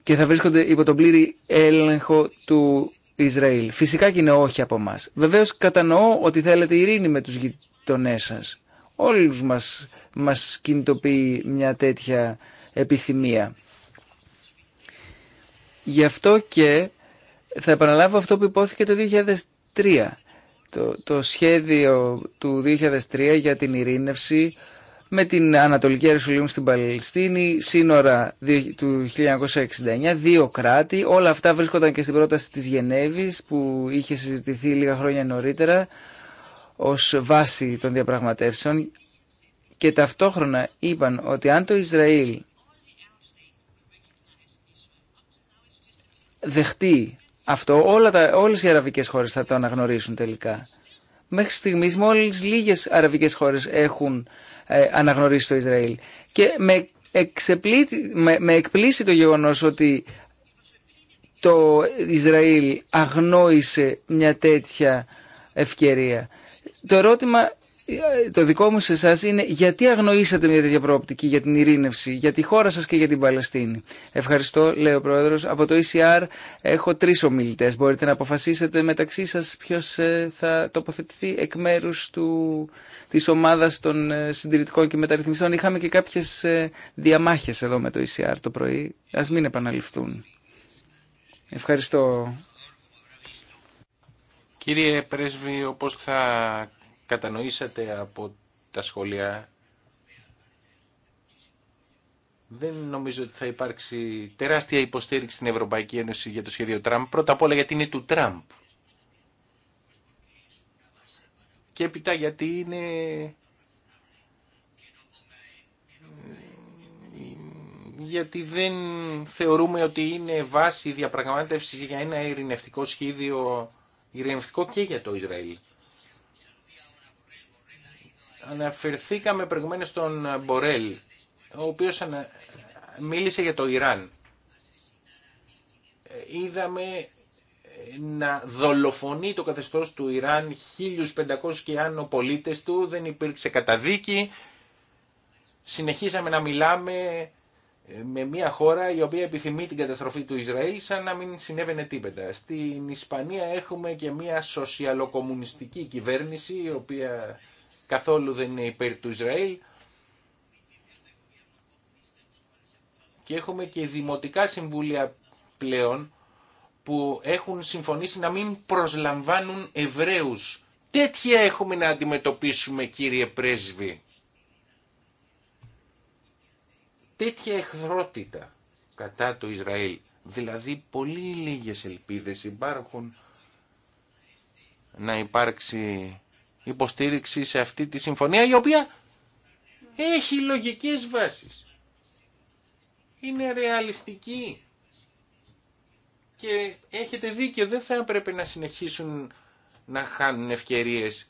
και θα βρίσκονται υπό τον πλήρη έλεγχο του Ισραήλ. Φυσικά και είναι όχι από εμά. Βεβαίως κατανοώ ότι θέλετε ειρήνη με τους γειτονέ σα. Όλου μας, μας κινητοποιεί μια τέτοια επιθυμία. Γι' αυτό και θα επαναλάβω αυτό που υπόθηκε το 2003. Το, το σχέδιο του 2003 για την ειρήνευση με την Ανατολική Ιερουσαλήμ στην Παλαιστίνη, σύνορα του 1969, δύο κράτη. Όλα αυτά βρίσκονταν και στην πρόταση της Γενέβης που είχε συζητηθεί λίγα χρόνια νωρίτερα ως βάση των διαπραγματεύσεων και ταυτόχρονα είπαν ότι αν το Ισραήλ δεχτεί αυτό, όλα τα, όλες οι αραβικές χώρες θα το αναγνωρίσουν τελικά. Μέχρι στιγμής μόλις λίγες αραβικές χώρες έχουν ε, αναγνωρίσει το Ισραήλ. Και με, με, με εκπλήσει το γεγονός ότι το Ισραήλ αγνόησε μια τέτοια ευκαιρία. Το ερώτημα το δικό μου σε εσά είναι γιατί αγνοήσατε μια τέτοια προοπτική για την ειρήνευση, για τη χώρα σα και για την Παλαιστίνη. Ευχαριστώ, λέει ο Πρόεδρο. Από το ECR έχω τρει ομιλητέ. Μπορείτε να αποφασίσετε μεταξύ σα ποιο ε, θα τοποθετηθεί εκ μέρου τη ομάδα των ε, συντηρητικών και μεταρρυθμιστών. Είχαμε και κάποιε διαμάχε εδώ με το ECR το πρωί. Α μην επαναληφθούν. Ευχαριστώ. Κύριε Πρέσβη, όπως θα κατανοήσατε από τα σχολεία δεν νομίζω ότι θα υπάρξει τεράστια υποστήριξη στην Ευρωπαϊκή Ένωση για το σχέδιο Τραμπ. Πρώτα απ' όλα γιατί είναι του Τραμπ. Και έπειτα γιατί είναι γιατί δεν θεωρούμε ότι είναι βάση διαπραγμάτευσης για ένα ειρηνευτικό σχέδιο ειρηνευτικό και για το Ισραήλ. Αναφερθήκαμε προηγουμένως στον Μπορέλ, ο οποίος μίλησε για το Ιράν. Είδαμε να δολοφονεί το καθεστώς του Ιράν 1500 και άνω πολίτες του, δεν υπήρξε καταδίκη. Συνεχίσαμε να μιλάμε ε, με μια χώρα η οποία επιθυμεί την καταστροφή του Ισραήλ σαν να μην συνέβαινε τίποτα. Στην Ισπανία έχουμε και μια σοσιαλοκομμουνιστική κυβέρνηση η οποία καθόλου δεν είναι υπέρ του Ισραήλ και έχουμε και δημοτικά συμβούλια πλέον που έχουν συμφωνήσει να μην προσλαμβάνουν Εβραίους. Τέτοια έχουμε να αντιμετωπίσουμε κύριε πρέσβη. Τέτοια εχθρότητα κατά το Ισραήλ. Δηλαδή πολύ λίγες ελπίδες υπάρχουν να υπάρξει υποστήριξη σε αυτή τη συμφωνία η οποία έχει λογικές βάσεις. Είναι ρεαλιστική και έχετε δίκιο δεν θα έπρεπε να συνεχίσουν να χάνουν ευκαιρίες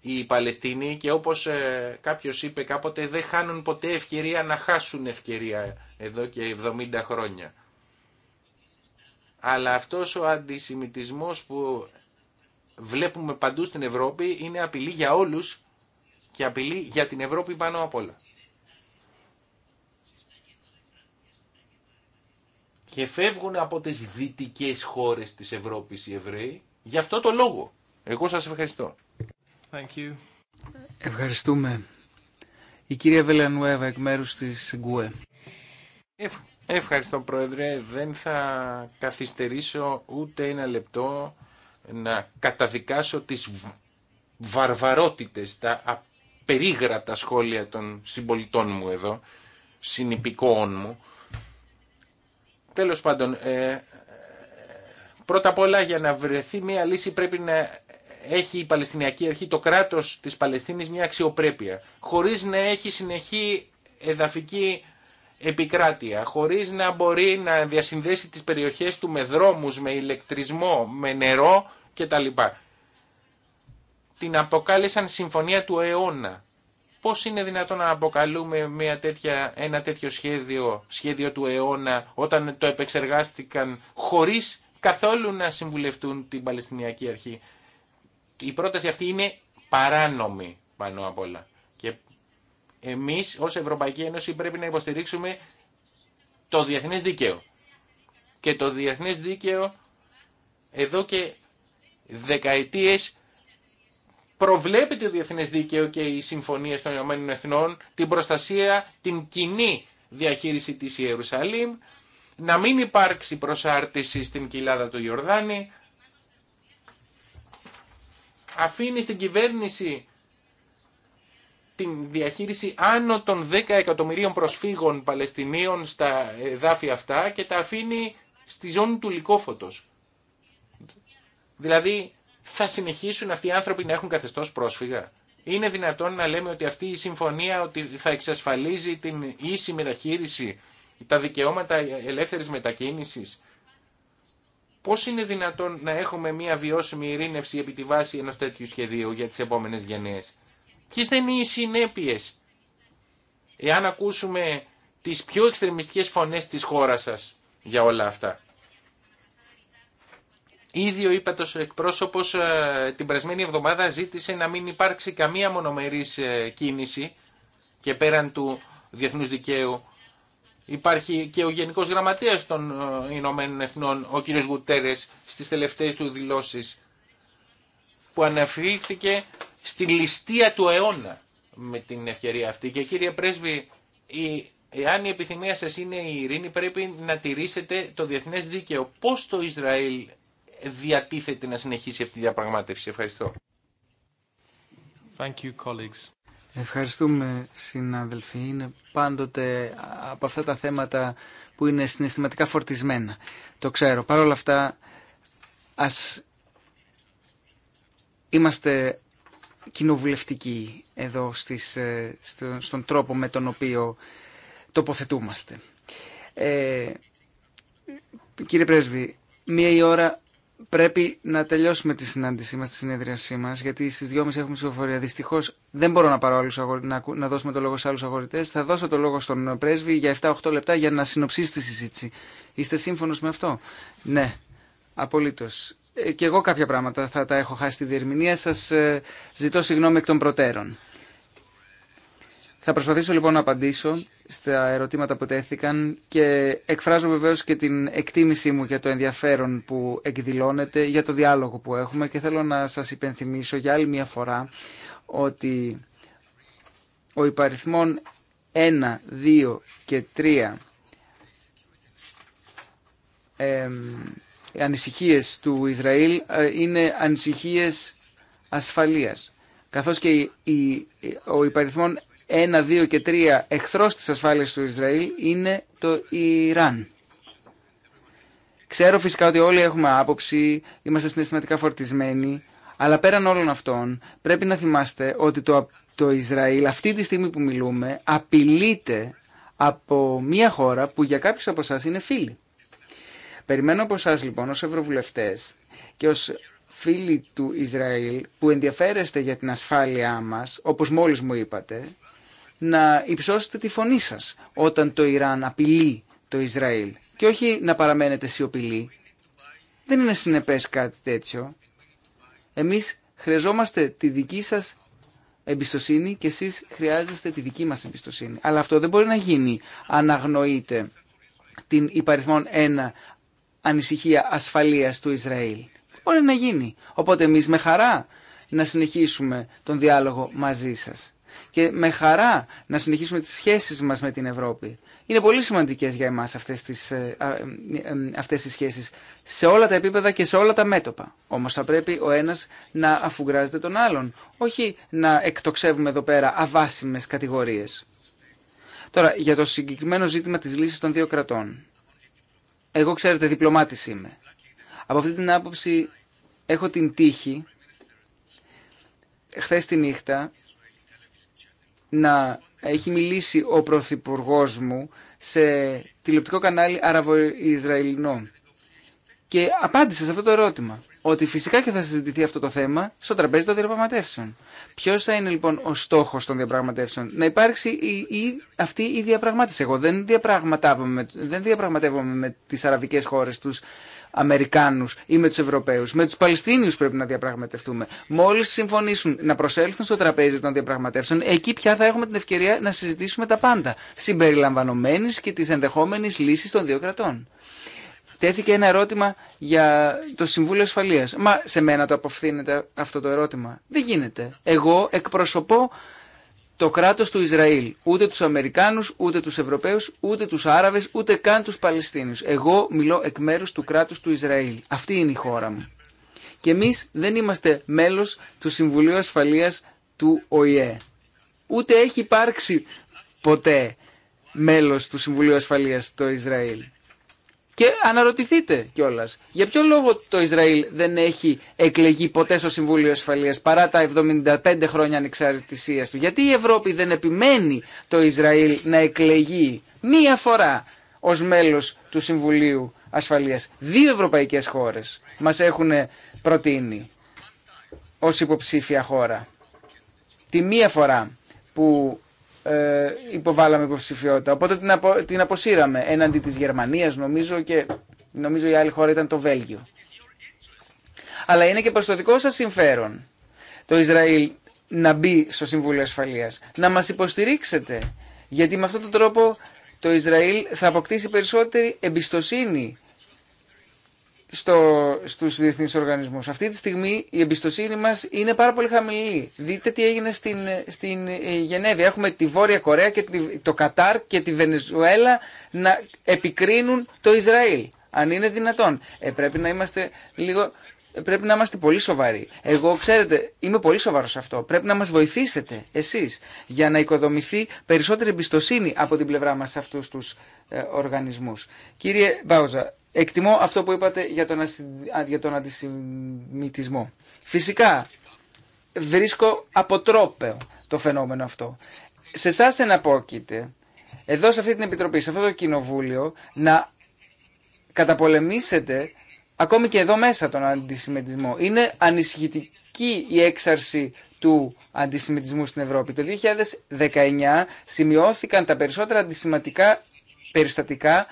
οι Παλαιστίνοι και όπως ε, κάποιος είπε κάποτε δεν χάνουν ποτέ ευκαιρία να χάσουν ευκαιρία εδώ και 70 χρόνια. Αλλά αυτός ο αντισημιτισμός που βλέπουμε παντού στην Ευρώπη είναι απειλή για όλους και απειλή για την Ευρώπη πάνω απ' όλα. Και φεύγουν από τις δυτικές χώρες της Ευρώπης οι Εβραίοι γι' αυτό το λόγο. Εγώ σας ευχαριστώ. Ευχαριστούμε. Η κυρία Βελανουέβα εκ μέρου τη Γκουέ. Ευχαριστώ Πρόεδρε. Δεν θα καθυστερήσω ούτε ένα λεπτό να καταδικάσω τις βαρβαρότητες, τα απερίγρατα σχόλια των συμπολιτών μου εδώ, συνυπικών μου. Τέλος πάντων, ε, ε, πρώτα απ' όλα για να βρεθεί μια λύση πρέπει να έχει η Παλαιστινιακή Αρχή, το κράτος της Παλαιστίνης μια αξιοπρέπεια, χωρίς να έχει συνεχή εδαφική επικράτεια, χωρίς να μπορεί να διασυνδέσει τις περιοχές του με δρόμους, με ηλεκτρισμό, με νερό, κτλ. Την αποκάλεσαν συμφωνία του αιώνα. Πώς είναι δυνατόν να αποκαλούμε μια τέτοια, ένα τέτοιο σχέδιο, σχέδιο του αιώνα όταν το επεξεργάστηκαν χωρίς καθόλου να συμβουλευτούν την Παλαιστινιακή Αρχή. Η πρόταση αυτή είναι παράνομη πάνω απ' όλα. Και εμείς ως Ευρωπαϊκή Ένωση πρέπει να υποστηρίξουμε το διεθνές δίκαιο. Και το διεθνές δίκαιο εδώ και Δεκαετίε προβλέπεται το διεθνέ δίκαιο και οι συμφωνίε των Ηνωμένων Εθνών την προστασία, την κοινή διαχείριση της Ιερουσαλήμ, να μην υπάρξει προσάρτηση στην κοιλάδα του Ιορδάνη, αφήνει στην κυβέρνηση την διαχείριση άνω των 10 εκατομμυρίων προσφύγων Παλαιστινίων στα εδάφη αυτά και τα αφήνει στη ζώνη του λικόφωτος. Δηλαδή θα συνεχίσουν αυτοί οι άνθρωποι να έχουν καθεστώ πρόσφυγα. Είναι δυνατόν να λέμε ότι αυτή η συμφωνία ότι θα εξασφαλίζει την ίση μεταχείριση, τα δικαιώματα ελεύθερης μετακίνησης. Πώς είναι δυνατόν να έχουμε μια βιώσιμη ειρήνευση επί τη βάση ενό τέτοιου σχεδίου για τις επόμενες γενναίε. ποιε θα είναι οι συνέπειε, εάν ακούσουμε τι πιο εξτρεμιστικέ φωνέ τη χώρα σα για όλα αυτά. Ήδη ο ύπατος εκπρόσωπος ε, την περασμένη εβδομάδα ζήτησε να μην υπάρξει καμία μονομερής ε, κίνηση και πέραν του διεθνούς δικαίου υπάρχει και ο Γενικός Γραμματέας των ε, Ηνωμένων Εθνών, ο κ. Γουτέρες, στις τελευταίες του δηλώσεις που αναφερθήκε στη ληστεία του αιώνα με την ευκαιρία αυτή. Και κύριε Πρέσβη, η, εάν η επιθυμία σας είναι η ειρήνη πρέπει να τηρήσετε το διεθνές δίκαιο. Πώς το Ισραήλ διατίθεται να συνεχίσει αυτή τη διαπραγμάτευση. Ευχαριστώ. Thank you, colleagues. Ευχαριστούμε συνάδελφοι. Είναι πάντοτε από αυτά τα θέματα που είναι συναισθηματικά φορτισμένα. Το ξέρω. Παρ' όλα αυτά ας είμαστε κοινοβουλευτικοί εδώ στις, ε, στον τρόπο με τον οποίο τοποθετούμαστε. Ε, κύριε Πρέσβη, μία η ώρα πρέπει να τελειώσουμε τη συνάντησή μα τη συνέδριασή μα, γιατί στις 2.30 έχουμε ψηφοφορία. Δυστυχώ δεν μπορώ να πάρω άλλους να... να δώσουμε το λόγο σε άλλου αγορητέ. Θα δώσω το λόγο στον πρέσβη για 7-8 λεπτά για να συνοψίσει τη συζήτηση. Είστε σύμφωνο με αυτό? Ναι, απολύτως. Ε, και εγώ κάποια πράγματα θα τα έχω χάσει στη διερμηνία. Σας ε, ζητώ συγγνώμη εκ των προτέρων. Θα προσπαθήσω λοιπόν να απαντήσω στα ερωτήματα που τέθηκαν και εκφράζω βεβαίω και την εκτίμησή μου για το ενδιαφέρον που εκδηλώνεται, για το διάλογο που έχουμε και θέλω να σας υπενθυμίσω για άλλη μια φορά ότι ο υπαριθμόν 1, 2 και 3 ε, ανησυχίες του Ισραήλ ε, είναι ανησυχίες ασφαλείας. Καθώς και ο υπαριθμόν ένα, δύο και τρία εχθρός της ασφάλειας του Ισραήλ είναι το Ιράν. Ξέρω φυσικά ότι όλοι έχουμε άποψη, είμαστε συναισθηματικά φορτισμένοι, αλλά πέραν όλων αυτών πρέπει να θυμάστε ότι το, το Ισραήλ αυτή τη στιγμή που μιλούμε απειλείται από μια χώρα που για κάποιους από εσά είναι φίλη. Περιμένω από εσά λοιπόν ως ευρωβουλευτές και ως φίλοι του Ισραήλ που ενδιαφέρεστε για την ασφάλειά μας, όπως μόλις μου είπατε, να υψώσετε τη φωνή σας όταν το Ιράν απειλεί το Ισραήλ και όχι να παραμένετε σιωπηλοί. Δεν είναι συνεπές κάτι τέτοιο. Εμείς χρειαζόμαστε τη δική σας εμπιστοσύνη και εσείς χρειάζεστε τη δική μας εμπιστοσύνη. Αλλά αυτό δεν μπορεί να γίνει αν αγνοείτε την υπαριθμόν ένα ανησυχία ασφαλείας του Ισραήλ. Δεν μπορεί να γίνει. Οπότε εμείς με χαρά να συνεχίσουμε τον διάλογο μαζί σας και με χαρά να συνεχίσουμε τις σχέσεις μας με την Ευρώπη. Είναι πολύ σημαντικές για εμάς αυτές, τις, ε, ε, ε, αυτές τις σχέσεις σε όλα τα επίπεδα και σε όλα τα μέτωπα. Όμως θα πρέπει ο ένας να αφουγκράζεται τον άλλον, όχι να εκτοξεύουμε εδώ πέρα αβάσιμες κατηγορίες. Τώρα, για το συγκεκριμένο ζήτημα της λύσης των δύο κρατών. Εγώ, ξέρετε, διπλωμάτης είμαι. Από αυτή την άποψη έχω την τύχη, χθες τη νύχτα, να έχει μιλήσει ο Πρωθυπουργό μου σε τηλεοπτικό κανάλι Αραβο-Ισραηλινό. Και απάντησε σε αυτό το ερώτημα. Ότι φυσικά και θα συζητηθεί αυτό το θέμα στο τραπέζι των διαπραγματεύσεων. Ποιο θα είναι λοιπόν ο στόχο των διαπραγματεύσεων, Να υπάρξει η, αυτή η διαπραγμάτευση. Εγώ δεν διαπραγματεύομαι, δεν διαπραγματεύομαι με τι αραβικέ χώρε του Αμερικάνους ή με τους Ευρωπαίους. Με τους Παλαιστίνιους πρέπει να διαπραγματευτούμε. μόλι συμφωνήσουν να προσέλθουν στο τραπέζι των διαπραγματεύσεων, εκεί πια θα έχουμε την ευκαιρία να συζητήσουμε τα πάντα, Συμπεριλαμβανόμενη και τη ενδεχόμενη λύση των δύο κρατών. Τέθηκε ένα ερώτημα για το Συμβούλιο ασφαλεία. Μα σε μένα το αποφθύνεται αυτό το ερώτημα. Δεν γίνεται. Εγώ εκπροσωπώ το κράτος του Ισραήλ. Ούτε τους Αμερικάνους, ούτε τους Ευρωπαίους, ούτε τους Άραβες, ούτε καν τους Παλαιστίνιους. Εγώ μιλώ εκ μέρους του κράτους του Ισραήλ. Αυτή είναι η χώρα μου. Και εμείς δεν είμαστε μέλος του Συμβουλίου Ασφαλείας του ΟΗΕ. Ούτε έχει υπάρξει ποτέ μέλος του Συμβουλίου Ασφαλείας το Ισραήλ. Και αναρωτηθείτε κιόλα, για ποιο λόγο το Ισραήλ δεν έχει εκλεγεί ποτέ στο Συμβούλιο Ασφαλεία παρά τα 75 χρόνια ανεξαρτησία του. Γιατί η Ευρώπη δεν επιμένει το Ισραήλ να εκλεγεί μία φορά ω μέλο του Συμβουλίου Ασφαλεία. Δύο ευρωπαϊκέ χώρε μα έχουν προτείνει ω υποψήφια χώρα. Τη μία φορά που ε, υποβάλαμε υποψηφιότητα. Οπότε την, την αποσύραμε έναντι της Γερμανίας νομίζω και νομίζω η άλλη χώρα ήταν το Βέλγιο. Αλλά είναι και προς το δικό σας συμφέρον το Ισραήλ να μπει στο Συμβούλιο Ασφαλείας. Να μας υποστηρίξετε γιατί με αυτόν τον τρόπο το Ισραήλ θα αποκτήσει περισσότερη εμπιστοσύνη στο, στους διεθνείς οργανισμούς. Αυτή τη στιγμή η εμπιστοσύνη μας είναι πάρα πολύ χαμηλή. Δείτε τι έγινε στην, στην ε, Γενέβη. Έχουμε τη Βόρεια Κορέα και το Κατάρ και τη Βενεζουέλα να επικρίνουν το Ισραήλ. Αν είναι δυνατόν. Ε, πρέπει να είμαστε λίγο... Πρέπει να είμαστε πολύ σοβαροί. Εγώ, ξέρετε, είμαι πολύ σοβαρό σε αυτό. Πρέπει να μα βοηθήσετε εσεί για να οικοδομηθεί περισσότερη εμπιστοσύνη από την πλευρά μα σε αυτού του ε, οργανισμού. Κύριε Μπάουζα, εκτιμώ αυτό που είπατε για τον, ασυ... για αντισημιτισμό. Φυσικά, βρίσκω αποτρόπαιο το φαινόμενο αυτό. Σε εσά εναπόκειται, εδώ σε αυτή την Επιτροπή, σε αυτό το Κοινοβούλιο, να καταπολεμήσετε ακόμη και εδώ μέσα τον αντισημιτισμό. Είναι ανησυχητική η έξαρση του αντισημιτισμού στην Ευρώπη. Το 2019 σημειώθηκαν τα περισσότερα αντισηματικά περιστατικά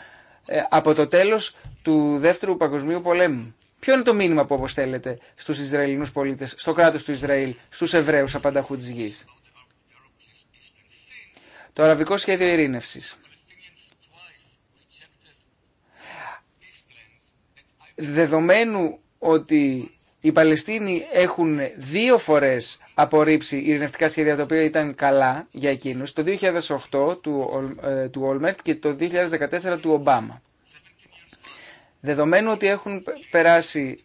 ε, από το τέλος του Δεύτερου Παγκοσμίου Πολέμου. Ποιο είναι το μήνυμα που αποστέλλεται στους Ισραηλινούς πολίτες, στο κράτος του Ισραήλ, στους Εβραίους απανταχού της γης. Το αραβικό σχέδιο ειρήνευσης. Δεδομένου ότι οι Παλαιστίνοι έχουν δύο φορές απορρίψει ειρηνευτικά σχέδια τα οποία ήταν καλά για εκείνους, το 2008 ε, του Όλμερτ και το 2014 του Ομπάμα. Δεδομένου ότι έχουν περάσει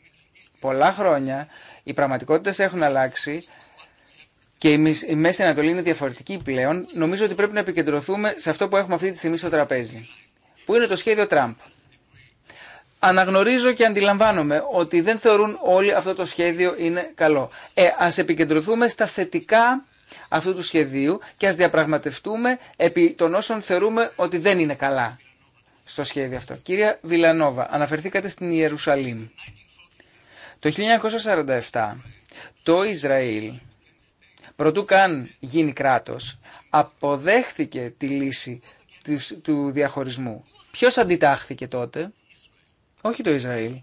πολλά χρόνια, οι πραγματικότητες έχουν αλλάξει και η Μέση Ανατολή είναι διαφορετική πλέον, νομίζω ότι πρέπει να επικεντρωθούμε σε αυτό που έχουμε αυτή τη στιγμή στο τραπέζι. Πού είναι το σχέδιο Τραμπ. Αναγνωρίζω και αντιλαμβάνομαι ότι δεν θεωρούν όλοι αυτό το σχέδιο είναι καλό. Ε, ας επικεντρωθούμε στα θετικά αυτού του σχεδίου και ας διαπραγματευτούμε επί των όσων θεωρούμε ότι δεν είναι καλά στο σχέδιο αυτό. Κύρια Βιλανόβα, αναφερθήκατε στην Ιερουσαλήμ. Το 1947 το Ισραήλ, προτού καν γίνει κράτος, αποδέχθηκε τη λύση του διαχωρισμού. Ποιος αντιτάχθηκε τότε? όχι το Ισραήλ.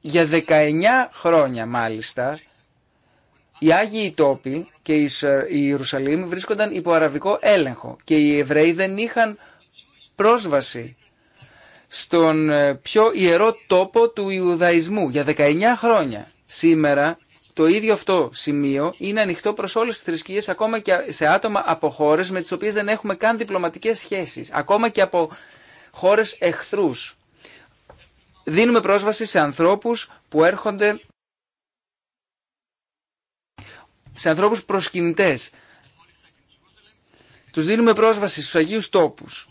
Για 19 χρόνια μάλιστα οι Άγιοι Τόποι και η Ιερουσαλήμ βρίσκονταν υπό αραβικό έλεγχο και οι Εβραίοι δεν είχαν πρόσβαση στον ε, πιο ιερό τόπο του Ιουδαϊσμού για 19 χρόνια. Σήμερα το ίδιο αυτό σημείο είναι ανοιχτό προς όλες τις θρησκείες ακόμα και σε άτομα από χώρες με τις οποίες δεν έχουμε καν διπλωματικές σχέσεις. Ακόμα και από χώρες εχθρούς. Δίνουμε πρόσβαση σε ανθρώπους που έρχονται σε ανθρώπους προσκυνητές. Τους δίνουμε πρόσβαση στους Αγίους Τόπους.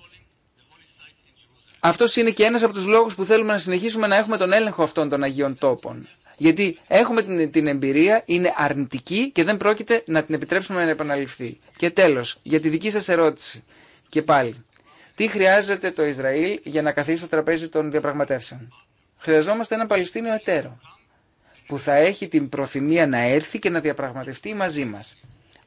Αυτό είναι και ένας από τους λόγους που θέλουμε να συνεχίσουμε να έχουμε τον έλεγχο αυτών των Αγίων Τόπων. Γιατί έχουμε την, την εμπειρία, είναι αρνητική και δεν πρόκειται να την επιτρέψουμε να επαναληφθεί. Και τέλος, για τη δική σας ερώτηση και πάλι. Τι χρειάζεται το Ισραήλ για να καθίσει στο τραπέζι των διαπραγματεύσεων. Χρειαζόμαστε ένα Παλαιστίνιο εταίρο που θα έχει την προθυμία να έρθει και να διαπραγματευτεί μαζί μας.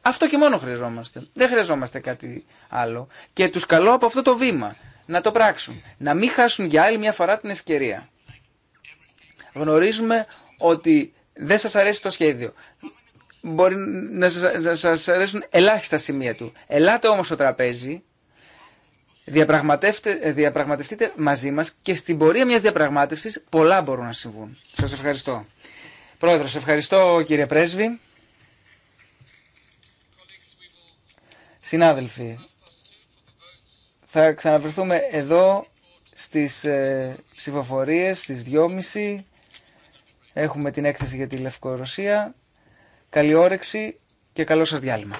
Αυτό και μόνο χρειαζόμαστε. Δεν χρειαζόμαστε κάτι άλλο. Και τους καλώ από αυτό το βήμα να το πράξουν. Να μην χάσουν για άλλη μια φορά την ευκαιρία. Γνωρίζουμε ότι δεν σας αρέσει το σχέδιο. Μπορεί να σας αρέσουν ελάχιστα σημεία του. Ελάτε όμως στο τραπέζι ε, διαπραγματευτείτε μαζί μας και στην πορεία μιας διαπραγμάτευσης πολλά μπορούν να συμβούν. Σας ευχαριστώ. Πρόεδρος, ευχαριστώ κύριε Πρέσβη. Συνάδελφοι, θα ξαναβρεθούμε εδώ στις ε, ψηφοφορίες, στις 2.30. Έχουμε την έκθεση για τη Λευκορωσία. Καλή όρεξη και καλό σας διάλειμμα.